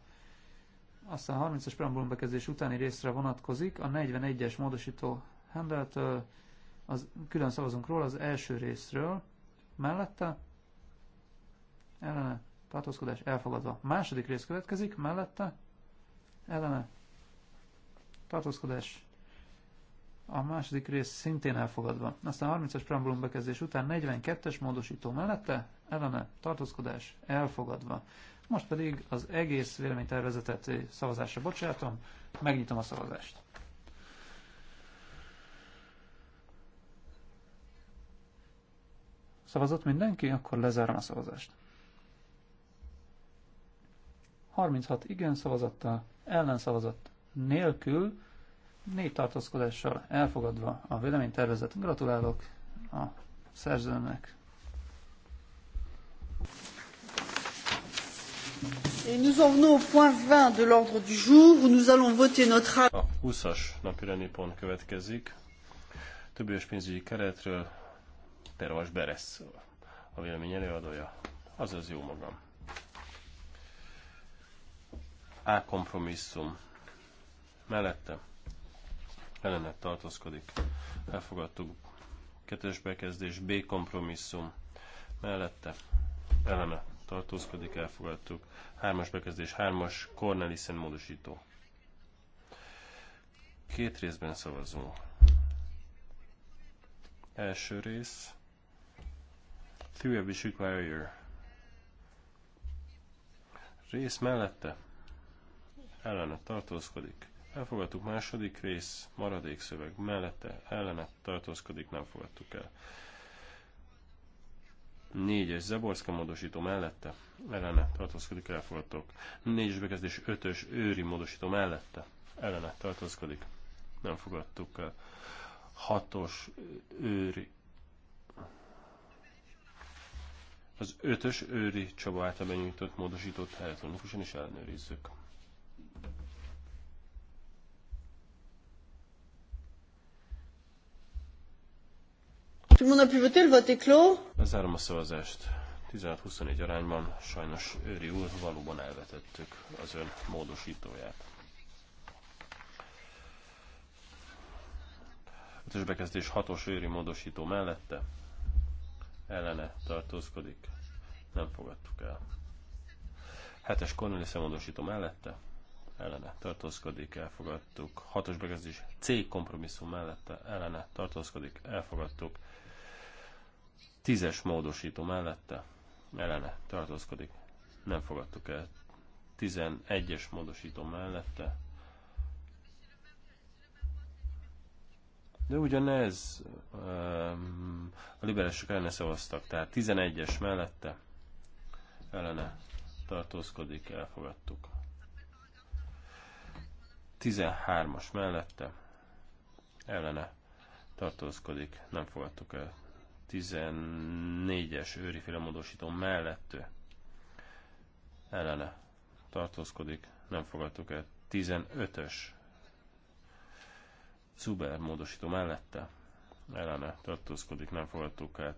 Aztán a 30-as preambulum bekezdés utáni részre vonatkozik a 41-es módosító handelt, az külön szavazunk róla az első részről, mellette ellene tartózkodás elfogadva. Második rész következik, mellette ellene tartózkodás a második rész szintén elfogadva. Aztán 30-as preambulum bekezdés után 42-es módosító mellette ellene tartózkodás elfogadva. Most pedig az egész véleménytervezetet szavazásra bocsátom, megnyitom a szavazást. Szavazott mindenki? Akkor lezárom a szavazást. 36 igen szavazattal, ellenszavazat nélkül, négy tartózkodással elfogadva a véleménytervezet. Gratulálok a szerzőnek. Et nous en venons au point 20 de l'ordre du jour où nous allons voter notre... A 20-as napirendi pont következik. Többős pénzügyi keretről Pervas Beresz a vélemény előadója, az jó magam. A kompromisszum. Mellette ellenet tartózkodik. Elfogadtuk. Kettes bekezdés B kompromisszum. Mellette ellene tartózkodik. Elfogadtuk. Hármas bekezdés. Hármas Cornelissen módosító. Két részben szavazunk. Első rész. Three of Require. Rész mellette ellenet tartózkodik. Elfogadtuk második rész, maradék szöveg mellette, ellenet tartózkodik, nem fogadtuk el. Négyes Zeborszka módosító mellette, ellenet tartózkodik, elfogadtok. Négyes bekezdés ötös őri módosító mellette, ellenet tartózkodik, nem fogadtuk el. Hatos őri az ötös őri Csaba által benyújtott módosított elektronikusan is ellenőrizzük. Tout le monde a pu voter, le vote est clos. Lezárom a szavazást. 16-21 arányban sajnos Őri úr, valóban elvetettük az ön módosítóját. Ötös bekezdés 6-os Őri módosító mellette ellene tartózkodik. Nem fogadtuk el. 7-es Cornelissen módosító mellette ellene tartózkodik, elfogadtuk. 6-os bekezdés C kompromisszum mellette ellene tartózkodik, elfogadtuk. Tízes módosító mellette ellene tartózkodik. Nem fogadtuk el. 11-es módosító mellette. De ugyanez ehm, a liberálisok ellene szavaztak, tehát 11-es mellette ellene tartózkodik, elfogadtuk. 13-as mellette ellene tartózkodik, nem fogadtuk el. 14-es őri módosító mellett ellene tartózkodik, nem fogadtuk el. 15-ös Zuber módosító mellette ellene tartózkodik, nem fogadtuk el.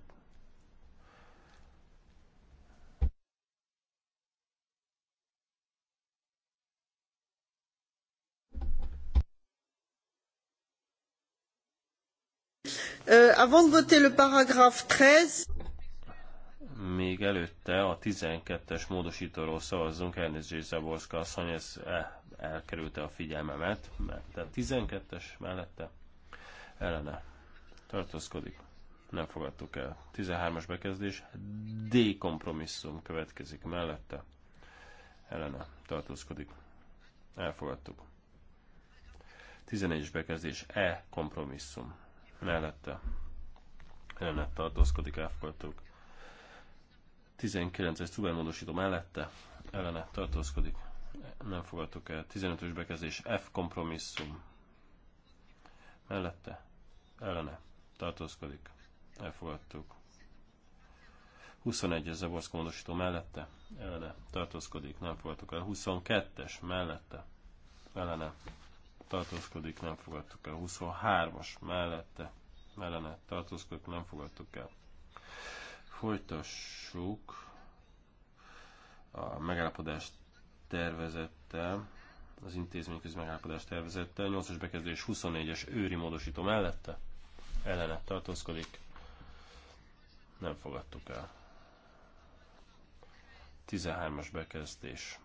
Euh, avant de voter le paragraphe 13, még előtte a 12-es módosítóról szavazzunk, elnézést Zaborszka asszony, ez eh, elkerülte a figyelmemet, mert a 12-es mellette ellene tartózkodik. Nem fogadtuk el. 13-as bekezdés, D kompromisszum következik mellette, ellene tartózkodik. Elfogadtuk. 14-es bekezdés, E kompromisszum mellette ellenet tartózkodik, elfogadtuk. 19-es szupermódosító mellette ellenet tartózkodik, nem fogadtuk el. 15-ös bekezdés F kompromisszum mellette ellene tartózkodik, elfogadtuk. 21-es Zaborszka módosító mellette ellene tartózkodik, nem fogadtuk el. 22-es mellette ellene tartózkodik, nem fogadtuk el. 23-as mellette mellene tartózkodik, nem fogadtuk el. Folytassuk a megállapodás tervezettel, az intézményközi megállapodás tervezettel. 8-as bekezdés 24-es őri módosító mellette ellene tartózkodik, nem fogadtuk el. 13-as bekezdés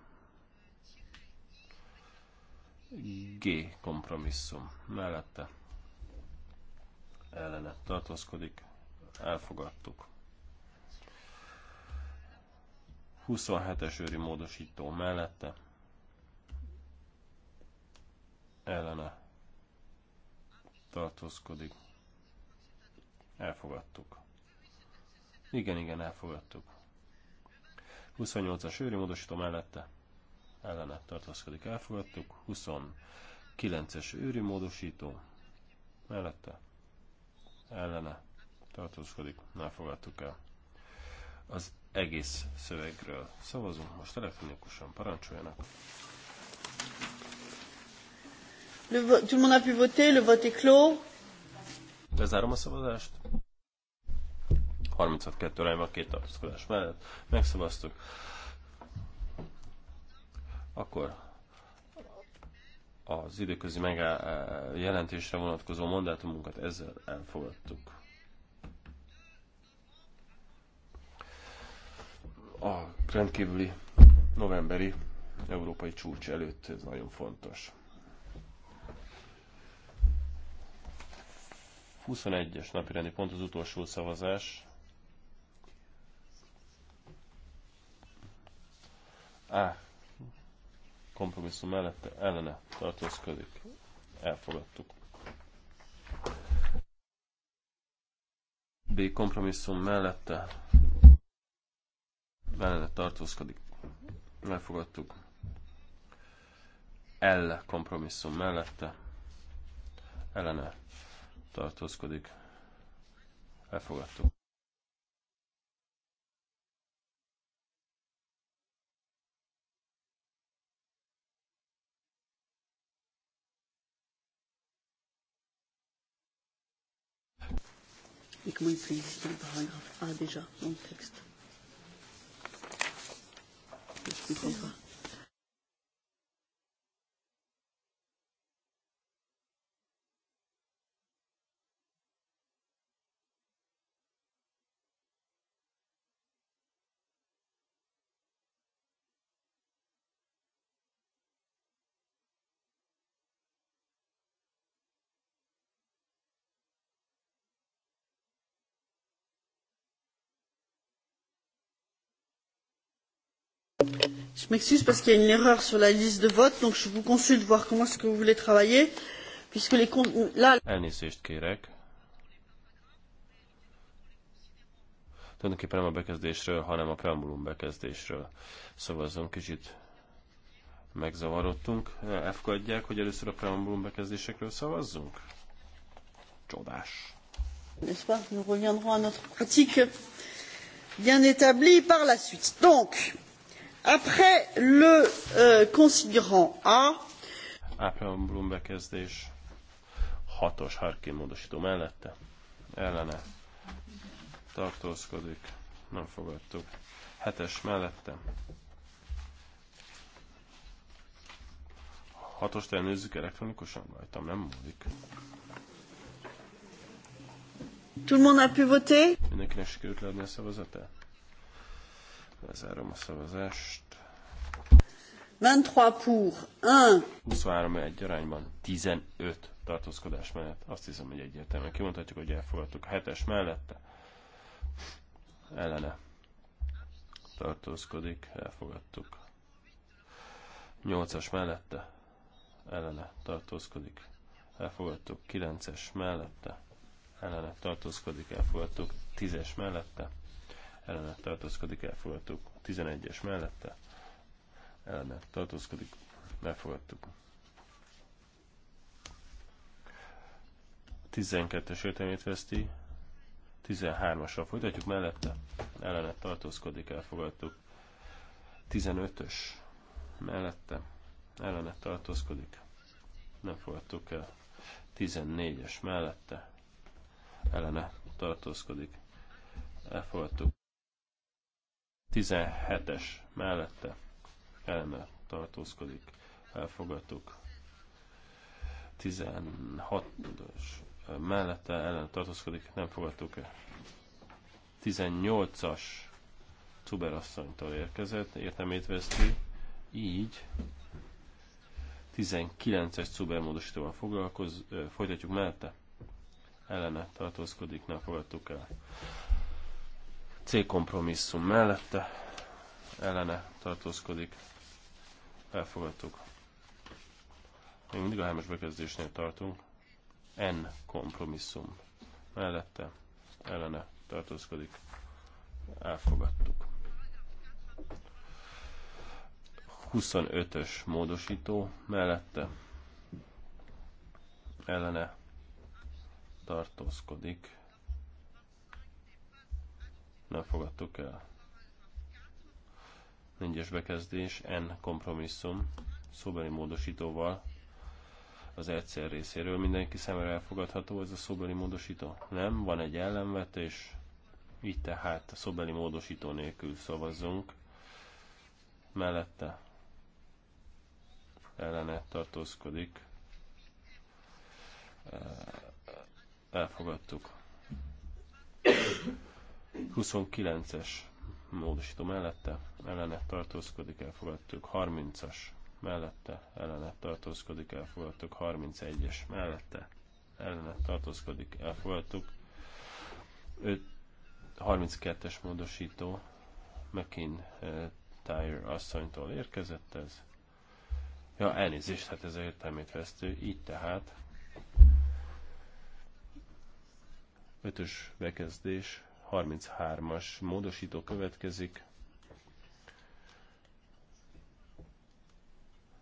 G kompromisszum mellette ellene tartózkodik, elfogadtuk. 27-es őri módosító mellette ellene tartózkodik, elfogadtuk. Igen, igen, elfogadtuk. 28-as őri módosító mellette ellene tartaszkodik, elfogadtuk. 29-es őri módosító mellette ellene tartózkodik, fogadtuk el. Az egész szövegről szavazunk, most telefonikusan parancsoljanak. Le vo- tout le monde a pu voter, le vote est clos. Lezárom a szavazást. 36-2 arányban két tartózkodás mellett megszavaztuk akkor az időközi megáll jelentésre vonatkozó mandátumunkat ezzel elfogadtuk. A rendkívüli novemberi európai csúcs előtt ez nagyon fontos. 21-es napirendi pont az utolsó szavazás. A kompromisszum mellette ellene tartózkodik. Elfogadtuk. B kompromisszum mellette ellene tartózkodik. Elfogadtuk. L kompromisszum mellette ellene tartózkodik. Elfogadtuk. ils commencent ici par paragraphe A ah, déjà, dans le texte. Je ne comprends pas. Je m'excuse parce qu'il y a une erreur sur la liste de vote, donc je vous consulte voir comment est-ce que vous voulez travailler, puisque les comptes... Là... Elnézést kérek. Tulajdonképpen nem a bekezdésről, hanem a preambulum bekezdésről szavazom. Kicsit megzavarodtunk. Elfogadják, hogy először a preambulum bekezdésekről szavazzunk? Csodás. N'est-ce pas Nous reviendrons à notre pratique bien établie par la suite. Donc, Après le euh, considérant A. Blum bekezdés. Hatos Harkin módosító mellette. Ellene. Tartózkodik. Nem fogadtuk. Hetes mellette. Hatost elnőzzük elektronikusan? Rajtam nem múlik. Tout le monde a pu voter? Mindenkinek sikerült leadni a szavazatát? Lezárom a szavazást. 23 pour, 1. 23 egy arányban 15 tartózkodás mellett. Azt hiszem, hogy egyértelműen kimondhatjuk, hogy elfogadtuk a hetes mellette. Ellene tartózkodik, elfogadtuk. 8-as mellette ellene tartózkodik, elfogadtuk. 9-es mellette ellene tartózkodik, elfogadtuk. 10-es mellette ellene tartózkodik, elfogadtuk. 11-es mellette ellene tartózkodik, elfogadtuk. 12-es értelmét veszti, 13-asra folytatjuk mellette, ellene tartózkodik, elfogadtuk. 15-ös mellette, ellene tartózkodik, nem fogadtuk el. 14-es mellette, ellene tartózkodik, elfogadtuk. 17-es mellette ellene tartózkodik, elfogadtuk. 16-os mellette ellen tartózkodik, nem fogadtuk el. 18-as Cuberasszonytól érkezett, értelmét veszti, így 19-es módosítóval foglalkoz, folytatjuk mellette. Ellene tartózkodik, nem fogadtuk el. C kompromisszum mellette ellene tartózkodik. Elfogadtuk. Még mindig a hármas bekezdésnél tartunk. N kompromisszum mellette ellene tartózkodik. Elfogadtuk. 25-ös módosító mellette ellene tartózkodik nem fogadtuk el. Négyes bekezdés, N kompromisszum, szóbeli módosítóval az egyszer részéről mindenki szemre elfogadható ez a szóbeli módosító? Nem, van egy ellenvetés, így tehát a szóbeli módosító nélkül szavazzunk. Mellette ellene tartózkodik. Elfogadtuk. 29-es módosító mellette ellene tartózkodik, elfogadtuk 30-as mellette ellene tartózkodik, elfogadtuk 31-es mellette ellene tartózkodik, elfogadtuk 32-es módosító McKin eh, Tyre asszonytól érkezett ez. Ja, elnézést, hát ez a értelmét vesztő. Így tehát ötös bekezdés 33-as módosító következik.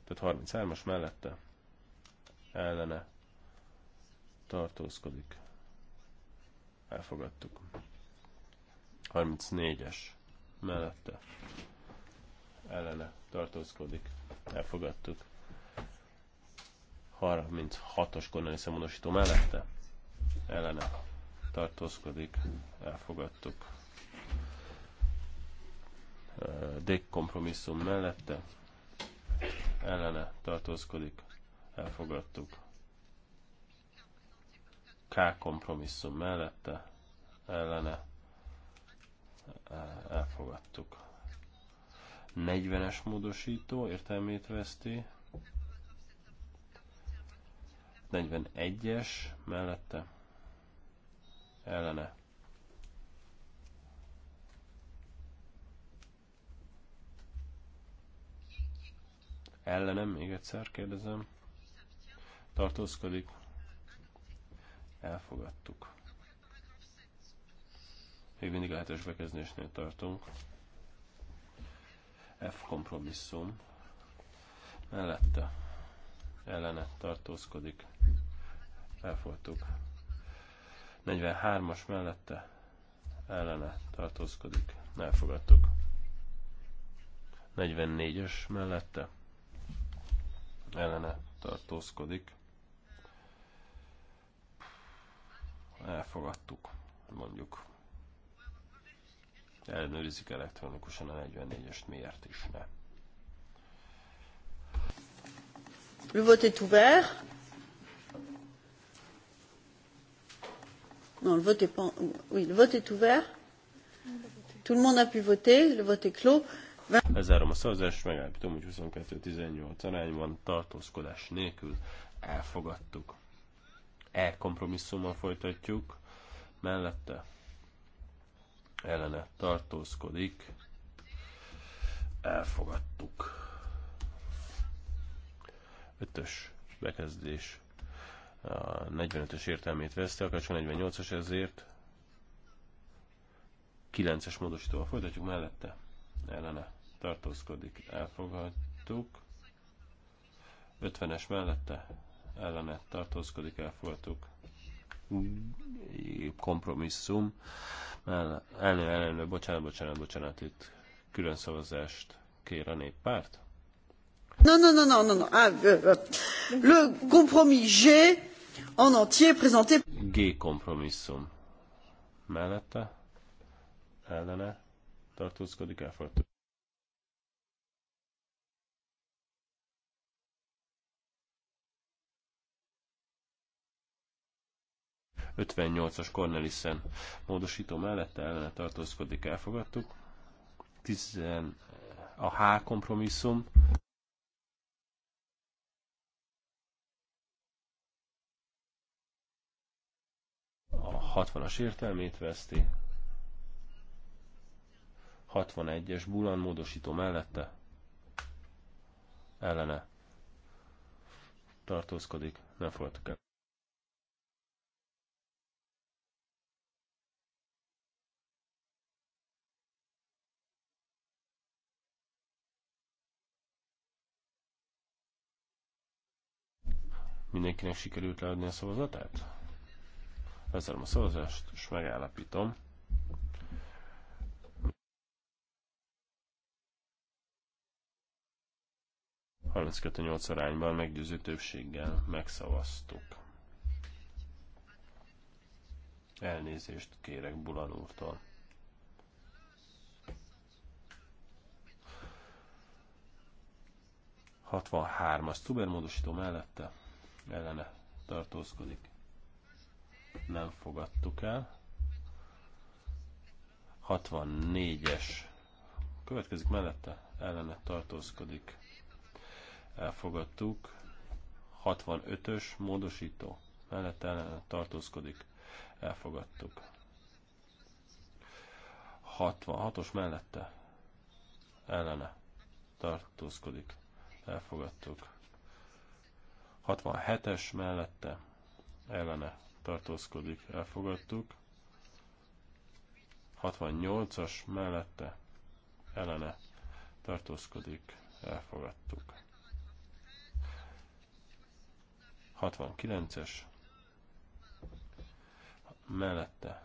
Tehát 33-as mellette ellene tartózkodik. Elfogadtuk. 34-es mellette ellene tartózkodik. Elfogadtuk. 36-os konnali szemonosító mellette ellene tartózkodik, elfogadtuk. de kompromisszum mellette, ellene tartózkodik, elfogadtuk. K kompromisszum mellette, ellene elfogadtuk. 40-es módosító értelmét veszti. 41-es mellette ellene. Ellenem, még egyszer kérdezem. Tartózkodik. Elfogadtuk. Még mindig lehetős bekezdésnél tartunk. F kompromisszum. Mellette ellene tartózkodik. Elfogadtuk. 43-as mellette ellene tartózkodik. Elfogadtuk. 44-es mellette ellene tartózkodik. Elfogadtuk, mondjuk. Ellenőrizik elektronikusan a 44-est, miért is ne. Le vote est ouvert. Non, le vote est, pas... oui, le vote est ouvert. Tout le monde a pu voter, le vote est clos. Lezárom a szavazást, megállapítom, hogy 22-18 arányban tartózkodás nélkül elfogadtuk. E kompromisszummal folytatjuk, mellette ellene tartózkodik, elfogadtuk. Ötös bekezdés a 45-ös értelmét veszte, a Kacsó 48-as, ezért 9-es módosítóval folytatjuk mellette. Ellene tartózkodik, elfogadtuk. 50-es mellette ellene tartózkodik, elfogadtuk. Kompromisszum. Elnő, elnő, bocsánat, bocsánat, bocsánat, itt külön szavazást kér a néppárt. Non, non, non, non, non, non. Ah, le compromis G en entier présenté. G compromissum. Mellette, ellene, tartózkodik elfogadó. as Cornelissen módosító mellette ellene tartózkodik, elfogadtuk. 10 a H kompromisszum 60-as értelmét veszti. 61-es bulan módosító mellette ellene tartózkodik, nem fogadtak el. Mindenkinek sikerült leadni a szavazatát? Veszem a szavazást, és megállapítom. nyolc arányban meggyőző többséggel megszavaztuk. Elnézést kérek Bulan úrtól. Hatvanhármas tubermódosító mellette ellene tartózkodik nem fogadtuk el. 64-es következik mellette, ellene tartózkodik. Elfogadtuk. 65-ös módosító mellette ellene tartózkodik. Elfogadtuk. 66-os mellette ellene tartózkodik. Elfogadtuk. 67-es mellette ellene tartózkodik, elfogadtuk. 68-as mellette ellene tartózkodik, elfogadtuk. 69-es mellette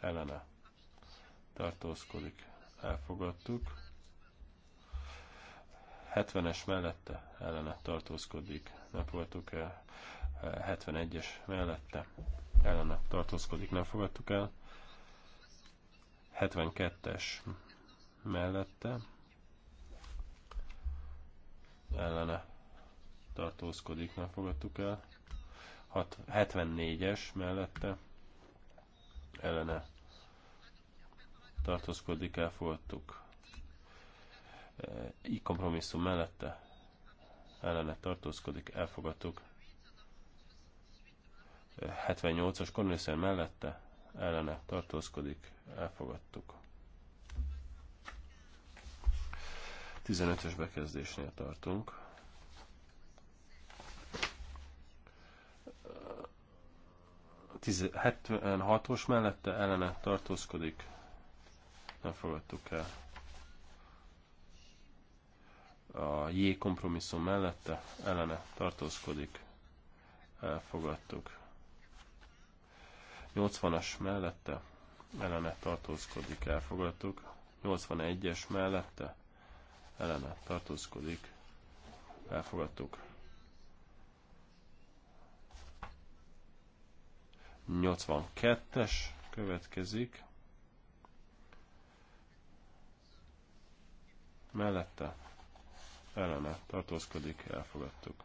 ellene tartózkodik, elfogadtuk. 70-es mellette ellene tartózkodik, nem fogadtuk el. 71-es mellette ellene tartózkodik, nem fogadtuk el. 72-es mellette ellene tartózkodik, nem fogadtuk el. 74-es mellette ellene tartózkodik, elfogadtuk. Így kompromisszum mellette ellene tartózkodik, elfogadtuk. 78-as Cornelissen mellette ellene tartózkodik, elfogadtuk. 15-ös bekezdésnél tartunk. A 76-os mellette ellene tartózkodik, nem fogadtuk el. A J kompromisszum mellette ellene tartózkodik, elfogadtuk. 80-as mellette ellene tartózkodik, elfogadtuk. 81-es mellette ellene tartózkodik, elfogadtuk. 82-es következik. Mellette ellene tartózkodik, elfogadtuk.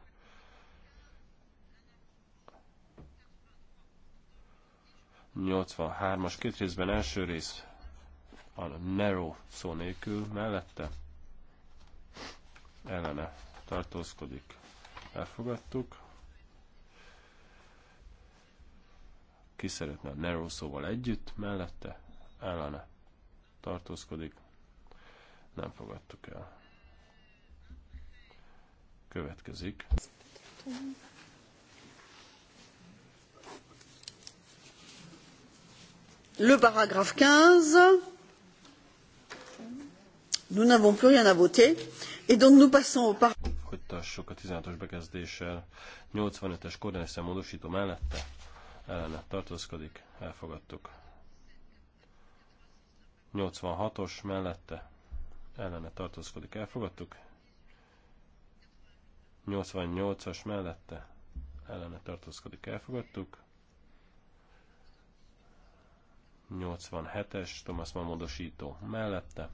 83-as két részben első rész a narrow szó nélkül mellette ellene tartózkodik. Elfogadtuk. Ki szeretne a narrow szóval együtt, mellette ellene tartózkodik. Nem fogadtuk el. Következik. le paragraphe quinze nous n'avons plus rien à voter et donc nous passons au par... Folytassuk a 16-os bekezdéssel. 85-es koordináció módosító mellette ellene tartózkodik, elfogadtuk. 86-os mellette ellene tartózkodik, elfogadtuk. 88-as mellette ellene tartózkodik, elfogadtuk. 87-es Thomas Mann módosító mellette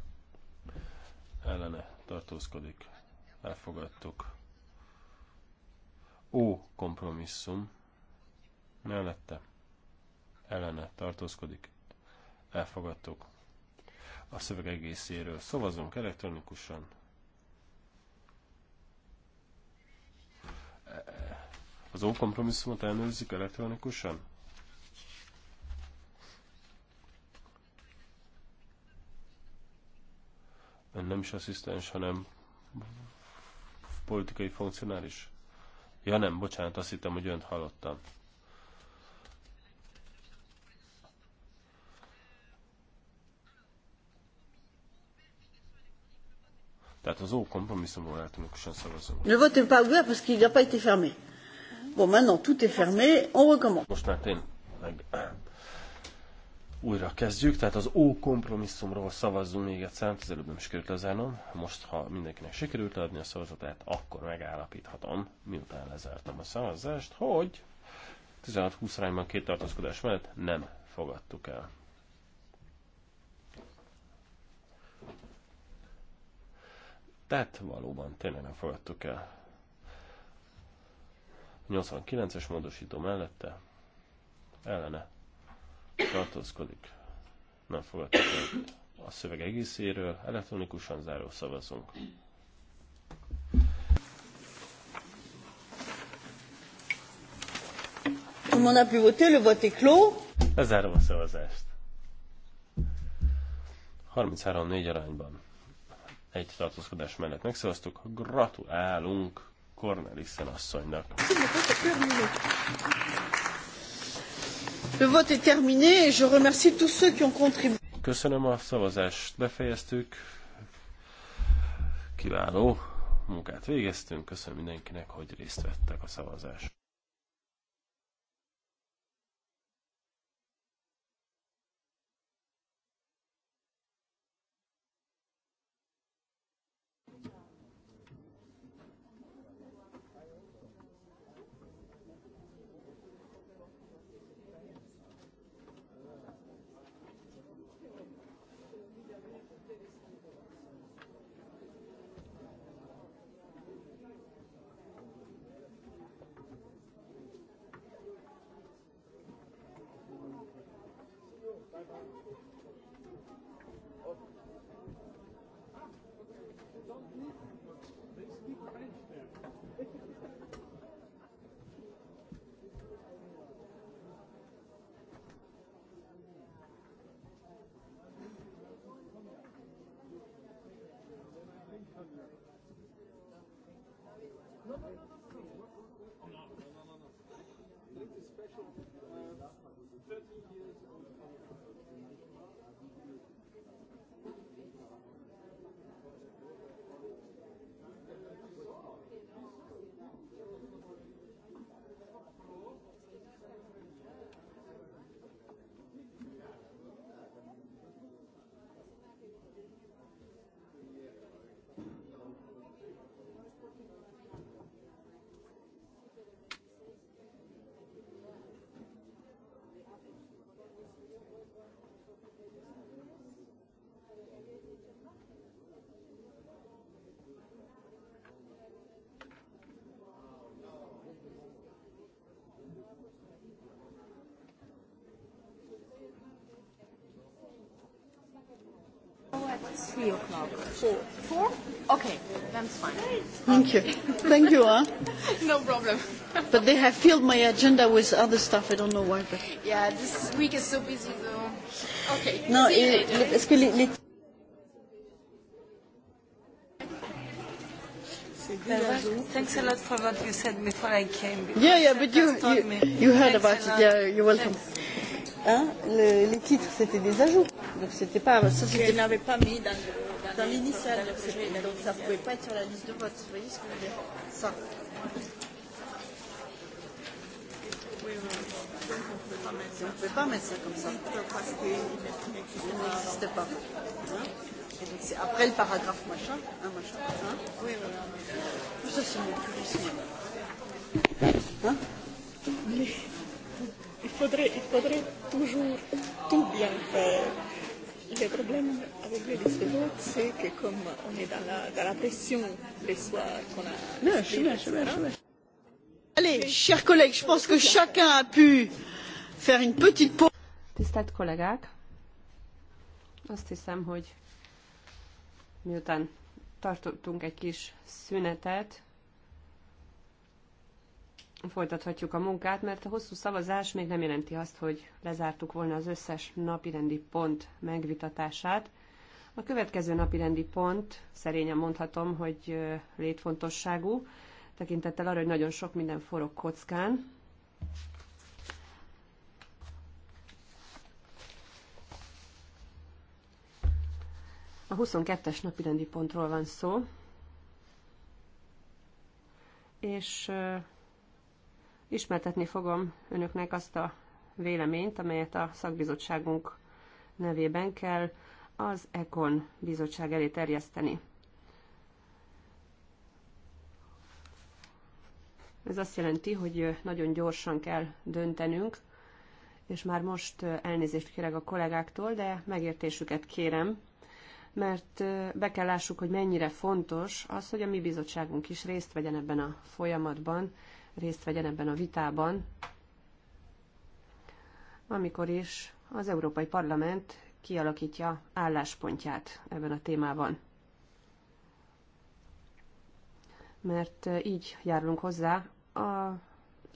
ellene tartózkodik. Elfogadtuk. Ó kompromisszum mellette ellene tartózkodik. Elfogadtuk. A szöveg egészéről szavazunk elektronikusan. E, az ókompromisszumot elnőzik elektronikusan? nem is asszisztens, hanem politikai funkcionális. Ja nem, bocsánat, azt hittem, hogy önt hallottam. Tehát az ó kompromisszumról elektronikusan szavazunk. Le vote n'est pas ouvert parce qu'il n'a pas été fermé. Bon, maintenant tout est fermé, on recommence. Most már tényleg újra kezdjük, tehát az ó kompromisszumról szavazzunk még egyszer, az előbb nem sikerült lezárnom, most ha mindenkinek sikerült adni a szavazatát, akkor megállapíthatom, miután lezártam a szavazást, hogy 16-20 arányban két tartózkodás mellett nem fogadtuk el. Tehát valóban tényleg nem fogadtuk el. 89-es módosító mellette ellene tartózkodik. Nem fogadtuk el a szöveg egészéről, elektronikusan záró szavazunk. Tout a pu le vote est clos. Lezárom a szavazást. 33-4 arányban egy tartózkodás mellett megszavaztuk. Gratulálunk Cornelissen asszonynak. Köszönöm, le vote est terminé et je remercie tous ceux qui ont contribué. Köszönöm a szavazást, befejeztük. Kiváló munkát végeztünk, köszönöm mindenkinek, hogy részt vettek a szavazáson. three o'clock. Four. Four? Okay, that's fine. Thank you. Thank you. Huh? no problem. but they have filled my agenda with other stuff. I don't know why. But yeah, this week is so busy though. Okay. No, est-ce que les, Thanks a lot for what you said before I came. Yeah, yeah, but you, you, you heard Thanks about it. Yeah, you're welcome. Thanks. Hein, le, les titres, c'était des ajouts. Donc, c'était pas. Ça, c'était... Je n'avais pas mis dans, le, dans, l'initial. Donc, donc, ça ne pouvait pas être sur la liste de vote. Vous voyez ce que je veux dire Ça. Oui, oui. on ne peut pas mettre ça comme ça. Parce qu'il n'existe pas. Hein donc, c'est après le paragraphe machin. Hein, machin hein oui, oui. Ça, c'est mon plus Hein oui il faudrait, il faudrait toujours tout bien faire. Le problème avec les listes de vote, c'est que comme on est dans la, dans la pression les soirs qu'on a... Non, je, suis bien, je, suis bien, je, suis bien. Allez, chers collègues, je pense que chacun a pu faire une petite pause. Tisztelt kollégák, azt hiszem, hogy miután tartottunk egy kis szünetet, folytathatjuk a munkát, mert a hosszú szavazás még nem jelenti azt, hogy lezártuk volna az összes napirendi pont megvitatását. A következő napirendi pont, szerényen mondhatom, hogy létfontosságú, tekintettel arra, hogy nagyon sok minden forog kockán. A 22-es napirendi pontról van szó, és Ismertetni fogom önöknek azt a véleményt, amelyet a szakbizottságunk nevében kell az ECON bizottság elé terjeszteni. Ez azt jelenti, hogy nagyon gyorsan kell döntenünk, és már most elnézést kérek a kollégáktól, de megértésüket kérem, mert be kell lássuk, hogy mennyire fontos az, hogy a mi bizottságunk is részt vegyen ebben a folyamatban, részt vegyen ebben a vitában, amikor is az Európai Parlament kialakítja álláspontját ebben a témában. Mert eh, így járulunk hozzá az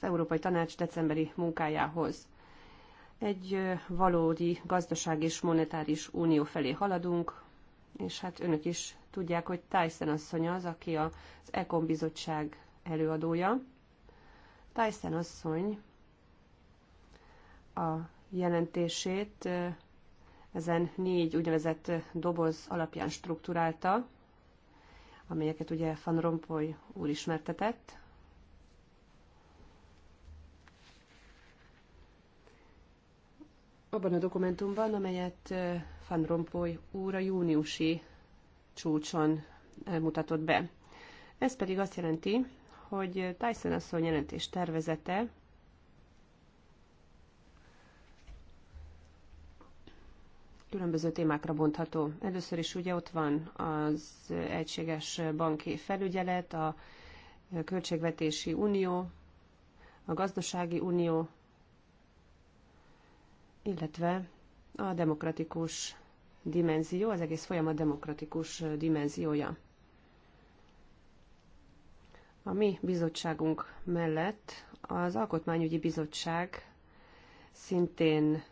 Európai Tanács decemberi munkájához. Egy eh, valódi gazdaság és monetáris unió felé haladunk, és hát önök is tudják, hogy Tyson asszony az, aki az Ekon bizottság előadója. Tyson asszony a jelentését ezen négy úgynevezett doboz alapján struktúrálta, amelyeket ugye Van Rompuy úr ismertetett. Abban a dokumentumban, amelyet Van Rompuy úr a júniusi csúcson mutatott be. Ez pedig azt jelenti, hogy Tyson asszony jelentés tervezete különböző témákra bontható. Először is ugye ott van az egységes banki felügyelet, a költségvetési unió, a gazdasági unió, illetve a demokratikus dimenzió, az egész folyamat demokratikus dimenziója. A mi bizottságunk mellett az Alkotmányügyi Bizottság szintén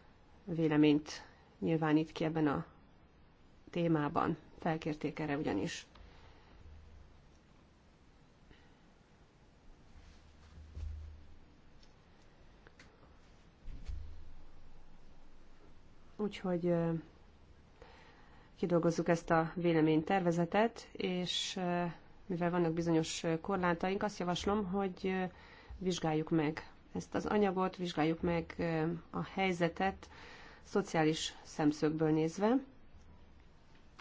véleményt nyilvánít ki ebben a témában. Felkérték erre ugyanis. Úgyhogy kidolgozzuk ezt a véleménytervezetet, és mivel vannak bizonyos korlátaink, azt javaslom, hogy vizsgáljuk meg ezt az anyagot, vizsgáljuk meg a helyzetet szociális szemszögből nézve,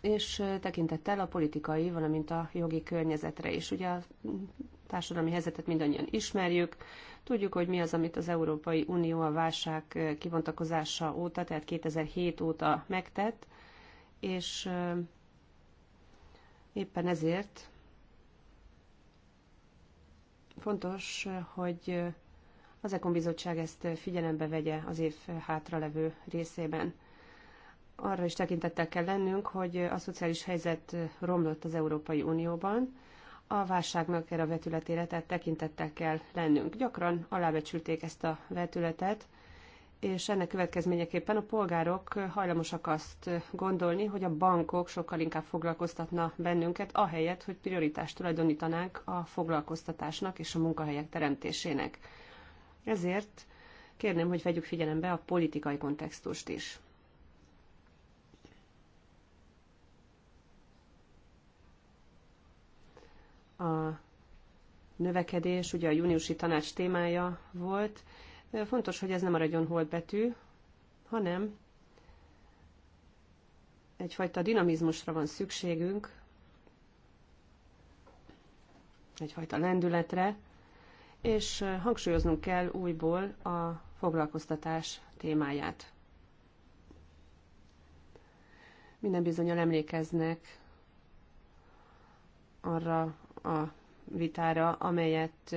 és tekintettel a politikai, valamint a jogi környezetre is. Ugye a társadalmi helyzetet mindannyian ismerjük, tudjuk, hogy mi az, amit az Európai Unió a válság kivontakozása óta, tehát 2007 óta megtett, és éppen ezért Fontos, hogy az EKON bizottság ezt figyelembe vegye az év hátralevő részében. Arra is tekintettel kell lennünk, hogy a szociális helyzet romlott az Európai Unióban, a válságnak erre a vetületére, tehát tekintettel kell lennünk. Gyakran alábecsülték ezt a vetületet, és ennek következményeképpen a polgárok hajlamosak azt gondolni, hogy a bankok sokkal inkább foglalkoztatna bennünket, ahelyett, hogy prioritást tulajdonítanánk a foglalkoztatásnak és a munkahelyek teremtésének. Ezért kérném, hogy vegyük figyelembe a politikai kontextust is. A növekedés ugye a júniusi tanács témája volt, Fontos, hogy ez nem maradjon betű, hanem egyfajta dinamizmusra van szükségünk, egyfajta lendületre, és hangsúlyoznunk kell újból a foglalkoztatás témáját. Minden bizonyal emlékeznek arra a vitára, amelyet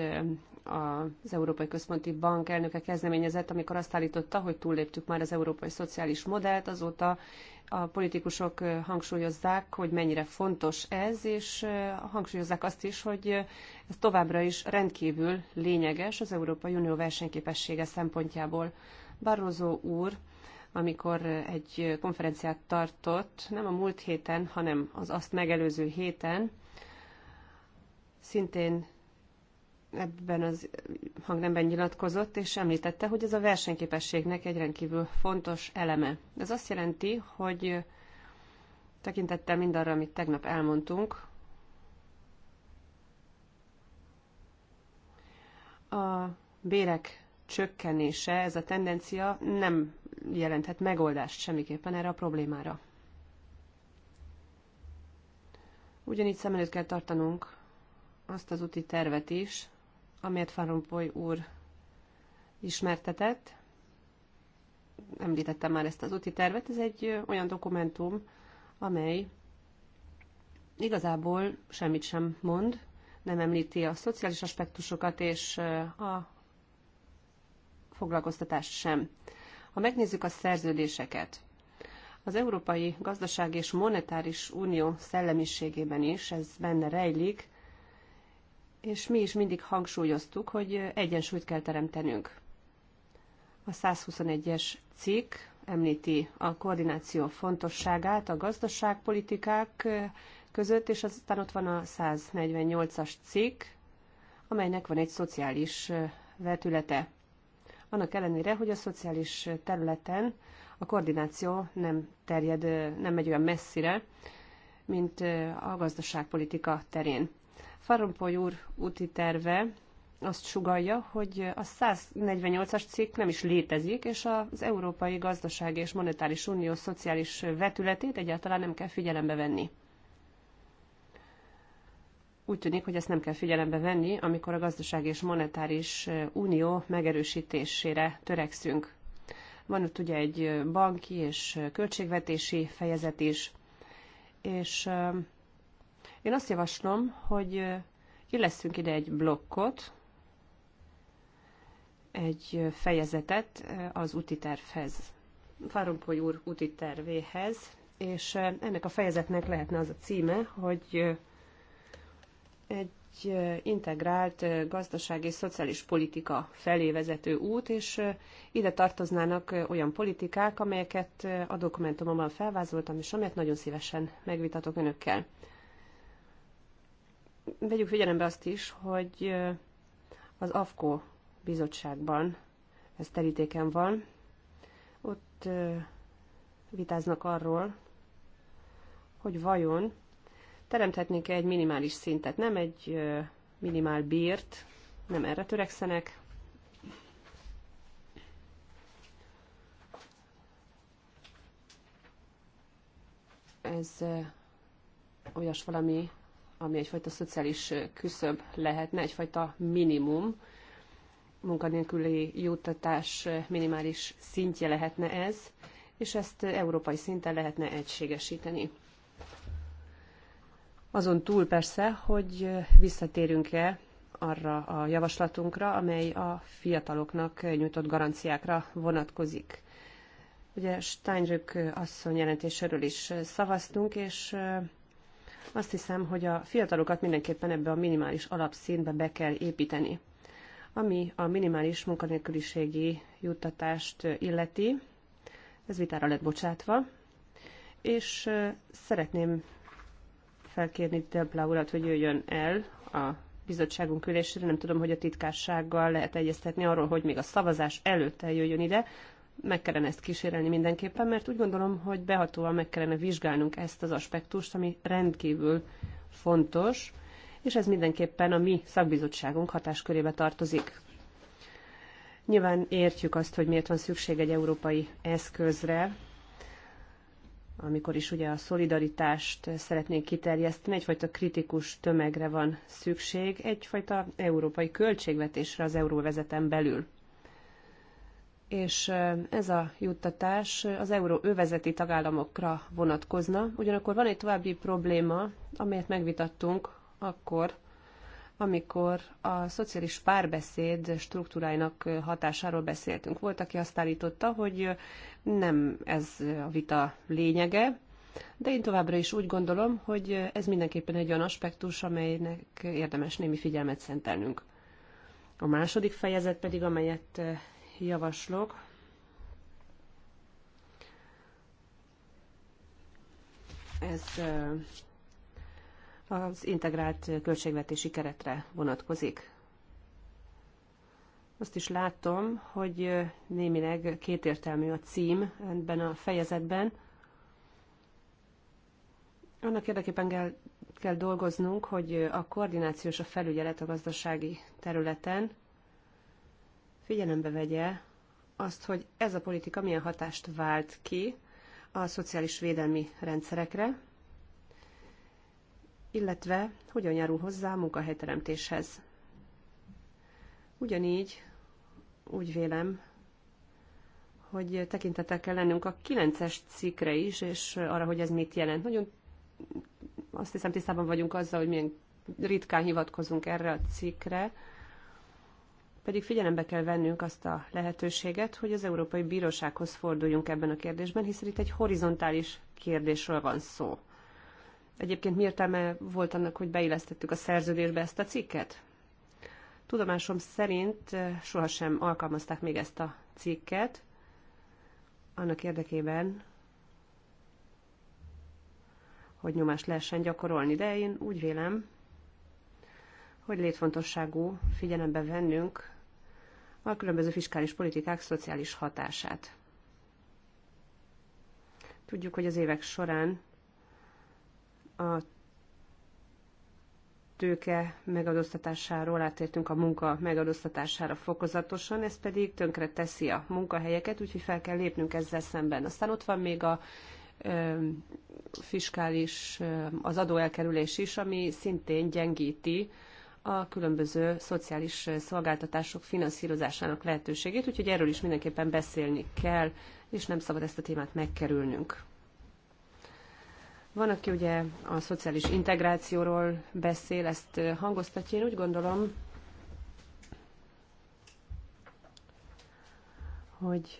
az Európai Központi Bank elnöke kezdeményezett, amikor azt állította, hogy túlléptük már az európai szociális modellt, azóta a politikusok hangsúlyozzák, hogy mennyire fontos ez, és hangsúlyozzák azt is, hogy ez továbbra is rendkívül lényeges az Európai Unió versenyképessége szempontjából. Barroso úr, amikor egy konferenciát tartott, nem a múlt héten, hanem az azt megelőző héten, szintén ebben az hangnemben nyilatkozott, és említette, hogy ez a versenyképességnek egy rendkívül fontos eleme. Ez azt jelenti, hogy tekintettel mindarra, amit tegnap elmondtunk, a bérek csökkenése, ez a tendencia nem jelenthet megoldást semmiképpen erre a problémára. Ugyanígy szem előtt kell tartanunk azt az úti tervet is, amelyet Farompoly úr ismertetett. Említettem már ezt az úti tervet, ez egy olyan dokumentum, amely igazából semmit sem mond, nem említi a szociális aspektusokat és a foglalkoztatást sem. Ha megnézzük a szerződéseket, az Európai Gazdaság és Monetáris Unió szellemiségében is ez benne rejlik, és mi is mindig hangsúlyoztuk, hogy egyensúlyt kell teremtenünk. A 121-es cikk említi a koordináció fontosságát a gazdaságpolitikák között, és aztán ott van a 148-as cikk, amelynek van egy szociális vetülete. Annak ellenére, hogy a szociális területen a koordináció nem terjed, nem megy olyan messzire, mint a gazdaságpolitika terén. Farompoly úr úti terve azt sugalja, hogy a 148-as cikk nem is létezik, és az Európai Gazdasági és Monetáris Unió szociális vetületét egyáltalán nem kell figyelembe venni. Úgy tűnik, hogy ezt nem kell figyelembe venni, amikor a Gazdasági és Monetáris Unió megerősítésére törekszünk. Van ott ugye egy banki és költségvetési fejezet is, és én azt javaslom, hogy illeszünk ide egy blokkot, egy fejezetet az úti tervhez, Fárompoly úr úti tervéhez, és ennek a fejezetnek lehetne az a címe, hogy egy integrált gazdasági és szociális politika felé vezető út, és ide tartoznának olyan politikák, amelyeket a dokumentumomban felvázoltam, és amelyet nagyon szívesen megvitatok önökkel vegyük figyelembe azt is, hogy az AFKO bizottságban, ez terítéken van, ott vitáznak arról, hogy vajon teremthetnénk-e egy minimális szintet, nem egy minimál bírt, nem erre törekszenek. Ez olyas valami, ami egyfajta szociális küszöb lehetne, egyfajta minimum, munkanélküli juttatás minimális szintje lehetne ez, és ezt európai szinten lehetne egységesíteni. Azon túl persze, hogy visszatérünk-e arra a javaslatunkra, amely a fiataloknak nyújtott garanciákra vonatkozik. Ugye Steinrück asszony jelentéséről is szavaztunk, és azt hiszem, hogy a fiatalokat mindenképpen ebbe a minimális alapszintbe be kell építeni. Ami a minimális munkanélküliségi juttatást illeti, ez vitára lett bocsátva, és szeretném felkérni Debla urat, hogy jöjjön el a bizottságunk ülésére. Nem tudom, hogy a titkársággal lehet egyeztetni arról, hogy még a szavazás előtt eljöjjön ide, meg kellene ezt kísérelni mindenképpen, mert úgy gondolom, hogy behatóan meg kellene vizsgálnunk ezt az aspektust, ami rendkívül fontos, és ez mindenképpen a mi szakbizottságunk hatáskörébe tartozik. Nyilván értjük azt, hogy miért van szükség egy európai eszközre, amikor is ugye a szolidaritást szeretnénk kiterjeszteni, egyfajta kritikus tömegre van szükség, egyfajta európai költségvetésre az euróvezeten belül és ez a juttatás az euró övezeti tagállamokra vonatkozna. Ugyanakkor van egy további probléma, amelyet megvitattunk akkor, amikor a szociális párbeszéd struktúráinak hatásáról beszéltünk. Volt, aki azt állította, hogy nem ez a vita lényege, de én továbbra is úgy gondolom, hogy ez mindenképpen egy olyan aspektus, amelynek érdemes némi figyelmet szentelnünk. A második fejezet pedig, amelyet javaslok. Ez az integrált költségvetési keretre vonatkozik. Azt is látom, hogy némileg kétértelmű a cím ebben a fejezetben. Annak érdekében kell, kell dolgoznunk, hogy a koordinációs a felügyelet a gazdasági területen figyelembe vegye azt, hogy ez a politika milyen hatást vált ki a szociális védelmi rendszerekre, illetve hogyan járul hozzá a munkahelyteremtéshez. Ugyanígy úgy vélem, hogy tekintettel kell lennünk a 9-es cikkre is, és arra, hogy ez mit jelent. Nagyon azt hiszem tisztában vagyunk azzal, hogy milyen ritkán hivatkozunk erre a cikkre, pedig figyelembe kell vennünk azt a lehetőséget, hogy az Európai Bírósághoz forduljunk ebben a kérdésben, hiszen itt egy horizontális kérdésről van szó. Egyébként mi értelme volt annak, hogy beillesztettük a szerződésbe ezt a cikket? Tudomásom szerint eh, sohasem alkalmazták még ezt a cikket, annak érdekében, hogy nyomást lehessen gyakorolni, de én úgy vélem, hogy létfontosságú figyelembe vennünk a különböző fiskális politikák szociális hatását. Tudjuk, hogy az évek során a tőke megadóztatásáról átértünk a munka megadóztatására fokozatosan, ez pedig tönkre teszi a munkahelyeket, úgyhogy fel kell lépnünk ezzel szemben. Aztán ott van még a ö, fiskális, ö, az adóelkerülés is, ami szintén gyengíti a különböző szociális szolgáltatások finanszírozásának lehetőségét, úgyhogy erről is mindenképpen beszélni kell, és nem szabad ezt a témát megkerülnünk. Van, aki ugye a szociális integrációról beszél, ezt hangoztatja. Én úgy gondolom, hogy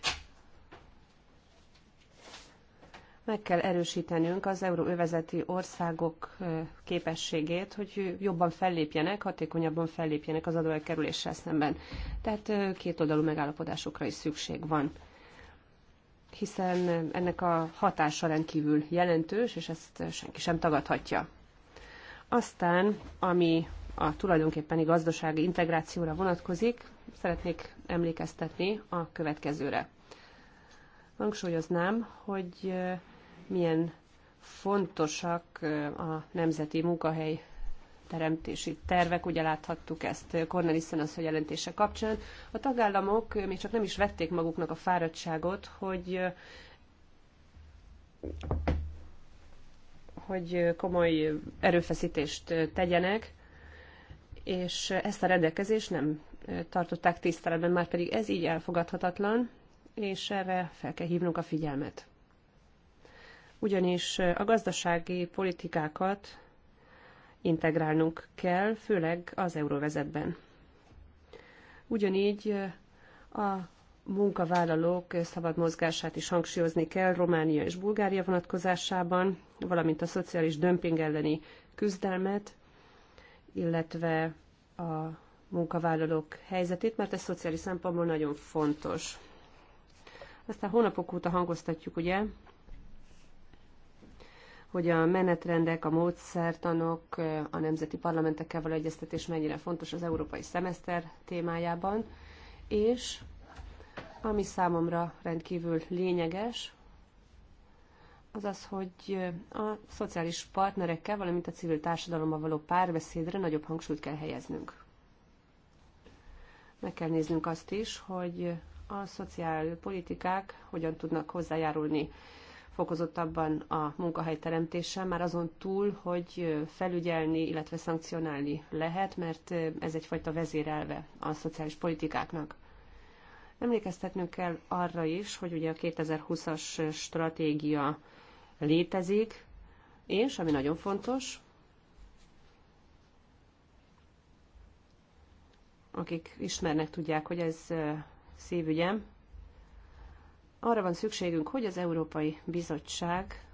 meg kell erősítenünk az euróövezeti országok képességét, hogy jobban fellépjenek, hatékonyabban fellépjenek az adóelkerüléssel szemben. Tehát kétoldalú megállapodásokra is szükség van hiszen ennek a hatása rendkívül jelentős, és ezt senki sem tagadhatja. Aztán, ami a tulajdonképpeni gazdasági integrációra vonatkozik, szeretnék emlékeztetni a következőre. Hangsúlyoznám, hogy milyen fontosak a nemzeti munkahely teremtési tervek, ugye láthattuk ezt Cornelissen az, hogy jelentése kapcsán. A tagállamok még csak nem is vették maguknak a fáradtságot, hogy hogy komoly erőfeszítést tegyenek, és ezt a rendelkezést nem tartották tiszteletben, már pedig ez így elfogadhatatlan, és erre fel kell hívnunk a figyelmet ugyanis a gazdasági politikákat integrálnunk kell, főleg az euróvezetben. Ugyanígy a munkavállalók szabad mozgását is hangsúlyozni kell Románia és Bulgária vonatkozásában, valamint a szociális dömping elleni küzdelmet, illetve a munkavállalók helyzetét, mert ez szociális szempontból nagyon fontos. Aztán hónapok óta hangoztatjuk, ugye, hogy a menetrendek, a módszertanok, a nemzeti parlamentekkel való egyeztetés mennyire fontos az európai szemeszter témájában, és ami számomra rendkívül lényeges, az az, hogy a szociális partnerekkel, valamint a civil társadalommal való párbeszédre nagyobb hangsúlyt kell helyeznünk. Meg kell néznünk azt is, hogy a szociálpolitikák hogyan tudnak hozzájárulni fokozottabban a munkahelyteremtéssel, már azon túl, hogy felügyelni, illetve szankcionálni lehet, mert ez egyfajta vezérelve a szociális politikáknak. Emlékeztetnünk kell arra is, hogy ugye a 2020-as stratégia létezik, és, ami nagyon fontos, akik ismernek, tudják, hogy ez szívügyem, arra van szükségünk, hogy az Európai Bizottság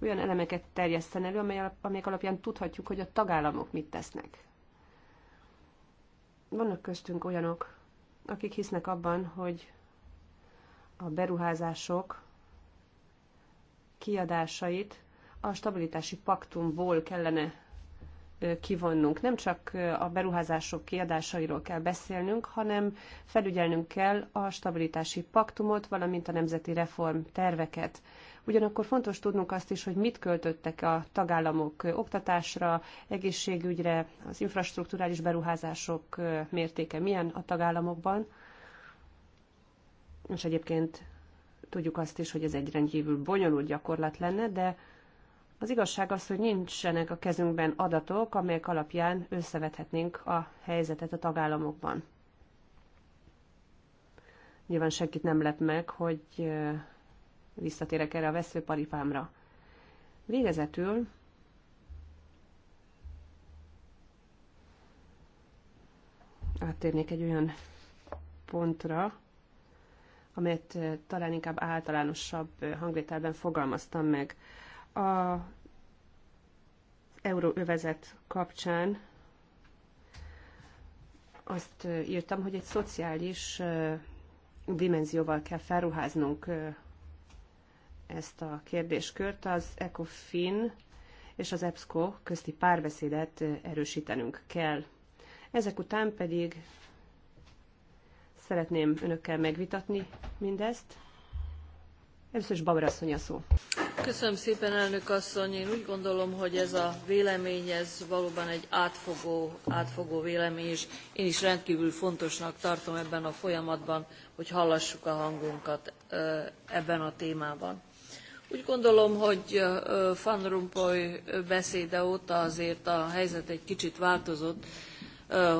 olyan elemeket terjeszten elő, amelyek alapján tudhatjuk, hogy a tagállamok mit tesznek. Vannak köztünk olyanok, akik hisznek abban, hogy a beruházások kiadásait a stabilitási paktumból kellene kivonnunk. Nem csak a beruházások kiadásairól kell beszélnünk, hanem felügyelnünk kell a stabilitási paktumot, valamint a nemzeti reform terveket. Ugyanakkor fontos tudnunk azt is, hogy mit költöttek a tagállamok oktatásra, egészségügyre, az infrastruktúrális beruházások mértéke milyen a tagállamokban. És egyébként tudjuk azt is, hogy ez egy rendkívül bonyolult gyakorlat lenne, de az igazság az, hogy nincsenek a kezünkben adatok, amelyek alapján összevethetnénk a helyzetet a tagállamokban. Nyilván senkit nem lep meg, hogy visszatérek erre a veszőparipámra. Végezetül áttérnék egy olyan pontra, amelyet talán inkább általánosabb hangvételben fogalmaztam meg. A euróövezet kapcsán azt írtam, hogy egy szociális dimenzióval kell felruháznunk ezt a kérdéskört. Az ECOFIN és az EBSCO közti párbeszédet erősítenünk kell. Ezek után pedig szeretném önökkel megvitatni mindezt, Először is Bauer asszony a szó. Köszönöm szépen, elnök asszony. Én úgy gondolom, hogy ez a vélemény, ez valóban egy átfogó, átfogó vélemény, és én is rendkívül fontosnak tartom ebben a folyamatban, hogy hallassuk a hangunkat ebben a témában. Úgy gondolom, hogy Van Rompuy beszéde óta azért a helyzet egy kicsit változott,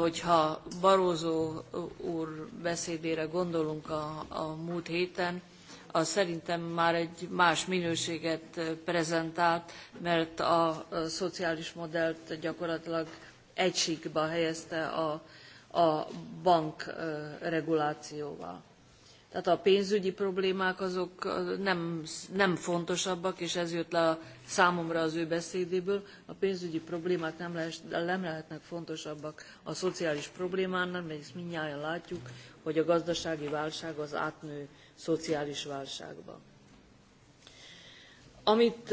hogyha Barózó úr beszédére gondolunk a, a múlt héten, az szerintem már egy más minőséget eh, prezentált, mert a szociális modellt gyakorlatilag egységbe helyezte a, a bank eh, regulációval. Tehát a pénzügyi problémák azok eh, nem, nem fontosabbak, és ez jött le a, számomra az ő beszédéből. A pénzügyi problémák nem, lehet, nem lehetnek fontosabbak a szociális problémánál, mert ezt mindjárt látjuk, hogy a gazdasági válság az átnő szociális válságba. Amit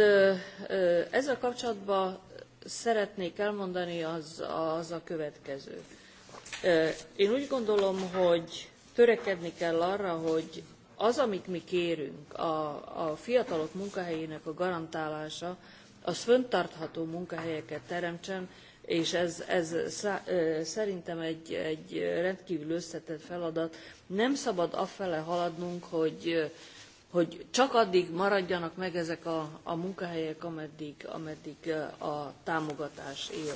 ezzel kapcsolatban szeretnék elmondani, az, az a következő. Én úgy gondolom, hogy törekedni kell arra, hogy az, amit mi kérünk, a, a fiatalok munkahelyének a garantálása, az föntartható munkahelyeket teremtsen, és ez, ez szá, szerintem egy, egy rendkívül összetett feladat, nem szabad afele haladnunk, hogy, hogy csak addig maradjanak meg ezek a, a munkahelyek, ameddig, ameddig a támogatás él.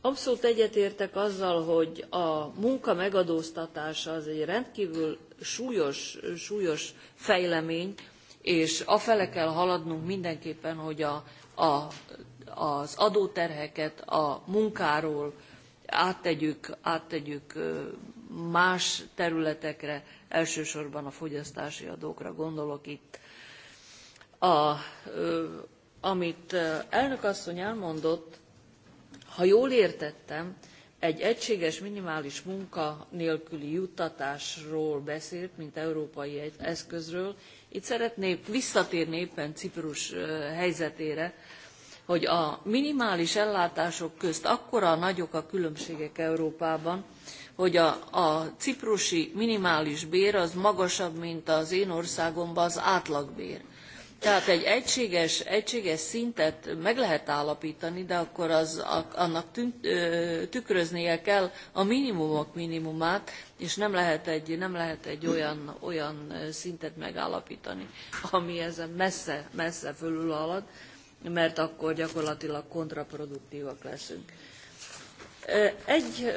Abszolút egyetértek azzal, hogy a munka megadóztatása az egy rendkívül súlyos, súlyos fejlemény, és afele kell haladnunk mindenképpen, hogy a, a, az adóterheket a munkáról áttegyük, áttegyük más területekre, elsősorban a fogyasztási adókra gondolok itt. A, amit elnök asszony elmondott, ha jól értettem, egy egységes minimális munka nélküli juttatásról beszélt, mint európai eszközről. Itt szeretnék visszatérni éppen Ciprus helyzetére, hogy a minimális ellátások közt akkora nagyok a különbségek Európában, hogy a, a ciprusi minimális bér az magasabb, mint az én országomban az átlagbér. Tehát egy egységes, egységes szintet meg lehet állapítani, de akkor az, a, annak tünt, ö, tükröznie kell a minimumok minimumát, és nem lehet egy, nem lehet egy olyan, olyan szintet megállapítani, ami ezen messze, messze fölül halad, mert akkor gyakorlatilag kontraproduktívak leszünk. Egy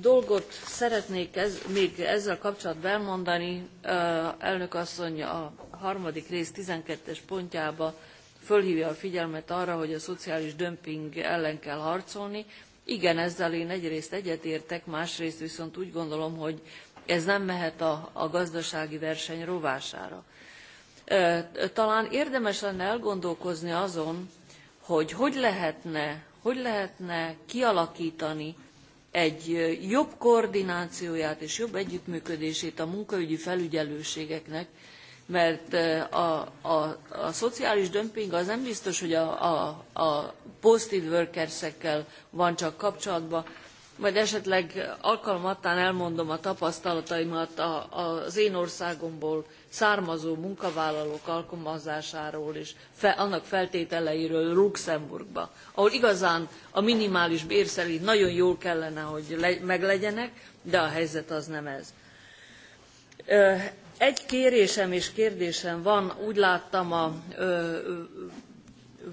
dolgot szeretnék ez, még ezzel kapcsolatban elmondani. Elnök asszony a harmadik rész 12-es pontjába fölhívja a figyelmet arra, hogy a szociális dömping ellen kell harcolni. Igen, ezzel én egyrészt egyetértek, másrészt viszont úgy gondolom, hogy ez nem mehet a, a gazdasági verseny rovására. Talán érdemes lenne elgondolkozni azon, hogy hogy lehetne hogy lehetne kialakítani egy jobb koordinációját és jobb együttműködését a munkaügyi felügyelőségeknek, mert a, a, a szociális dömping az nem biztos, hogy a, a, a posted workersekkel van csak kapcsolatban, majd esetleg alkalmattán elmondom a tapasztalataimat az én országomból származó munkavállalók alkalmazásáról és fe, annak feltételeiről Luxemburgba, ahol igazán a minimális bér szerint nagyon jól kellene, hogy le, meglegyenek, de a helyzet az nem ez. Egy kérésem és kérdésem van, úgy láttam a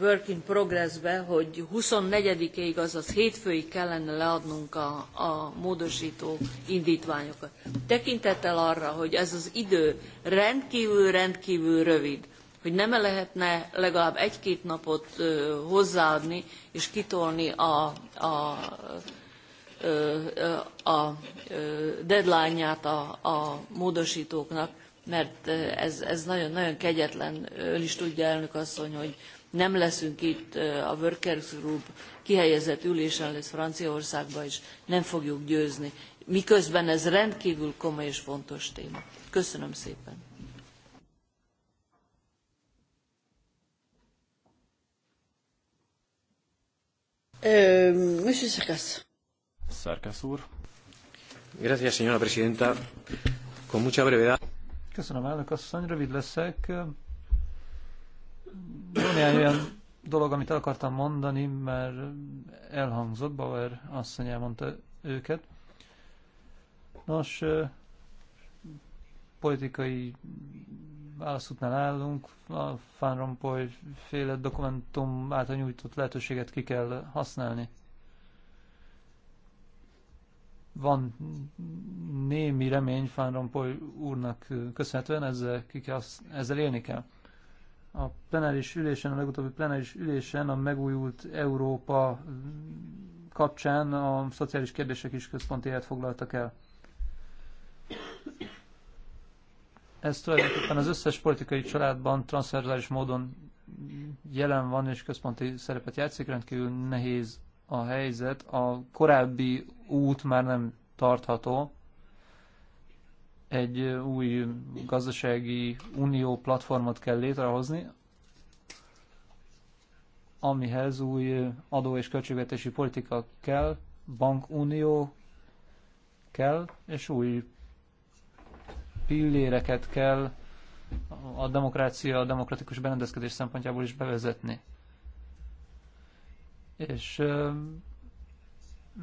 work in progress-be, hogy 24-ig, azaz hétfőig kellene leadnunk a, a módosító indítványokat. Tekintettel arra, hogy ez az idő rendkívül-rendkívül rövid, hogy nem -e lehetne legalább egy-két napot hozzáadni és kitolni a, a, a, a deadline-ját a, a módosítóknak, mert ez, ez nagyon, nagyon kegyetlen, ön is tudja, elnök asszony, hogy nem leszünk itt a Workers Group kihelyezett ülésen lesz Franciaországban, és nem fogjuk győzni. Miközben ez rendkívül komoly és fontos téma. Köszönöm szépen. Monsieur Szerkesz. Szerkesz úr. Gracias, señora presidenta. Con mucha brevedad. Köszönöm, elnök asszony, rövid leszek ilyen olyan dolog, amit el akartam mondani, mert elhangzott, Bauer asszony elmondta őket. Nos, politikai válaszútnál állunk, a Van Rompuy féle dokumentum által nyújtott lehetőséget ki kell használni. Van némi remény Van Rompuy úrnak köszönhetően, ezzel, ki kell, ezzel élni kell a plenáris ülésen, a legutóbbi plenáris ülésen a megújult Európa kapcsán a szociális kérdések is központi helyet foglaltak el. Ez tulajdonképpen az összes politikai családban transzverzális módon jelen van és központi szerepet játszik, rendkívül nehéz a helyzet. A korábbi út már nem tartható, egy új gazdasági unió platformot kell létrehozni, amihez új adó- és költségvetési politika kell, bankunió kell, és új pilléreket kell a demokrácia, a demokratikus berendezkedés szempontjából is bevezetni. És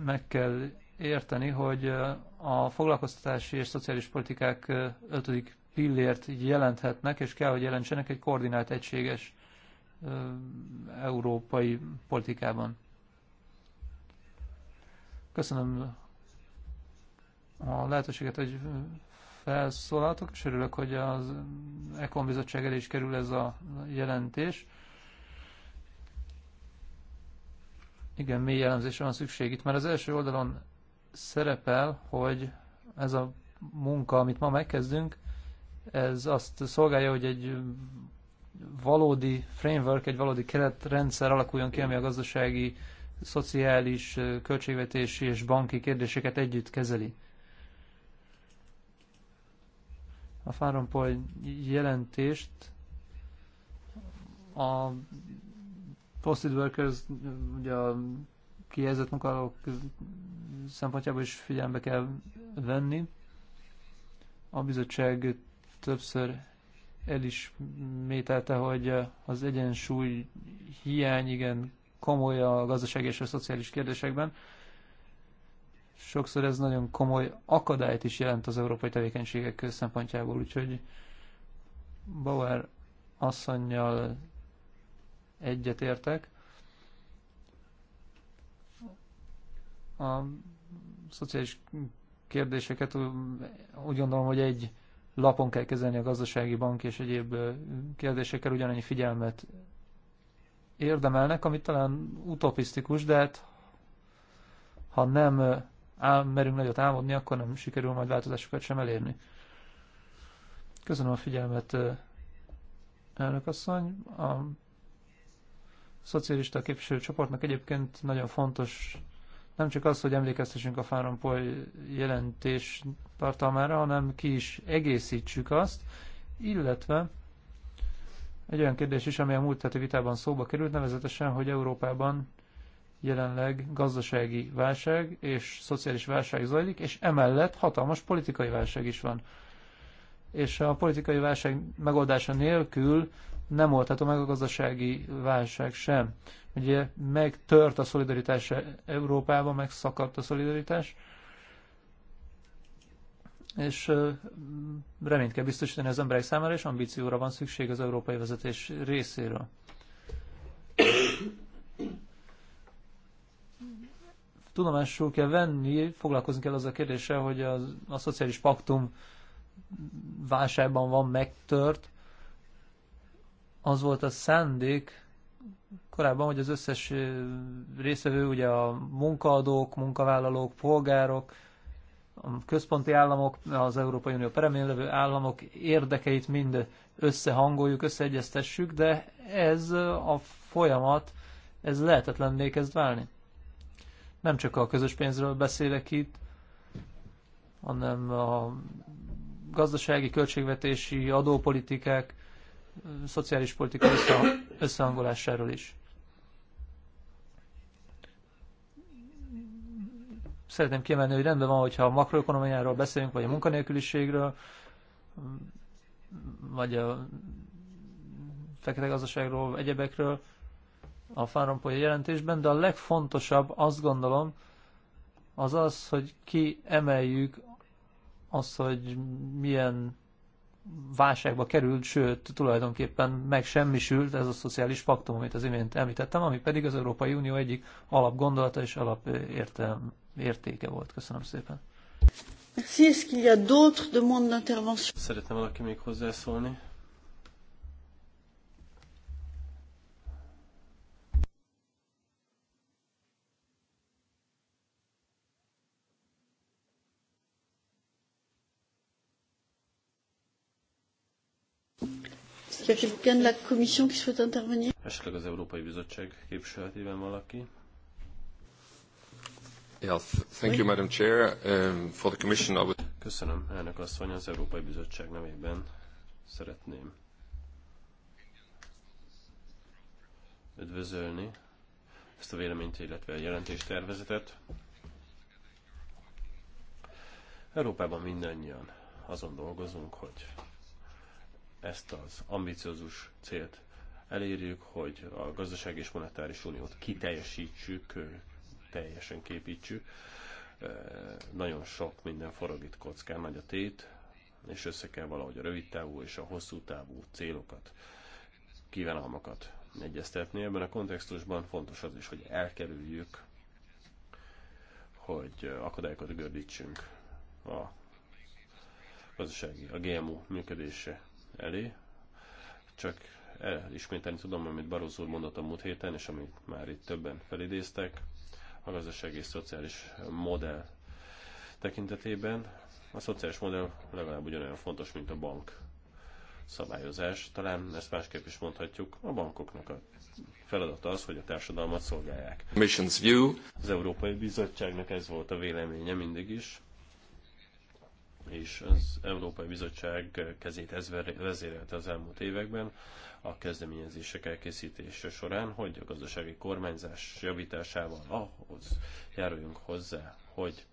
meg kell érteni, hogy a foglalkoztatási és szociális politikák ötödik pillért jelenthetnek, és kell, hogy jelentsenek egy koordinált, egységes európai politikában. Köszönöm a lehetőséget, hogy felszólaltok, és örülök, hogy az Ekon Bizottság elé is kerül ez a jelentés. Igen, mély jellemzésre van szükség. Itt mert az első oldalon szerepel, hogy ez a munka, amit ma megkezdünk, ez azt szolgálja, hogy egy valódi framework, egy valódi keretrendszer alakuljon ki, ami a gazdasági, szociális, költségvetési és banki kérdéseket együtt kezeli. A Fáronpol jelentést a Posted Workers, ugye a kihelyezett munkálók szempontjából is figyelembe kell venni. A bizottság többször el is mételte, hogy az egyensúly hiány igen komoly a gazdaság és a szociális kérdésekben. Sokszor ez nagyon komoly akadályt is jelent az európai tevékenységek szempontjából, úgyhogy Bauer asszonynal egyetértek. a szociális kérdéseket úgy gondolom, hogy egy lapon kell kezelni a gazdasági bank és egyéb kérdésekkel ugyanannyi figyelmet érdemelnek, amit talán utopisztikus, de hát ha nem merünk nagyot álmodni, akkor nem sikerül majd változásokat sem elérni. Köszönöm a figyelmet, elnök asszony. A szocialista képviselőcsoportnak egyébként nagyon fontos nem csak az, hogy emlékeztessünk a Fáronpol jelentés tartalmára, hanem ki is egészítsük azt, illetve egy olyan kérdés is, ami a múlt heti vitában szóba került, nevezetesen, hogy Európában jelenleg gazdasági válság és szociális válság zajlik, és emellett hatalmas politikai válság is van. És a politikai válság megoldása nélkül nem oldható meg a gazdasági válság sem. Ugye megtört a szolidaritás Európában, megszakadt a szolidaritás, és reményt kell biztosítani az emberek számára, és ambícióra van szükség az európai vezetés részéről. Tudomásul kell venni, foglalkozni kell az a kérdéssel, hogy a, a szociális paktum válságban van megtört. Az volt a szándék, korábban, hogy az összes részvevő, ugye a munkaadók, munkavállalók, polgárok, a központi államok, az Európai Unió peremén levő államok érdekeit mind összehangoljuk, összeegyeztessük, de ez a folyamat, ez lehetetlenné kezd válni. Nem csak a közös pénzről beszélek itt, hanem a gazdasági, költségvetési, adópolitikák, szociális politika összehangolásáról is. Szeretném kiemelni, hogy rendben van, hogyha a makroekonomiáról beszélünk, vagy a munkanélküliségről, vagy a fekete gazdaságról, egyebekről a Fáronpolya jelentésben, de a legfontosabb, azt gondolom, az az, hogy ki emeljük, azt, hogy milyen válságba került, sőt, tulajdonképpen megsemmisült ez a szociális paktum, amit az imént említettem, ami pedig az Európai Unió egyik alapgondolata és alap értelm, értéke volt. Köszönöm szépen. Merci. Est-ce qu'il y a d'autres demandes d'intervention? Szeretne valaki még hozzászólni? y a quelqu'un de la commission qui souhaite intervenir? Esetleg az Európai Bizottság képviseletében valaki. thank you, Madam Chair. Um, for the Commission, I would... Köszönöm, elnök asszony, az Európai Bizottság nevében szeretném üdvözölni ezt a véleményt, illetve a jelentéstervezetet. Európában mindannyian azon dolgozunk, hogy ezt az ambiciózus célt elérjük, hogy a gazdaság és monetáris uniót kiteljesítsük, teljesen képítsük. Nagyon sok minden forog itt kockán, nagy a tét, és össze kell valahogy a rövid távú és a hosszú távú célokat, kívánalmakat egyeztetni. Ebben a kontextusban fontos az is, hogy elkerüljük, hogy akadályokat gördítsünk a gazdasági, a GMO működése elé. Csak ismételni tudom, amit Barroso úr mondott a múlt héten, és amit már itt többen felidéztek, a gazdaság és szociális modell tekintetében. A szociális modell legalább ugyanolyan fontos, mint a bank szabályozás. Talán ezt másképp is mondhatjuk, a bankoknak a feladata az, hogy a társadalmat szolgálják. Missions view. Az Európai Bizottságnak ez volt a véleménye mindig is és az Európai Bizottság kezét ez vezérelte az elmúlt években a kezdeményezések elkészítése során, hogy a gazdasági kormányzás javításával ahhoz járuljunk hozzá, hogy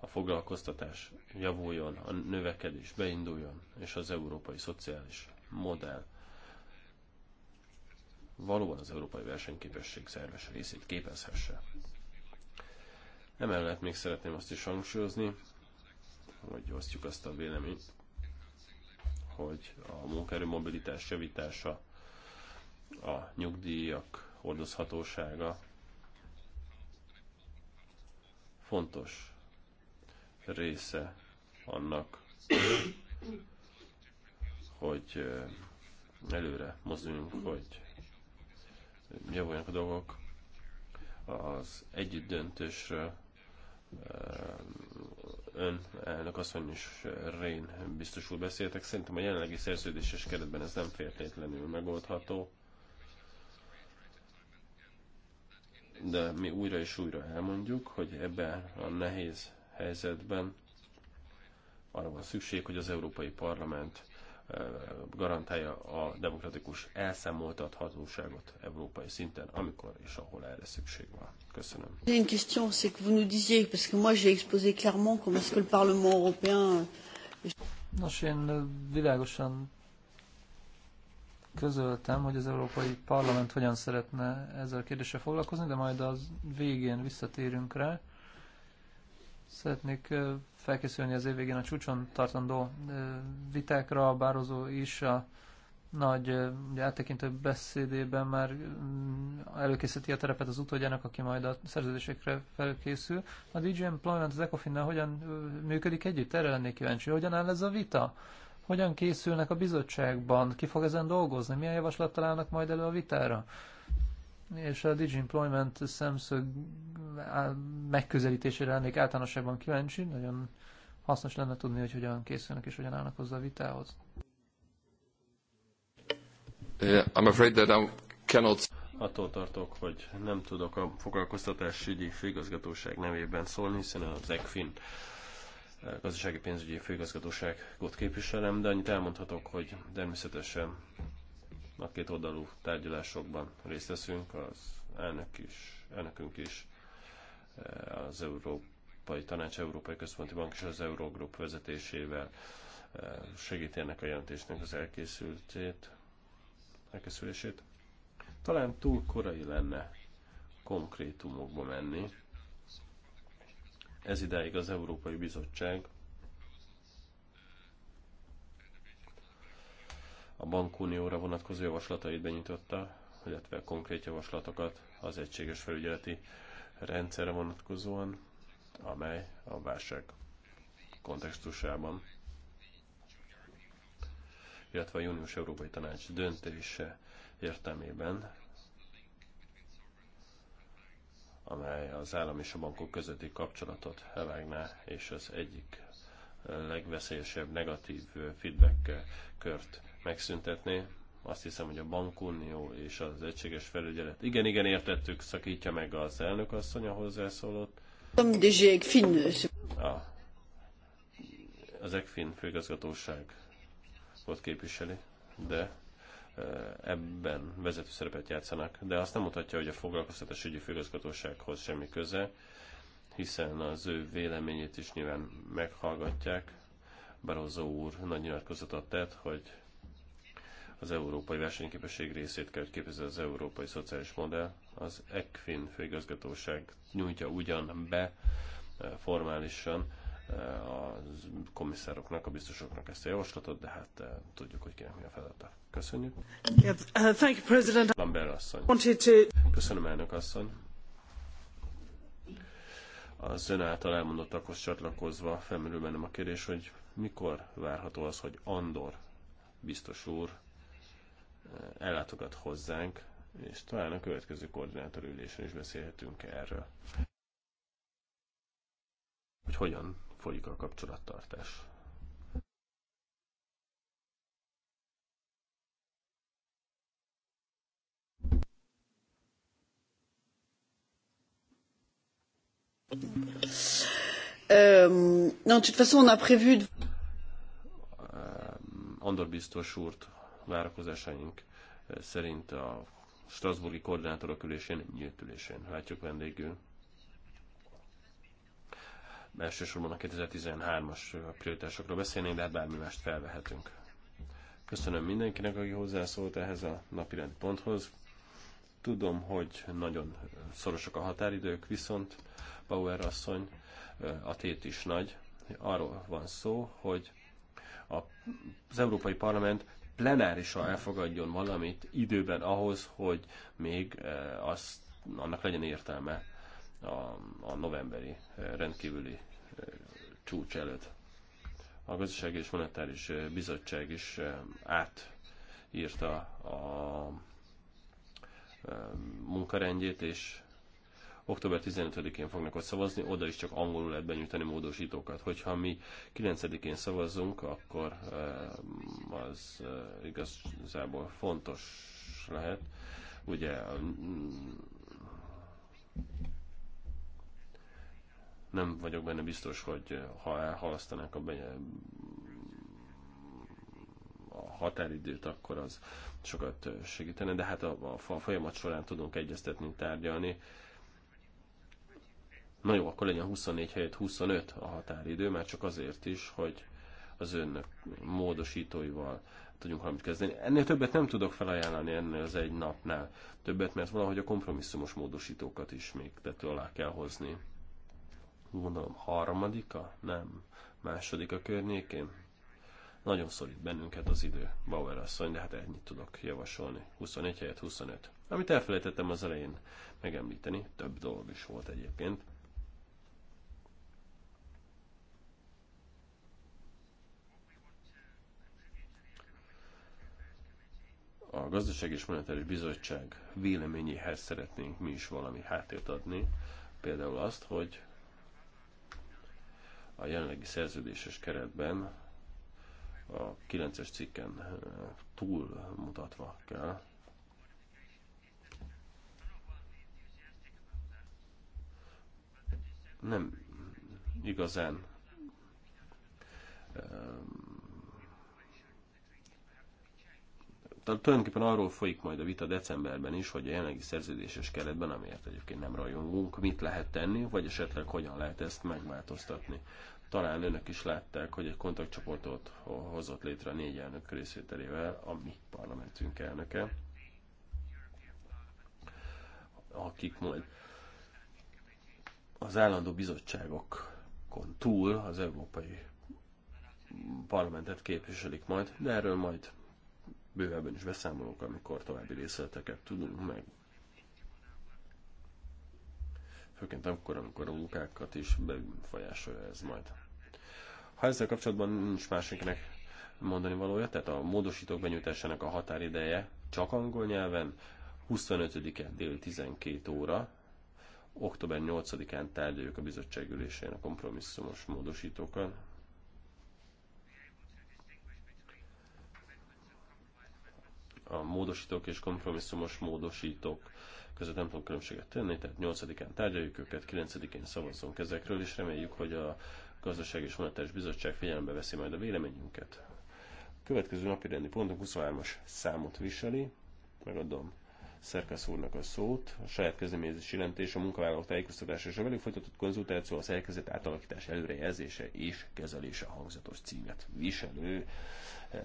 a foglalkoztatás javuljon, a növekedés beinduljon, és az európai szociális modell valóban az európai versenyképesség szerves részét képezhesse. Emellett még szeretném azt is hangsúlyozni, hogy osztjuk azt a véleményt, hogy a munkaerő mobilitás javítása, a nyugdíjak hordozhatósága fontos része annak, hogy előre mozduljunk, hogy javuljanak a dolgok. Az döntésről ön elnök asszony és Rén biztos úr beszéltek. Szerintem a jelenlegi szerződéses keretben ez nem feltétlenül megoldható. De mi újra és újra elmondjuk, hogy ebben a nehéz helyzetben arra van szükség, hogy az Európai Parlament garantálja a demokratikus elszámoltathatóságot európai szinten, amikor és ahol erre szükség van. Köszönöm. Une question, c'est que vous nous disiez, parce que moi j'ai exposé clairement comment est-ce que le Parlement européen... Euh, Nos, én euh, világosan közöltem, hogy az Európai Parlament hogyan szeretne ezzel a kérdéssel foglalkozni, de majd az végén visszatérünk rá. Szeretnék felkészülni az évvégén a csúcson tartandó vitákra, a Bározó is a nagy ugye, áttekintő beszédében már mm, előkészíti a terepet az utódjának, aki majd a szerződésekre felkészül. A DJ Employment az ecofin hogyan működik együtt? Erre lennék kíváncsi. Hogyan áll ez a vita? Hogyan készülnek a bizottságban? Ki fog ezen dolgozni? Milyen javaslat találnak majd elő a vitára? és a Employment szemszög megközelítésére lennék általánosságban kíváncsi, nagyon hasznos lenne tudni, hogy hogyan készülnek és hogyan állnak hozzá a vitához. Yeah, I'm afraid that I cannot... Attól tartok, hogy nem tudok a foglalkoztatásügyi főigazgatóság nevében szólni, hiszen az ECFIN eh, gazdasági pénzügyi főigazgatóságot képviselem, de annyit elmondhatok, hogy természetesen a két oldalú tárgyalásokban részt veszünk, az elnök is, elnökünk is, az Európai Tanács, Európai Központi Bank és az Eurogroup vezetésével e, segíti ennek a jelentésnek az elkészültét, elkészülését. Talán túl korai lenne konkrétumokba menni. Ez idáig az Európai Bizottság a bankunióra vonatkozó javaslatait benyitotta, illetve konkrét javaslatokat az egységes felügyeleti rendszerre vonatkozóan, amely a válság kontextusában, illetve a Június Európai Tanács döntése értelmében, amely az állam és a bankok közötti kapcsolatot elvágná, és az egyik legveszélyesebb negatív feedback kört megszüntetni. Azt hiszem, hogy a bankunió és az egységes felügyelet. Igen, igen, értettük, szakítja meg az elnök asszony a hozzászólót. E e. A, az ECFIN főgazgatóság volt képviseli, de ebben vezető szerepet játszanak, de azt nem mutatja, hogy a foglalkoztatásügyi főgazgatósághoz semmi köze, hiszen az ő véleményét is nyilván meghallgatják. Barozó úr nagy nyilatkozatot tett, hogy az európai versenyképesség részét kell képezni az európai szociális modell. Az ECFIN főigazgatóság nyújtja ugyan be eh, formálisan eh, a komisszároknak, a biztosoknak ezt a javaslatot, de hát eh, tudjuk, hogy kinek mi a feladata. Köszönjük. Uh, thank you, President. Lambert asszony. Köszönöm, elnök asszony az ön által elmondottakhoz csatlakozva felmerül bennem a kérdés, hogy mikor várható az, hogy Andor biztos úr ellátogat hozzánk, és talán a következő koordinátorülésen is beszélhetünk erről. Hogy hogyan folyik a kapcsolattartás. Euh, non, de toute façon, on a prévu de... Andor biztos úrt várakozásaink eh, szerint a Strasburgi koordinátorok ülésén, nyílt ülésén látjuk vendégül. Elsősorban a 2013-as prioritásokról beszélnénk, de hát bármi mást felvehetünk. Köszönöm mindenkinek, aki hozzászólt ehhez a napirendi ponthoz. Tudom, hogy nagyon szorosak a határidők, viszont Bauer asszony, eh, a tét is nagy. Arról van szó, hogy az Európai Parlament plenárisa elfogadjon valamit időben ahhoz, hogy még eh, azt, annak legyen értelme a, a novemberi eh, rendkívüli eh, csúcs előtt. A Gazdasági és Monetáris Bizottság is átírta a munkarendjét, és Október 15-én fognak ott szavazni, oda is csak angolul lehet benyújtani módosítókat. Hogyha mi 9-én szavazunk, akkor eh, az eh, igazából fontos lehet. Ugye mm, nem vagyok benne biztos, hogy eh, ha elhalasztanák a, be, a határidőt, akkor az sokat segítene, de hát a, a folyamat során tudunk egyeztetni, tárgyalni. Na jó, akkor legyen 24 helyett 25 a határidő, már csak azért is, hogy az önök módosítóival tudjunk valamit kezdeni. Ennél többet nem tudok felajánlani ennél az egy napnál. Többet, mert valahogy a kompromisszumos módosítókat is még tető alá kell hozni. Gondolom harmadika? Nem. Második a környékén? Nagyon szorít bennünket az idő, Bauer asszony, de hát ennyit tudok javasolni. 21 helyett 25. Amit elfelejtettem az elején megemlíteni, több dolog is volt egyébként. a Gazdaság és Monetáris Bizottság véleményéhez szeretnénk mi is valami háttért adni, például azt, hogy a jelenlegi szerződéses keretben a 9-es cikken eh, túl mutatva kell. Nem igazán eh, tulajdonképpen arról folyik majd a vita decemberben is, hogy a jelenlegi szerződéses keretben, amiért egyébként nem rajongunk, mit lehet tenni, vagy esetleg hogyan lehet ezt megváltoztatni. Talán önök is látták, hogy egy kontaktcsoportot hozott létre a négy elnök részvételével, a mi parlamentünk elnöke, akik majd az állandó bizottságokon túl az Európai Parlamentet képviselik majd, de erről majd bővebben is beszámolunk, amikor további részleteket tudunk meg. Főként akkor, amikor a munkákat is befolyásolja ez majd. Ha ezzel kapcsolatban nincs másiknek mondani valója, tehát a módosítók benyújtásának a határideje csak angol nyelven, 25-e dél 12 óra, október 8-án tárgyaljuk a bizottság ülésén a kompromisszumos módosítókat, a módosítók és kompromisszumos módosítók között nem tudunk különbséget tenni, tehát 8-án tárgyaljuk őket, 9-én szavazzunk ezekről, és reméljük, hogy a Gazdaság és Monetáris Bizottság figyelembe veszi majd a véleményünket. A következő napi rendi pontunk 23-as számot viseli, megadom Szerkesz úrnak a szót, a saját kezdeményezés jelentés, a munkavállalók tájékoztatása és a velük folytatott konzultáció, a szerkezet átalakítás előrejelzése és kezelése hangzatos címet viselő eh,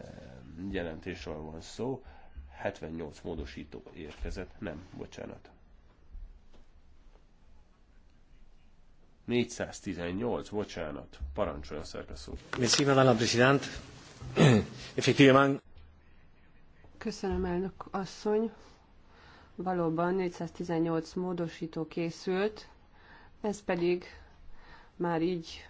jelentésről van szó. 78 módosító érkezett. Nem, bocsánat. 418, bocsánat. Parancsoljon szerkesztő. Merci, madame président. Effectivement. Köszönöm, elnök asszony. Valóban 418 módosító készült, ez pedig már így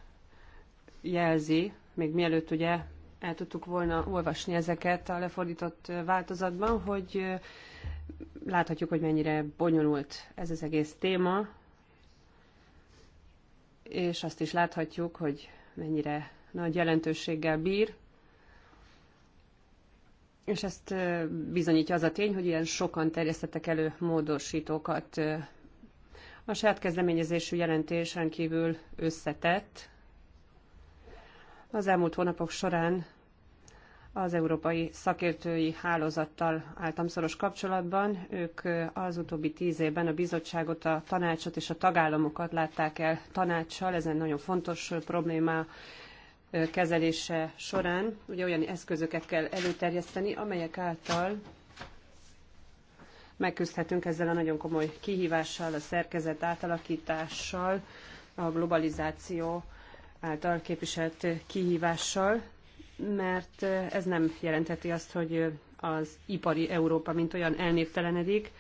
jelzi, még mielőtt ugye el tudtuk volna olvasni ezeket a lefordított változatban, hogy láthatjuk, hogy mennyire bonyolult ez az egész téma, és azt is láthatjuk, hogy mennyire nagy jelentőséggel bír, és ezt bizonyítja az a tény, hogy ilyen sokan terjesztettek elő módosítókat. A saját kezdeményezésű jelentésen kívül összetett, az elmúlt hónapok során az Európai Szakértői Hálózattal álltam szoros kapcsolatban. Ők az utóbbi tíz évben a bizottságot, a tanácsot és a tagállamokat látták el tanácssal. egy nagyon fontos probléma kezelése során. Ugye olyan eszközöket kell előterjeszteni, amelyek által megküzdhetünk ezzel a nagyon komoly kihívással, a szerkezet átalakítással, a globalizáció által képviselt kihívással, mert ez nem jelentheti azt, hogy az ipari Európa mint olyan elnéptelenedik,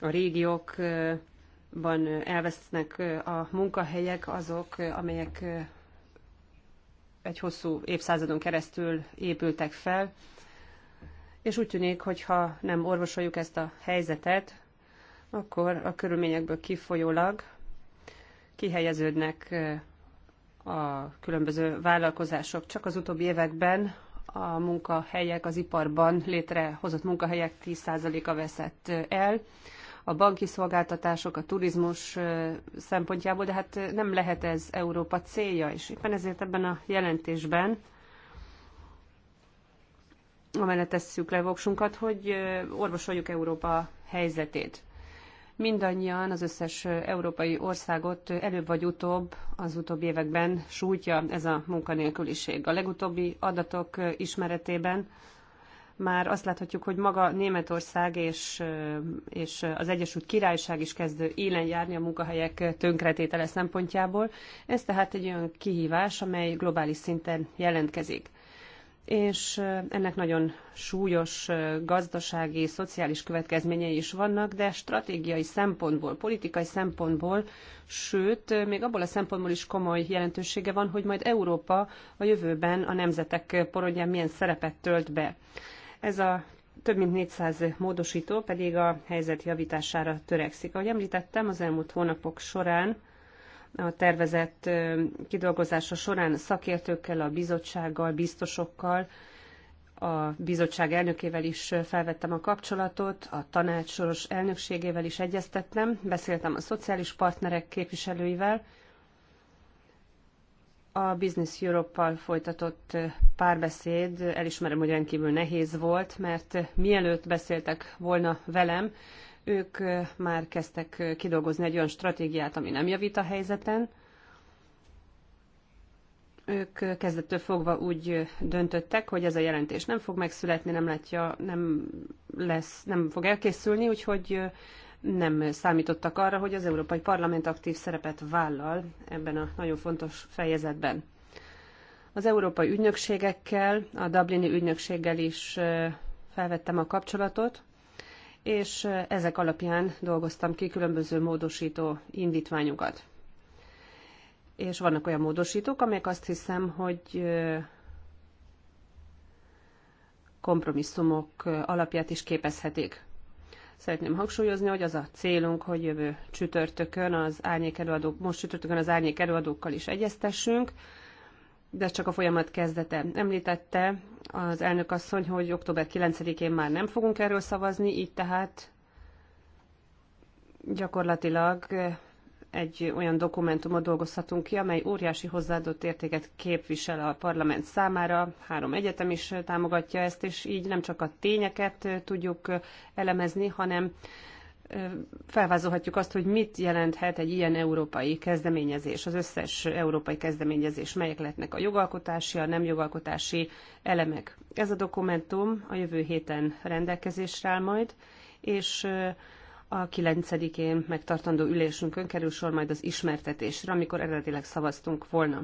a régiókban elvesznek a munkahelyek, azok, amelyek egy hosszú évszázadon keresztül épültek fel, és úgy tűnik, hogy ha nem orvosoljuk ezt a helyzetet, akkor a körülményekből kifolyólag kihelyeződnek a különböző vállalkozások. Csak az utóbbi években a munkahelyek az iparban létrehozott munkahelyek 10%-a veszett el. A banki szolgáltatások, a turizmus szempontjából, de hát nem lehet ez Európa célja, és éppen ezért ebben a jelentésben amellett tesszük le voksunkat, hogy orvosoljuk Európa helyzetét mindannyian az összes európai országot előbb vagy utóbb az utóbbi években sújtja ez a munkanélküliség. A legutóbbi adatok ismeretében már azt láthatjuk, hogy maga Németország és, és az Egyesült Királyság is kezd élen járni a munkahelyek tönkretétele szempontjából. Ez tehát egy olyan kihívás, amely globális szinten jelentkezik és ennek nagyon súlyos gazdasági, szociális következményei is vannak, de stratégiai szempontból, politikai szempontból, sőt, még abból a szempontból is komoly jelentősége van, hogy majd Európa a jövőben a nemzetek porodján milyen szerepet tölt be. Ez a több mint 400 módosító pedig a helyzet javítására törekszik. Ahogy említettem, az elmúlt hónapok során a tervezett kidolgozása során szakértőkkel, a bizottsággal, biztosokkal, a bizottság elnökével is felvettem a kapcsolatot, a tanács soros elnökségével is egyeztettem, beszéltem a szociális partnerek képviselőivel, a Business Europe-pal folytatott párbeszéd, elismerem, hogy rendkívül nehéz volt, mert mielőtt beszéltek volna velem, ők már kezdtek kidolgozni egy olyan stratégiát, ami nem javít a helyzeten. Ők kezdettől fogva úgy döntöttek, hogy ez a jelentés nem fog megszületni, nem, látja, nem, lesz, nem fog elkészülni, úgyhogy nem számítottak arra, hogy az Európai Parlament aktív szerepet vállal ebben a nagyon fontos fejezetben. Az európai ügynökségekkel, a Dublini ügynökséggel is felvettem a kapcsolatot, és ezek alapján dolgoztam ki különböző módosító indítványokat. És vannak olyan módosítók, amelyek azt hiszem, hogy kompromisszumok alapját is képezhetik. Szeretném hangsúlyozni, hogy az a célunk, hogy jövő csütörtökön az árnyék előadók, most csütörtökön az árnyék előadókkal is egyeztessünk, de ez csak a folyamat kezdete. Említette az elnök asszony, hogy október 9-én már nem fogunk erről szavazni, így tehát gyakorlatilag egy olyan dokumentumot dolgozhatunk ki, amely óriási hozzáadott értéket képvisel a parlament számára. Három egyetem is támogatja ezt, és így nem csak a tényeket tudjuk elemezni, hanem felvázolhatjuk azt, hogy mit jelenthet egy ilyen európai kezdeményezés, az összes európai kezdeményezés, melyek lehetnek a jogalkotási, a nem jogalkotási elemek. Ez a dokumentum a jövő héten rendelkezésre áll majd, és a 9-én megtartandó ülésünkön kerül sor majd az ismertetésre, amikor eredetileg szavaztunk volna.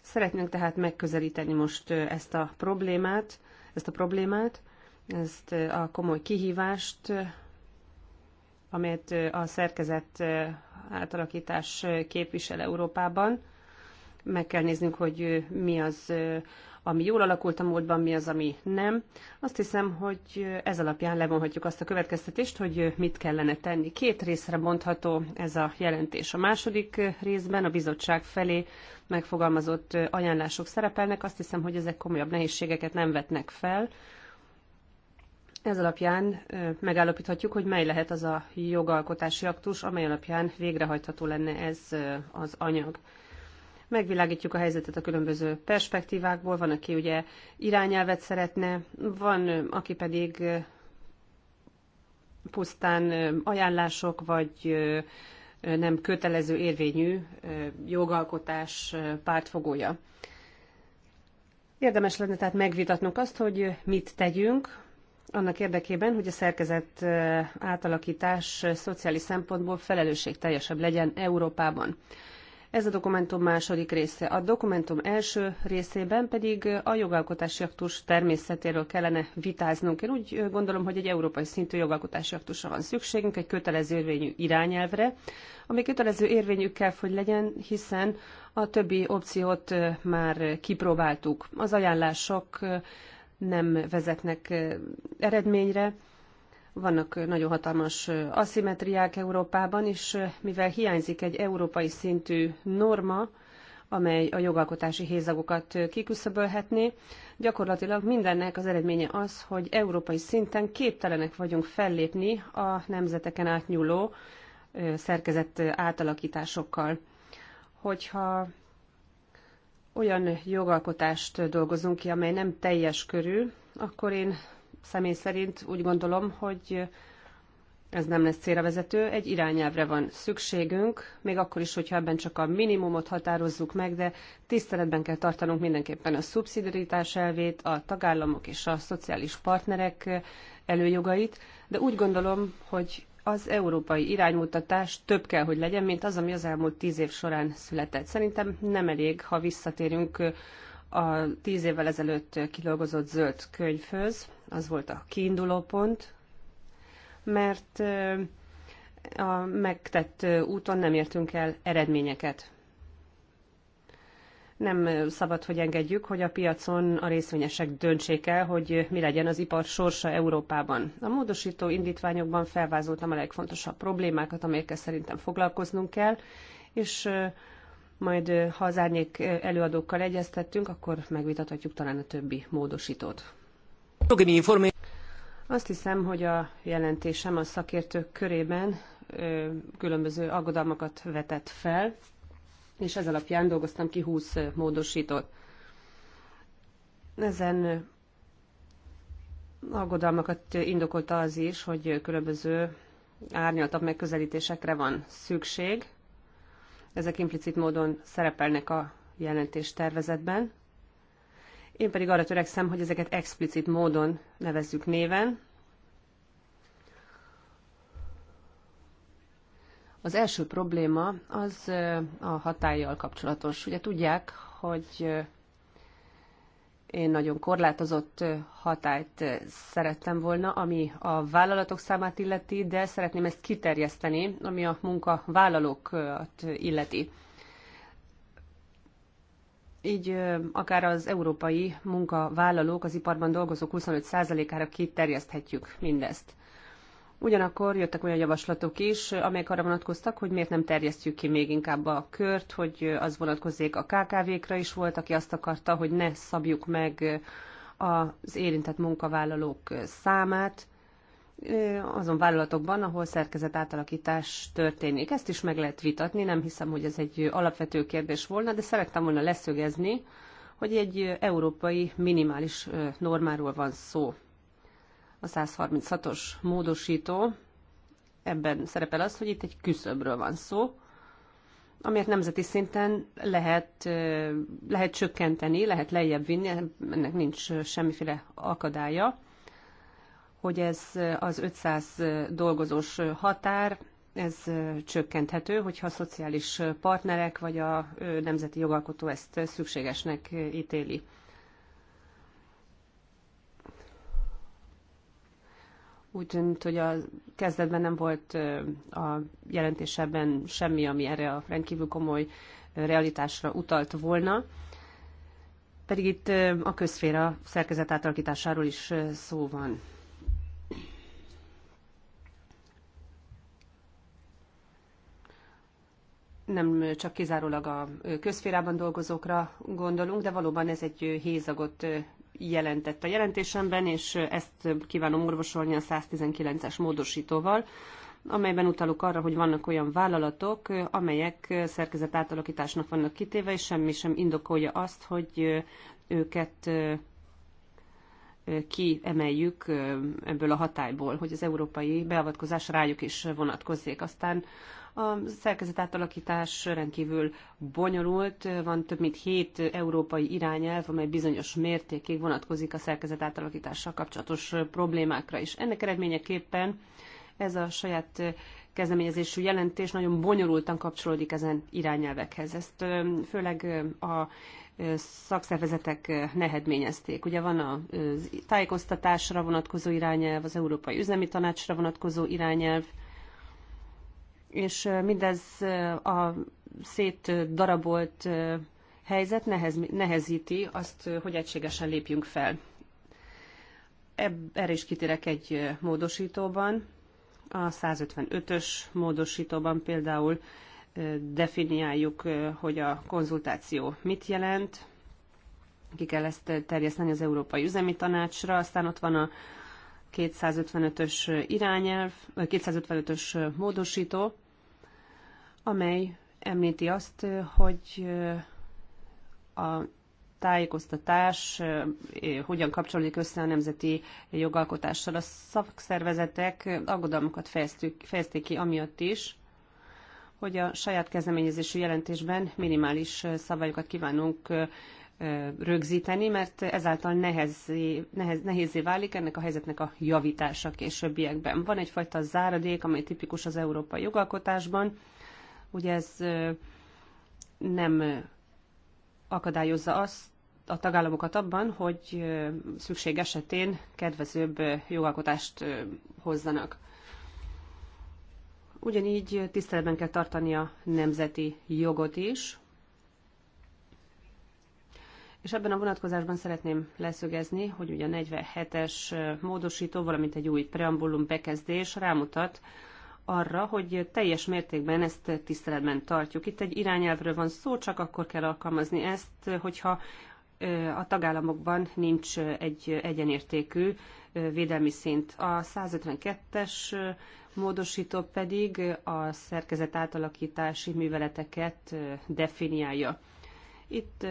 Szeretnénk tehát megközelíteni most ezt a problémát, ezt a problémát, ezt a komoly kihívást, amelyet a szerkezet átalakítás képvisel Európában. Meg kell néznünk, hogy mi az, ami jól alakult a múltban, mi az, ami nem. Azt hiszem, hogy ez alapján levonhatjuk azt a következtetést, hogy mit kellene tenni. Két részre mondható ez a jelentés. A második részben a bizottság felé megfogalmazott ajánlások szerepelnek. Azt hiszem, hogy ezek komolyabb nehézségeket nem vetnek fel. Ez alapján megállapíthatjuk, hogy mely lehet az a jogalkotási aktus, amely alapján végrehajtható lenne ez az anyag. Megvilágítjuk a helyzetet a különböző perspektívákból, van, aki ugye irányelvet szeretne, van, aki pedig pusztán ajánlások vagy nem kötelező érvényű jogalkotás pártfogója. Érdemes lenne tehát megvitatnunk azt, hogy mit tegyünk, annak érdekében, hogy a szerkezet átalakítás szociális szempontból felelősségteljesebb legyen Európában. Ez a dokumentum második része. A dokumentum első részében pedig a jogalkotási aktus természetéről kellene vitáznunk. Én úgy gondolom, hogy egy európai szintű jogalkotási aktusra van szükségünk, egy kötelező érvényű irányelvre, ami kötelező érvényű kell, hogy legyen, hiszen a többi opciót már kipróbáltuk. Az ajánlások nem vezetnek eredményre. Vannak nagyon hatalmas aszimetriák Európában, és mivel hiányzik egy európai szintű norma, amely a jogalkotási hézagokat kiküszöbölhetné. Gyakorlatilag mindennek az eredménye az, hogy európai szinten képtelenek vagyunk fellépni a nemzeteken átnyúló szerkezett átalakításokkal. Hogyha olyan jogalkotást dolgozunk ki, amely nem teljes körű, akkor én személy szerint úgy gondolom, hogy ez nem lesz célra vezető, egy irányelvre van szükségünk, még akkor is, hogyha ebben csak a minimumot határozzuk meg, de tiszteletben kell tartanunk mindenképpen a szubszidiaritás elvét, a tagállamok és a szociális partnerek előjogait, de úgy gondolom, hogy az európai iránymutatás több kell, hogy legyen, mint az, ami az elmúlt tíz év során született. Szerintem nem elég, ha visszatérünk a tíz évvel ezelőtt kidolgozott zöld könyvhöz, az volt a kiinduló pont, mert a megtett úton nem értünk el eredményeket. Nem szabad, hogy engedjük, hogy a piacon a részvényesek döntsék el, hogy mi legyen az ipar sorsa Európában. A módosító indítványokban felvázoltam a legfontosabb problémákat, amelyekkel szerintem foglalkoznunk kell, és majd ha az árnyék előadókkal egyeztettünk, akkor megvitathatjuk talán a többi módosítót. Azt hiszem, hogy a jelentésem a szakértők körében különböző aggodalmakat vetett fel és ez alapján dolgoztam ki 20 módosítót. Ezen aggodalmakat indokolta az is, hogy különböző árnyaltabb megközelítésekre van szükség. Ezek implicit módon szerepelnek a jelentés tervezetben. Én pedig arra törekszem, hogy ezeket explicit módon nevezzük néven, Az első probléma az a hatállyal kapcsolatos. Ugye tudják, hogy én nagyon korlátozott hatályt szerettem volna, ami a vállalatok számát illeti, de szeretném ezt kiterjeszteni, ami a munkavállalókat illeti. Így akár az európai munkavállalók, az iparban dolgozók 25%-ára kiterjeszthetjük mindezt. Ugyanakkor jöttek olyan javaslatok is, amelyek arra vonatkoztak, hogy miért nem terjesztjük ki még inkább a kört, hogy az vonatkozzék a KKV-kra is volt, aki azt akarta, hogy ne szabjuk meg az érintett munkavállalók számát azon vállalatokban, ahol szerkezet átalakítás történik. Ezt is meg lehet vitatni, nem hiszem, hogy ez egy alapvető kérdés volna, de szerettem volna leszögezni, hogy egy európai minimális normáról van szó a 136-os módosító, ebben szerepel az, hogy itt egy küszöbről van szó, amiért nemzeti szinten lehet, lehet csökkenteni, lehet lejjebb vinni, ennek nincs semmiféle akadálya, hogy ez az 500 dolgozós határ, ez csökkenthető, hogyha a szociális partnerek vagy a nemzeti jogalkotó ezt szükségesnek ítéli. Úgy tűnt, hogy a kezdetben nem volt a jelentésében semmi, ami erre a rendkívül komoly realitásra utalt volna. Pedig itt a közféra szerkezet átalakításáról is szó van. nem csak kizárólag a közférában dolgozókra gondolunk, de valóban ez egy hézagott jelentett a jelentésemben, és ezt kívánom orvosolni a 119-es módosítóval, amelyben utalok arra, hogy vannak olyan vállalatok, amelyek szerkezet átalakításnak vannak kitéve, és semmi sem indokolja azt, hogy őket kiemeljük ebből a hatályból, hogy az európai beavatkozás rájuk is vonatkozzék. Aztán a szerkezet átalakítás rendkívül bonyolult, van több mint hét európai irányelv, amely bizonyos mértékig vonatkozik a szerkezet átalakítással kapcsolatos problémákra is. Ennek eredményeképpen ez a saját kezdeményezésű jelentés nagyon bonyolultan kapcsolódik ezen irányelvekhez. Ezt főleg a szakszervezetek nehedményezték. Ugye van a tájékoztatásra vonatkozó irányelv, az Európai Üzemi Tanácsra vonatkozó irányelv, és mindez a szét darabolt helyzet nehez, nehezíti azt, hogy egységesen lépjünk fel. Erre is kitérek egy módosítóban, a 155-ös módosítóban például definiáljuk, hogy a konzultáció mit jelent, ki kell ezt terjeszteni az Európai Üzemi Tanácsra, aztán ott van a 255-ös irányelv, 255-ös módosító, amely említi azt, hogy a tájékoztatás hogyan kapcsolódik össze a nemzeti jogalkotással. A szakszervezetek aggodalmukat fejezték ki amiatt is, hogy a saját kezdeményezésű jelentésben minimális szabályokat kívánunk rögzíteni, mert ezáltal nehezé, nehez, nehézé válik ennek a helyzetnek a javítása későbbiekben. Van egyfajta záradék, amely tipikus az európai jogalkotásban, Ugye ez nem akadályozza azt, a tagállamokat abban, hogy szükség esetén kedvezőbb jogalkotást hozzanak. Ugyanígy tiszteletben kell tartani a nemzeti jogot is, és ebben a vonatkozásban szeretném leszögezni, hogy ugye a 47-es módosító, valamint egy új preambulum bekezdés rámutat arra, hogy teljes mértékben ezt tiszteletben tartjuk. Itt egy irányelvről van szó, csak akkor kell alkalmazni ezt, hogyha a tagállamokban nincs egy egyenértékű védelmi szint. A 152-es módosító pedig a szerkezet átalakítási műveleteket definiálja. Itt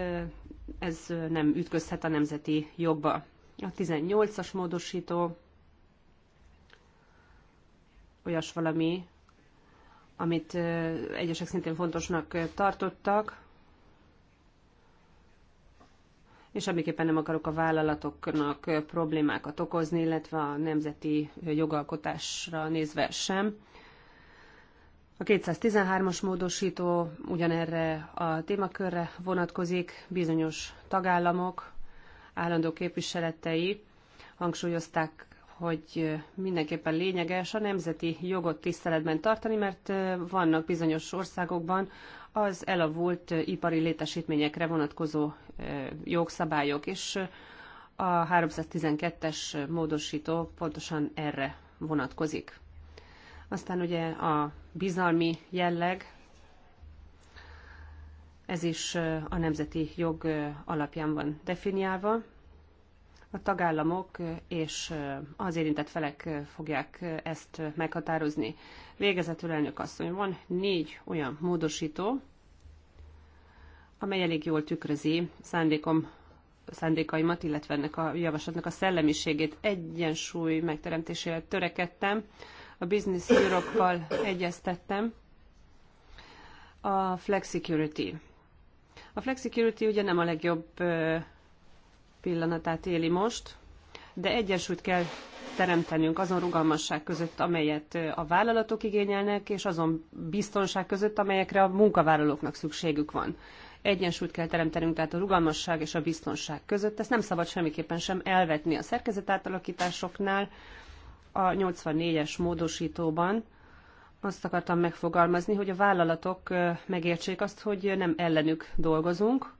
ez nem ütközhet a nemzeti jogba. A 18-as módosító olyas valami, amit egyesek szintén fontosnak tartottak, és amiképpen nem akarok a vállalatoknak problémákat okozni, illetve a nemzeti jogalkotásra nézve sem. A 213-as módosító ugyanerre a témakörre vonatkozik, bizonyos tagállamok állandó képviseletei hangsúlyozták hogy mindenképpen lényeges a nemzeti jogot tiszteletben tartani, mert vannak bizonyos országokban az elavult ipari létesítményekre vonatkozó jogszabályok, és a 312-es módosító pontosan erre vonatkozik. Aztán ugye a bizalmi jelleg, ez is a nemzeti jog alapján van definiálva, a tagállamok és az érintett felek fogják ezt meghatározni. Végezetül elnök asszony, van négy olyan módosító, amely elég jól tükrözi szándékom szándékaimat, illetve ennek a javaslatnak a szellemiségét egyensúly megteremtésére törekedtem. A Business europe egyeztettem. A Flexicurity. A Flexicurity ugye nem a legjobb pillanatát éli most, de egyensúlyt kell teremtenünk azon rugalmasság között, amelyet a vállalatok igényelnek, és azon biztonság között, amelyekre a munkavállalóknak szükségük van. Egyensúlyt kell teremtenünk tehát a rugalmasság és a biztonság között. Ezt nem szabad semmiképpen sem elvetni a szerkezet átalakításoknál. A 84-es módosítóban azt akartam megfogalmazni, hogy a vállalatok megértsék azt, hogy nem ellenük dolgozunk,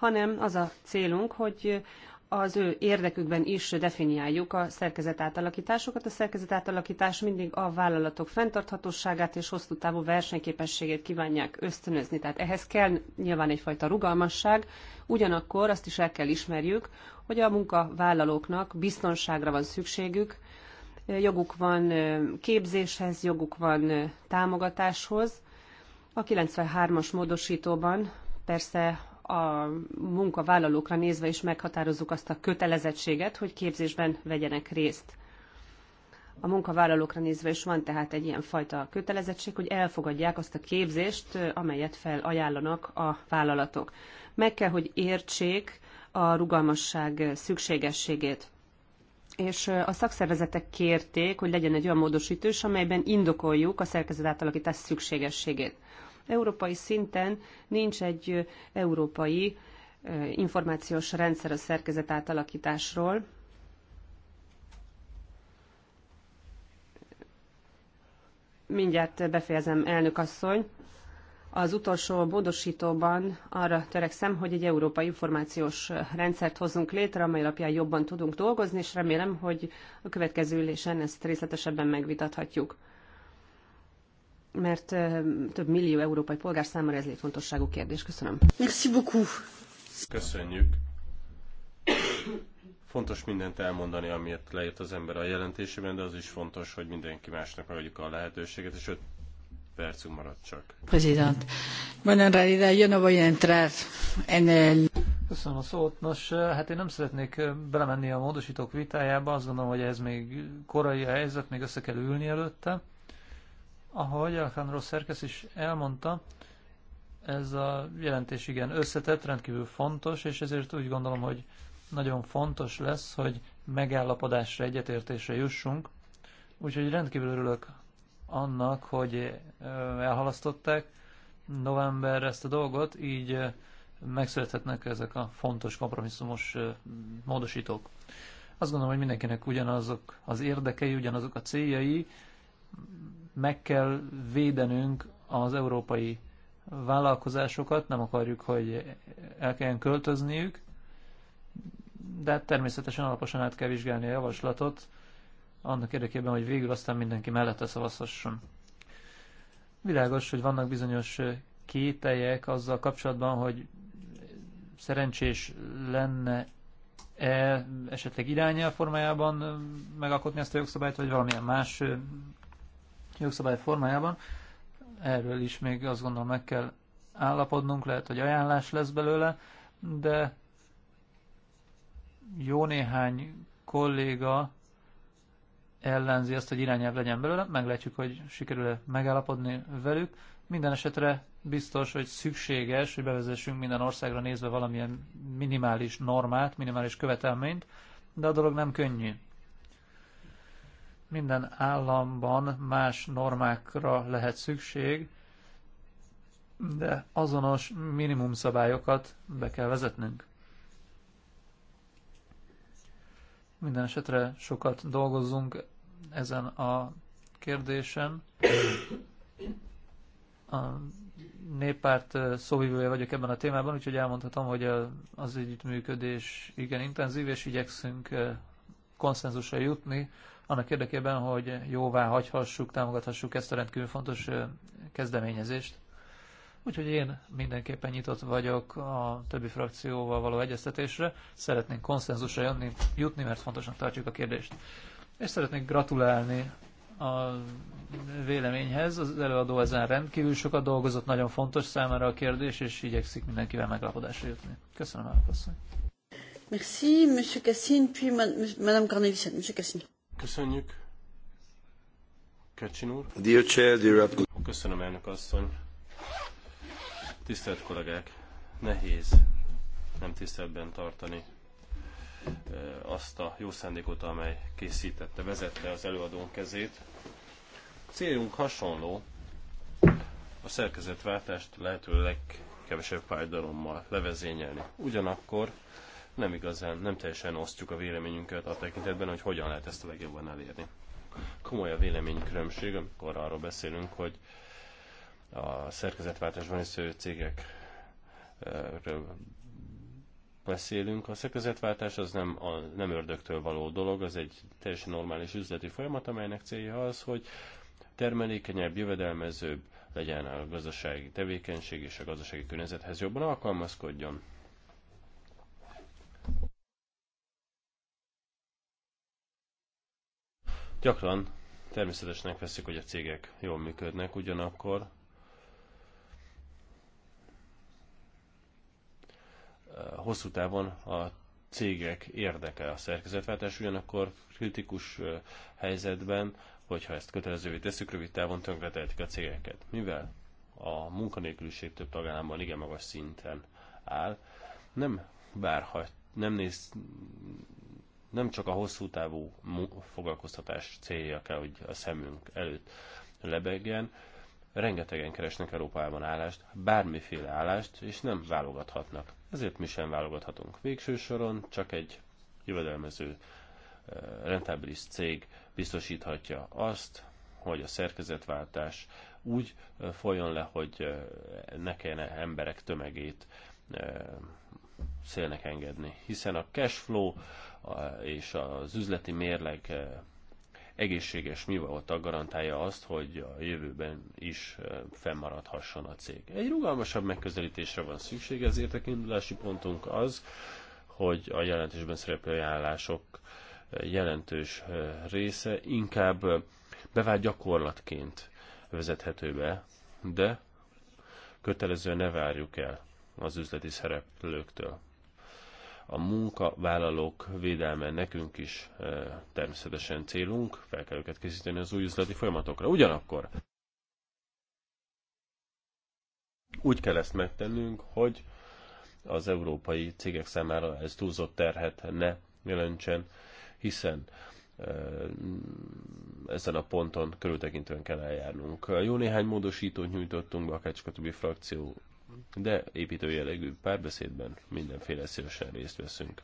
hanem az a célunk, hogy az ő érdekükben is definiáljuk a szerkezetátalakításokat. A szerkezetátalakítás mindig a vállalatok fenntarthatóságát és hosszú távú versenyképességét kívánják ösztönözni. Tehát ehhez kell nyilván egyfajta rugalmasság, ugyanakkor azt is el kell ismerjük, hogy a munkavállalóknak biztonságra van szükségük, joguk van képzéshez, joguk van támogatáshoz. A 93-as módosítóban persze a munkavállalókra nézve is meghatározzuk azt a kötelezettséget, hogy képzésben vegyenek részt. A munkavállalókra nézve is van tehát egy ilyen fajta kötelezettség, hogy elfogadják azt a képzést, amelyet felajánlanak a vállalatok. Meg kell, hogy értsék a rugalmasság szükségességét és a szakszervezetek kérték, hogy legyen egy olyan módosítős, amelyben indokoljuk a szerkezet átalakítás szükségességét európai szinten nincs egy európai információs rendszer a szerkezet átalakításról. Mindjárt befejezem, elnök asszony. Az utolsó módosítóban arra törekszem, hogy egy európai információs rendszert hozzunk létre, amely alapján jobban tudunk dolgozni, és remélem, hogy a következő ülésen ezt részletesebben megvitathatjuk mert több millió európai polgár számára ez létfontosságú kérdés. Köszönöm. Merci beaucoup. Köszönjük. Fontos mindent elmondani, amiért leírt az ember a jelentésében, de az is fontos, hogy mindenki másnak megadjuk a lehetőséget, és 5 percünk maradt csak. President. Bueno, en realidad yo no voy a entrar en el... Köszönöm a szót. Nos, hát én nem szeretnék belemenni a módosítók vitájába, azt gondolom, hogy ez még korai a helyzet, még össze kell ülni előtte. Ahogy Alejandro Szerkesz is elmondta, ez a jelentés igen összetett, rendkívül fontos, és ezért úgy gondolom, hogy nagyon fontos lesz, hogy megállapodásra, egyetértésre jussunk. Úgyhogy rendkívül örülök annak, hogy elhalasztották november ezt a dolgot, így megszülethetnek ezek a fontos kompromisszumos módosítók. Azt gondolom, hogy mindenkinek ugyanazok az érdekei, ugyanazok a céljai, meg kell védenünk az európai vállalkozásokat, nem akarjuk, hogy el kelljen költözniük, de természetesen alaposan át kell vizsgálni a javaslatot, annak érdekében, hogy végül aztán mindenki mellette szavazhasson. Világos, hogy vannak bizonyos kételjek azzal kapcsolatban, hogy szerencsés lenne -e esetleg irányel formájában megalkotni ezt a jogszabályt, vagy valamilyen más jogszabály formájában. Erről is még azt gondolom meg kell állapodnunk, lehet, hogy ajánlás lesz belőle, de jó néhány kolléga ellenzi azt, hogy irányelv legyen belőle, meglátjuk, hogy sikerül-e megállapodni velük. Minden esetre biztos, hogy szükséges, hogy bevezessünk minden országra nézve valamilyen minimális normát, minimális követelményt, de a dolog nem könnyű minden államban más normákra lehet szükség, de azonos minimum szabályokat be kell vezetnünk. Minden esetre sokat dolgozzunk ezen a kérdésen. A néppárt szóvivője vagyok ebben a témában, úgyhogy elmondhatom, hogy az együttműködés igen intenzív, és igyekszünk konszenzusra jutni annak érdekében, hogy jóvá hagyhassuk, támogathassuk ezt a rendkívül fontos kezdeményezést. Úgyhogy én mindenképpen nyitott vagyok a többi frakcióval való egyeztetésre. Szeretnénk konszenzusra jönni, jutni, mert fontosnak tartjuk a kérdést. És szeretnék gratulálni a véleményhez. Az előadó ezen rendkívül sokat dolgozott, nagyon fontos számára a kérdés, és igyekszik mindenkivel meglapodásra jutni. Köszönöm, elnök Merci, Monsieur Cassin, puis Madame Cornelis, Monsieur Cassin. Köszönjük. Kecsin úr. Dear Chair, dear Köszönöm, elnök asszony. Tisztelt kollégák, nehéz nem tiszteletben tartani eh, azt a jó szándékot, amely készítette, vezette az előadón kezét. célunk hasonló, a szerkezetváltást lehetőleg kevesebb fájdalommal levezényelni. Ugyanakkor nem igazán, nem teljesen osztjuk a véleményünket a tekintetben, hogy hogyan lehet ezt a legjobban elérni. Komoly a véleménykülönbség, amikor arról beszélünk, hogy a szerkezetváltásban részvevő cégekről beszélünk. A szerkezetváltás az nem, a, nem ördögtől való dolog, az egy teljesen normális üzleti folyamat, amelynek célja az, hogy termelékenyebb, jövedelmezőbb legyen a gazdasági tevékenység és a gazdasági környezethez jobban alkalmazkodjon. Gyakran természetesnek veszik, hogy a cégek jól működnek, ugyanakkor eh, hosszú távon a cégek érdeke a szerkezetváltás, ugyanakkor kritikus eh, helyzetben, hogyha ezt kötelezővé teszük, rövid távon tönkretehetik a cégeket. Mivel a munkanélküliség több tagállamban igen magas szinten áll, nem várhat, nem néz, nem csak a hosszú távú foglalkoztatás célja kell, hogy a szemünk előtt lebegjen, rengetegen keresnek Európában állást, bármiféle állást, és nem válogathatnak. Ezért mi sem válogathatunk. Végső soron csak egy jövedelmező, eh, rentábilis cég biztosíthatja azt, hogy a szerkezetváltás úgy eh, folyjon le, hogy eh, ne kellene emberek tömegét szélnek engedni, hiszen a cash flow és az üzleti mérleg e, egészséges mi volt a garantálja azt, hogy a jövőben is e, fennmaradhasson a cég. Egy rugalmasabb megközelítésre van szükség, ezért a kiindulási pontunk az, hogy a jelentésben szereplő ajánlások e, jelentős része inkább bevált gyakorlatként vezethető be, de kötelezően ne várjuk el az üzleti szereplőktől. A munkavállalók védelme nekünk is e, természetesen célunk, fel kell őket készíteni az új üzleti folyamatokra. Ugyanakkor úgy kell ezt megtennünk, hogy az európai cégek számára ez túlzott terhet ne jelentsen, hiszen e, ezen a ponton körültekintően kell eljárnunk. Jó néhány módosítót nyújtottunk be a Kecskötöbbi frakció de építő jellegű párbeszédben mindenféle szívesen részt veszünk.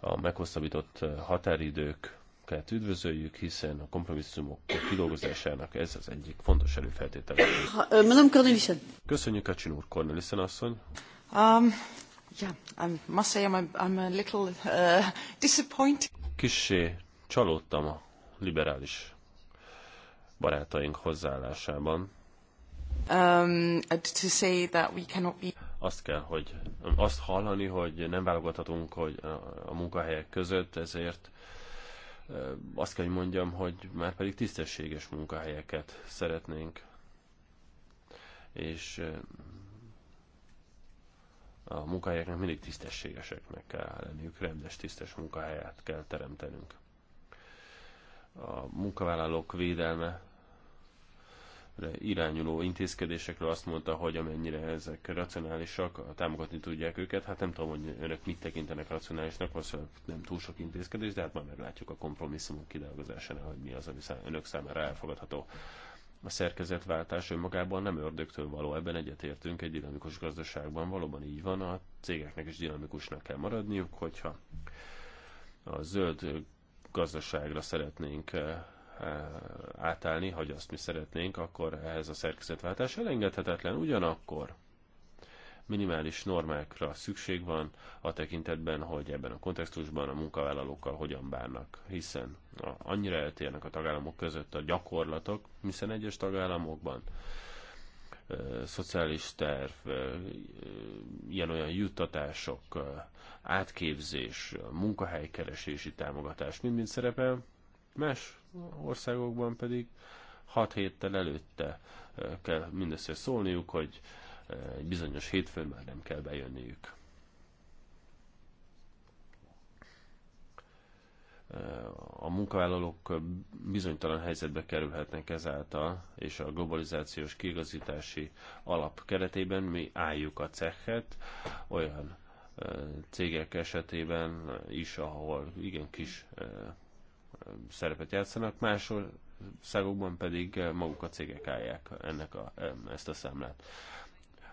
A meghosszabbított eh, határidőket üdvözöljük, hiszen a kompromisszumok kidolgozásának ez az egyik fontos előfeltétele. Cornelissen. Köszönjük a csinúr Cornelissen asszony. Um, yeah, I must say I'm a, I'm a little uh, disappointed. Kissé csalódtam a liberális barátaink hozzáállásában Um, to say that we cannot be... Azt kell, hogy azt hallani, hogy nem válogathatunk hogy a munkahelyek között, ezért uh, azt kell, hogy mondjam, hogy már pedig tisztességes munkahelyeket szeretnénk. És uh, a munkahelyeknek mindig tisztességeseknek kell lenniük, rendes, tisztes munkahelyet kell teremtenünk. A munkavállalók védelme irányuló intézkedésekről azt mondta, hogy amennyire ezek racionálisak, támogatni tudják őket. Hát nem tudom, hogy önök mit tekintenek racionálisnak, valószínűleg nem túl sok intézkedés, de hát majd meglátjuk a kompromisszumok kidolgozásánál, hogy mi az, ami szám, önök számára elfogadható. A szerkezetváltás önmagában nem ördögtől való, ebben egyetértünk, egy dinamikus gazdaságban valóban így van, a cégeknek is dinamikusnak kell maradniuk, hogyha a zöld gazdaságra szeretnénk eh, Eh, átállni, hogy azt mi szeretnénk, akkor ehhez a szerkezetváltás elengedhetetlen. Ugyanakkor minimális normákra szükség van a tekintetben, hogy ebben a kontextusban a munkavállalókkal hogyan bánnak, hiszen a, annyira eltérnek a tagállamok között a gyakorlatok, hiszen egyes tagállamokban eh, szociális terv, eh, ilyen-olyan juttatások, átképzés, munkahelykeresési támogatás mind-mind szerepel, Más országokban pedig 6 héttel előtte kell mindössze szólniuk, hogy egy bizonyos hétfőn már nem kell bejönniük. a munkavállalók bizonytalan helyzetbe kerülhetnek ezáltal, és a globalizációs kiigazítási alap keretében mi álljuk a cehet olyan cégek esetében is, ahol igen kis szerepet játszanak, máshol országokban pedig eh, maguk a cégek állják ennek a, eh, ezt a számlát.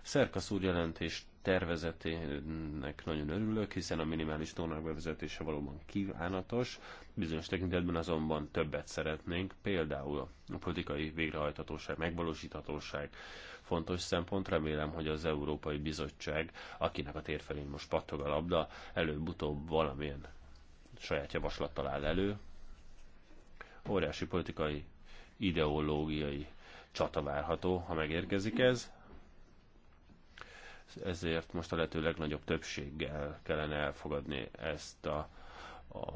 Szerkasz úr jelentés tervezetének nagyon örülök, hiszen a minimális tónak bevezetése valóban kívánatos, bizonyos tekintetben azonban többet szeretnénk, például a politikai végrehajtatóság, megvalósíthatóság fontos szempont. Remélem, hogy az Európai Bizottság, akinek a térfelén most pattog a labda, előbb-utóbb valamilyen saját javaslattal áll elő, Óriási politikai, ideológiai csata várható, ha megérkezik ez. Ezért most a lehető legnagyobb többséggel kellene elfogadni ezt a, a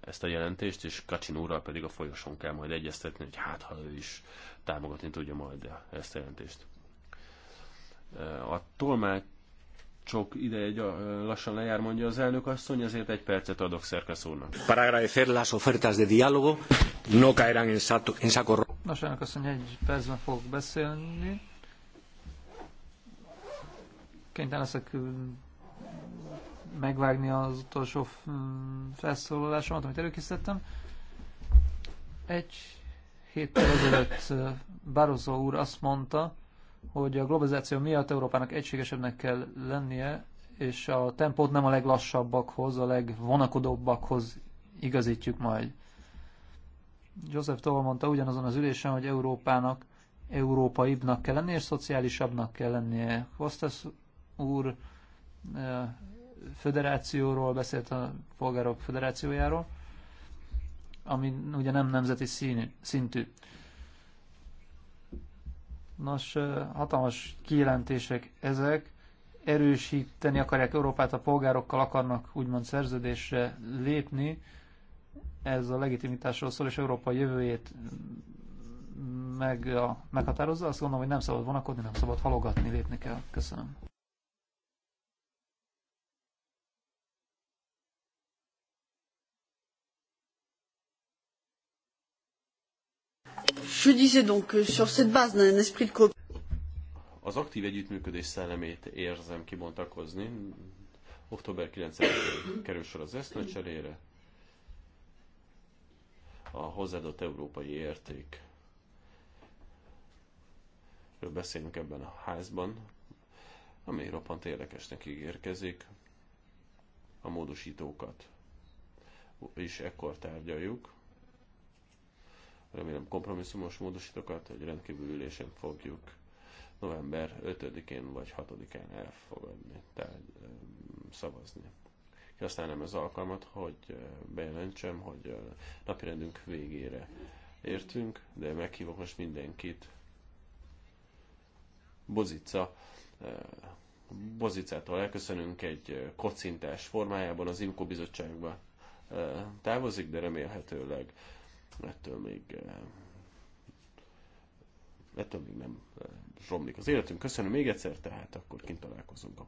ezt a jelentést, és Kacsin úrral pedig a folyosón kell majd egyeztetni, hogy hát ha ő is támogatni tudja majd ezt a jelentést. A tolmács sok ideje lassan lejár, mondja az elnök asszony, ezért egy percet adok szerkeszónak. Para agradecer las ofertas de diálogo, no caerán en, sato, en saco Nos, elnök asszony, egy percben fogok beszélni. Kénytelen leszek megvágni az utolsó felszólalásomat, amit előkészítettem. Egy héttel ezelőtt Barozó úr azt mondta, hogy a globalizáció miatt Európának egységesebbnek kell lennie, és a tempót nem a leglassabbakhoz, a legvonakodóbbakhoz igazítjuk majd. Joseph Toll mondta ugyanazon az ülésen, hogy Európának európaibbnak kell lennie, és szociálisabbnak kell lennie. Kostas úr eh, föderációról beszélt a polgárok föderációjáról, ami ugye nem nemzeti színű, szintű. Nos, hatalmas kijelentések ezek, erősíteni akarják Európát, a polgárokkal akarnak úgymond szerződésre lépni, ez a legitimitásról szól, és Európa jövőjét meg a, meghatározza, azt gondolom, hogy nem szabad vonakodni, nem szabad halogatni, lépni kell. Köszönöm. Je disais donc sur cette base d'un esprit de Az aktív együttműködés szellemét érzem kibontakozni. Október 9-én kerül sor az cserére. A hozzáadott európai érték. beszélünk ebben a házban, ami roppant érdekesnek ígérkezik. A módosítókat is ekkor tárgyaljuk remélem kompromisszumos módosítokat, hogy rendkívül ülésen fogjuk november 5-én vagy 6-án elfogadni, tehát szavazni. nem az alkalmat, hogy bejelentsem, hogy napirendünk végére értünk, de meghívok most mindenkit. Bozica, Bozicától elköszönünk egy kocintás formájában az Imko bizottságba távozik, de remélhetőleg ettől még eh, ettől még nem romlik eh, az életünk. Köszönöm még egyszer, tehát akkor kint találkozunk a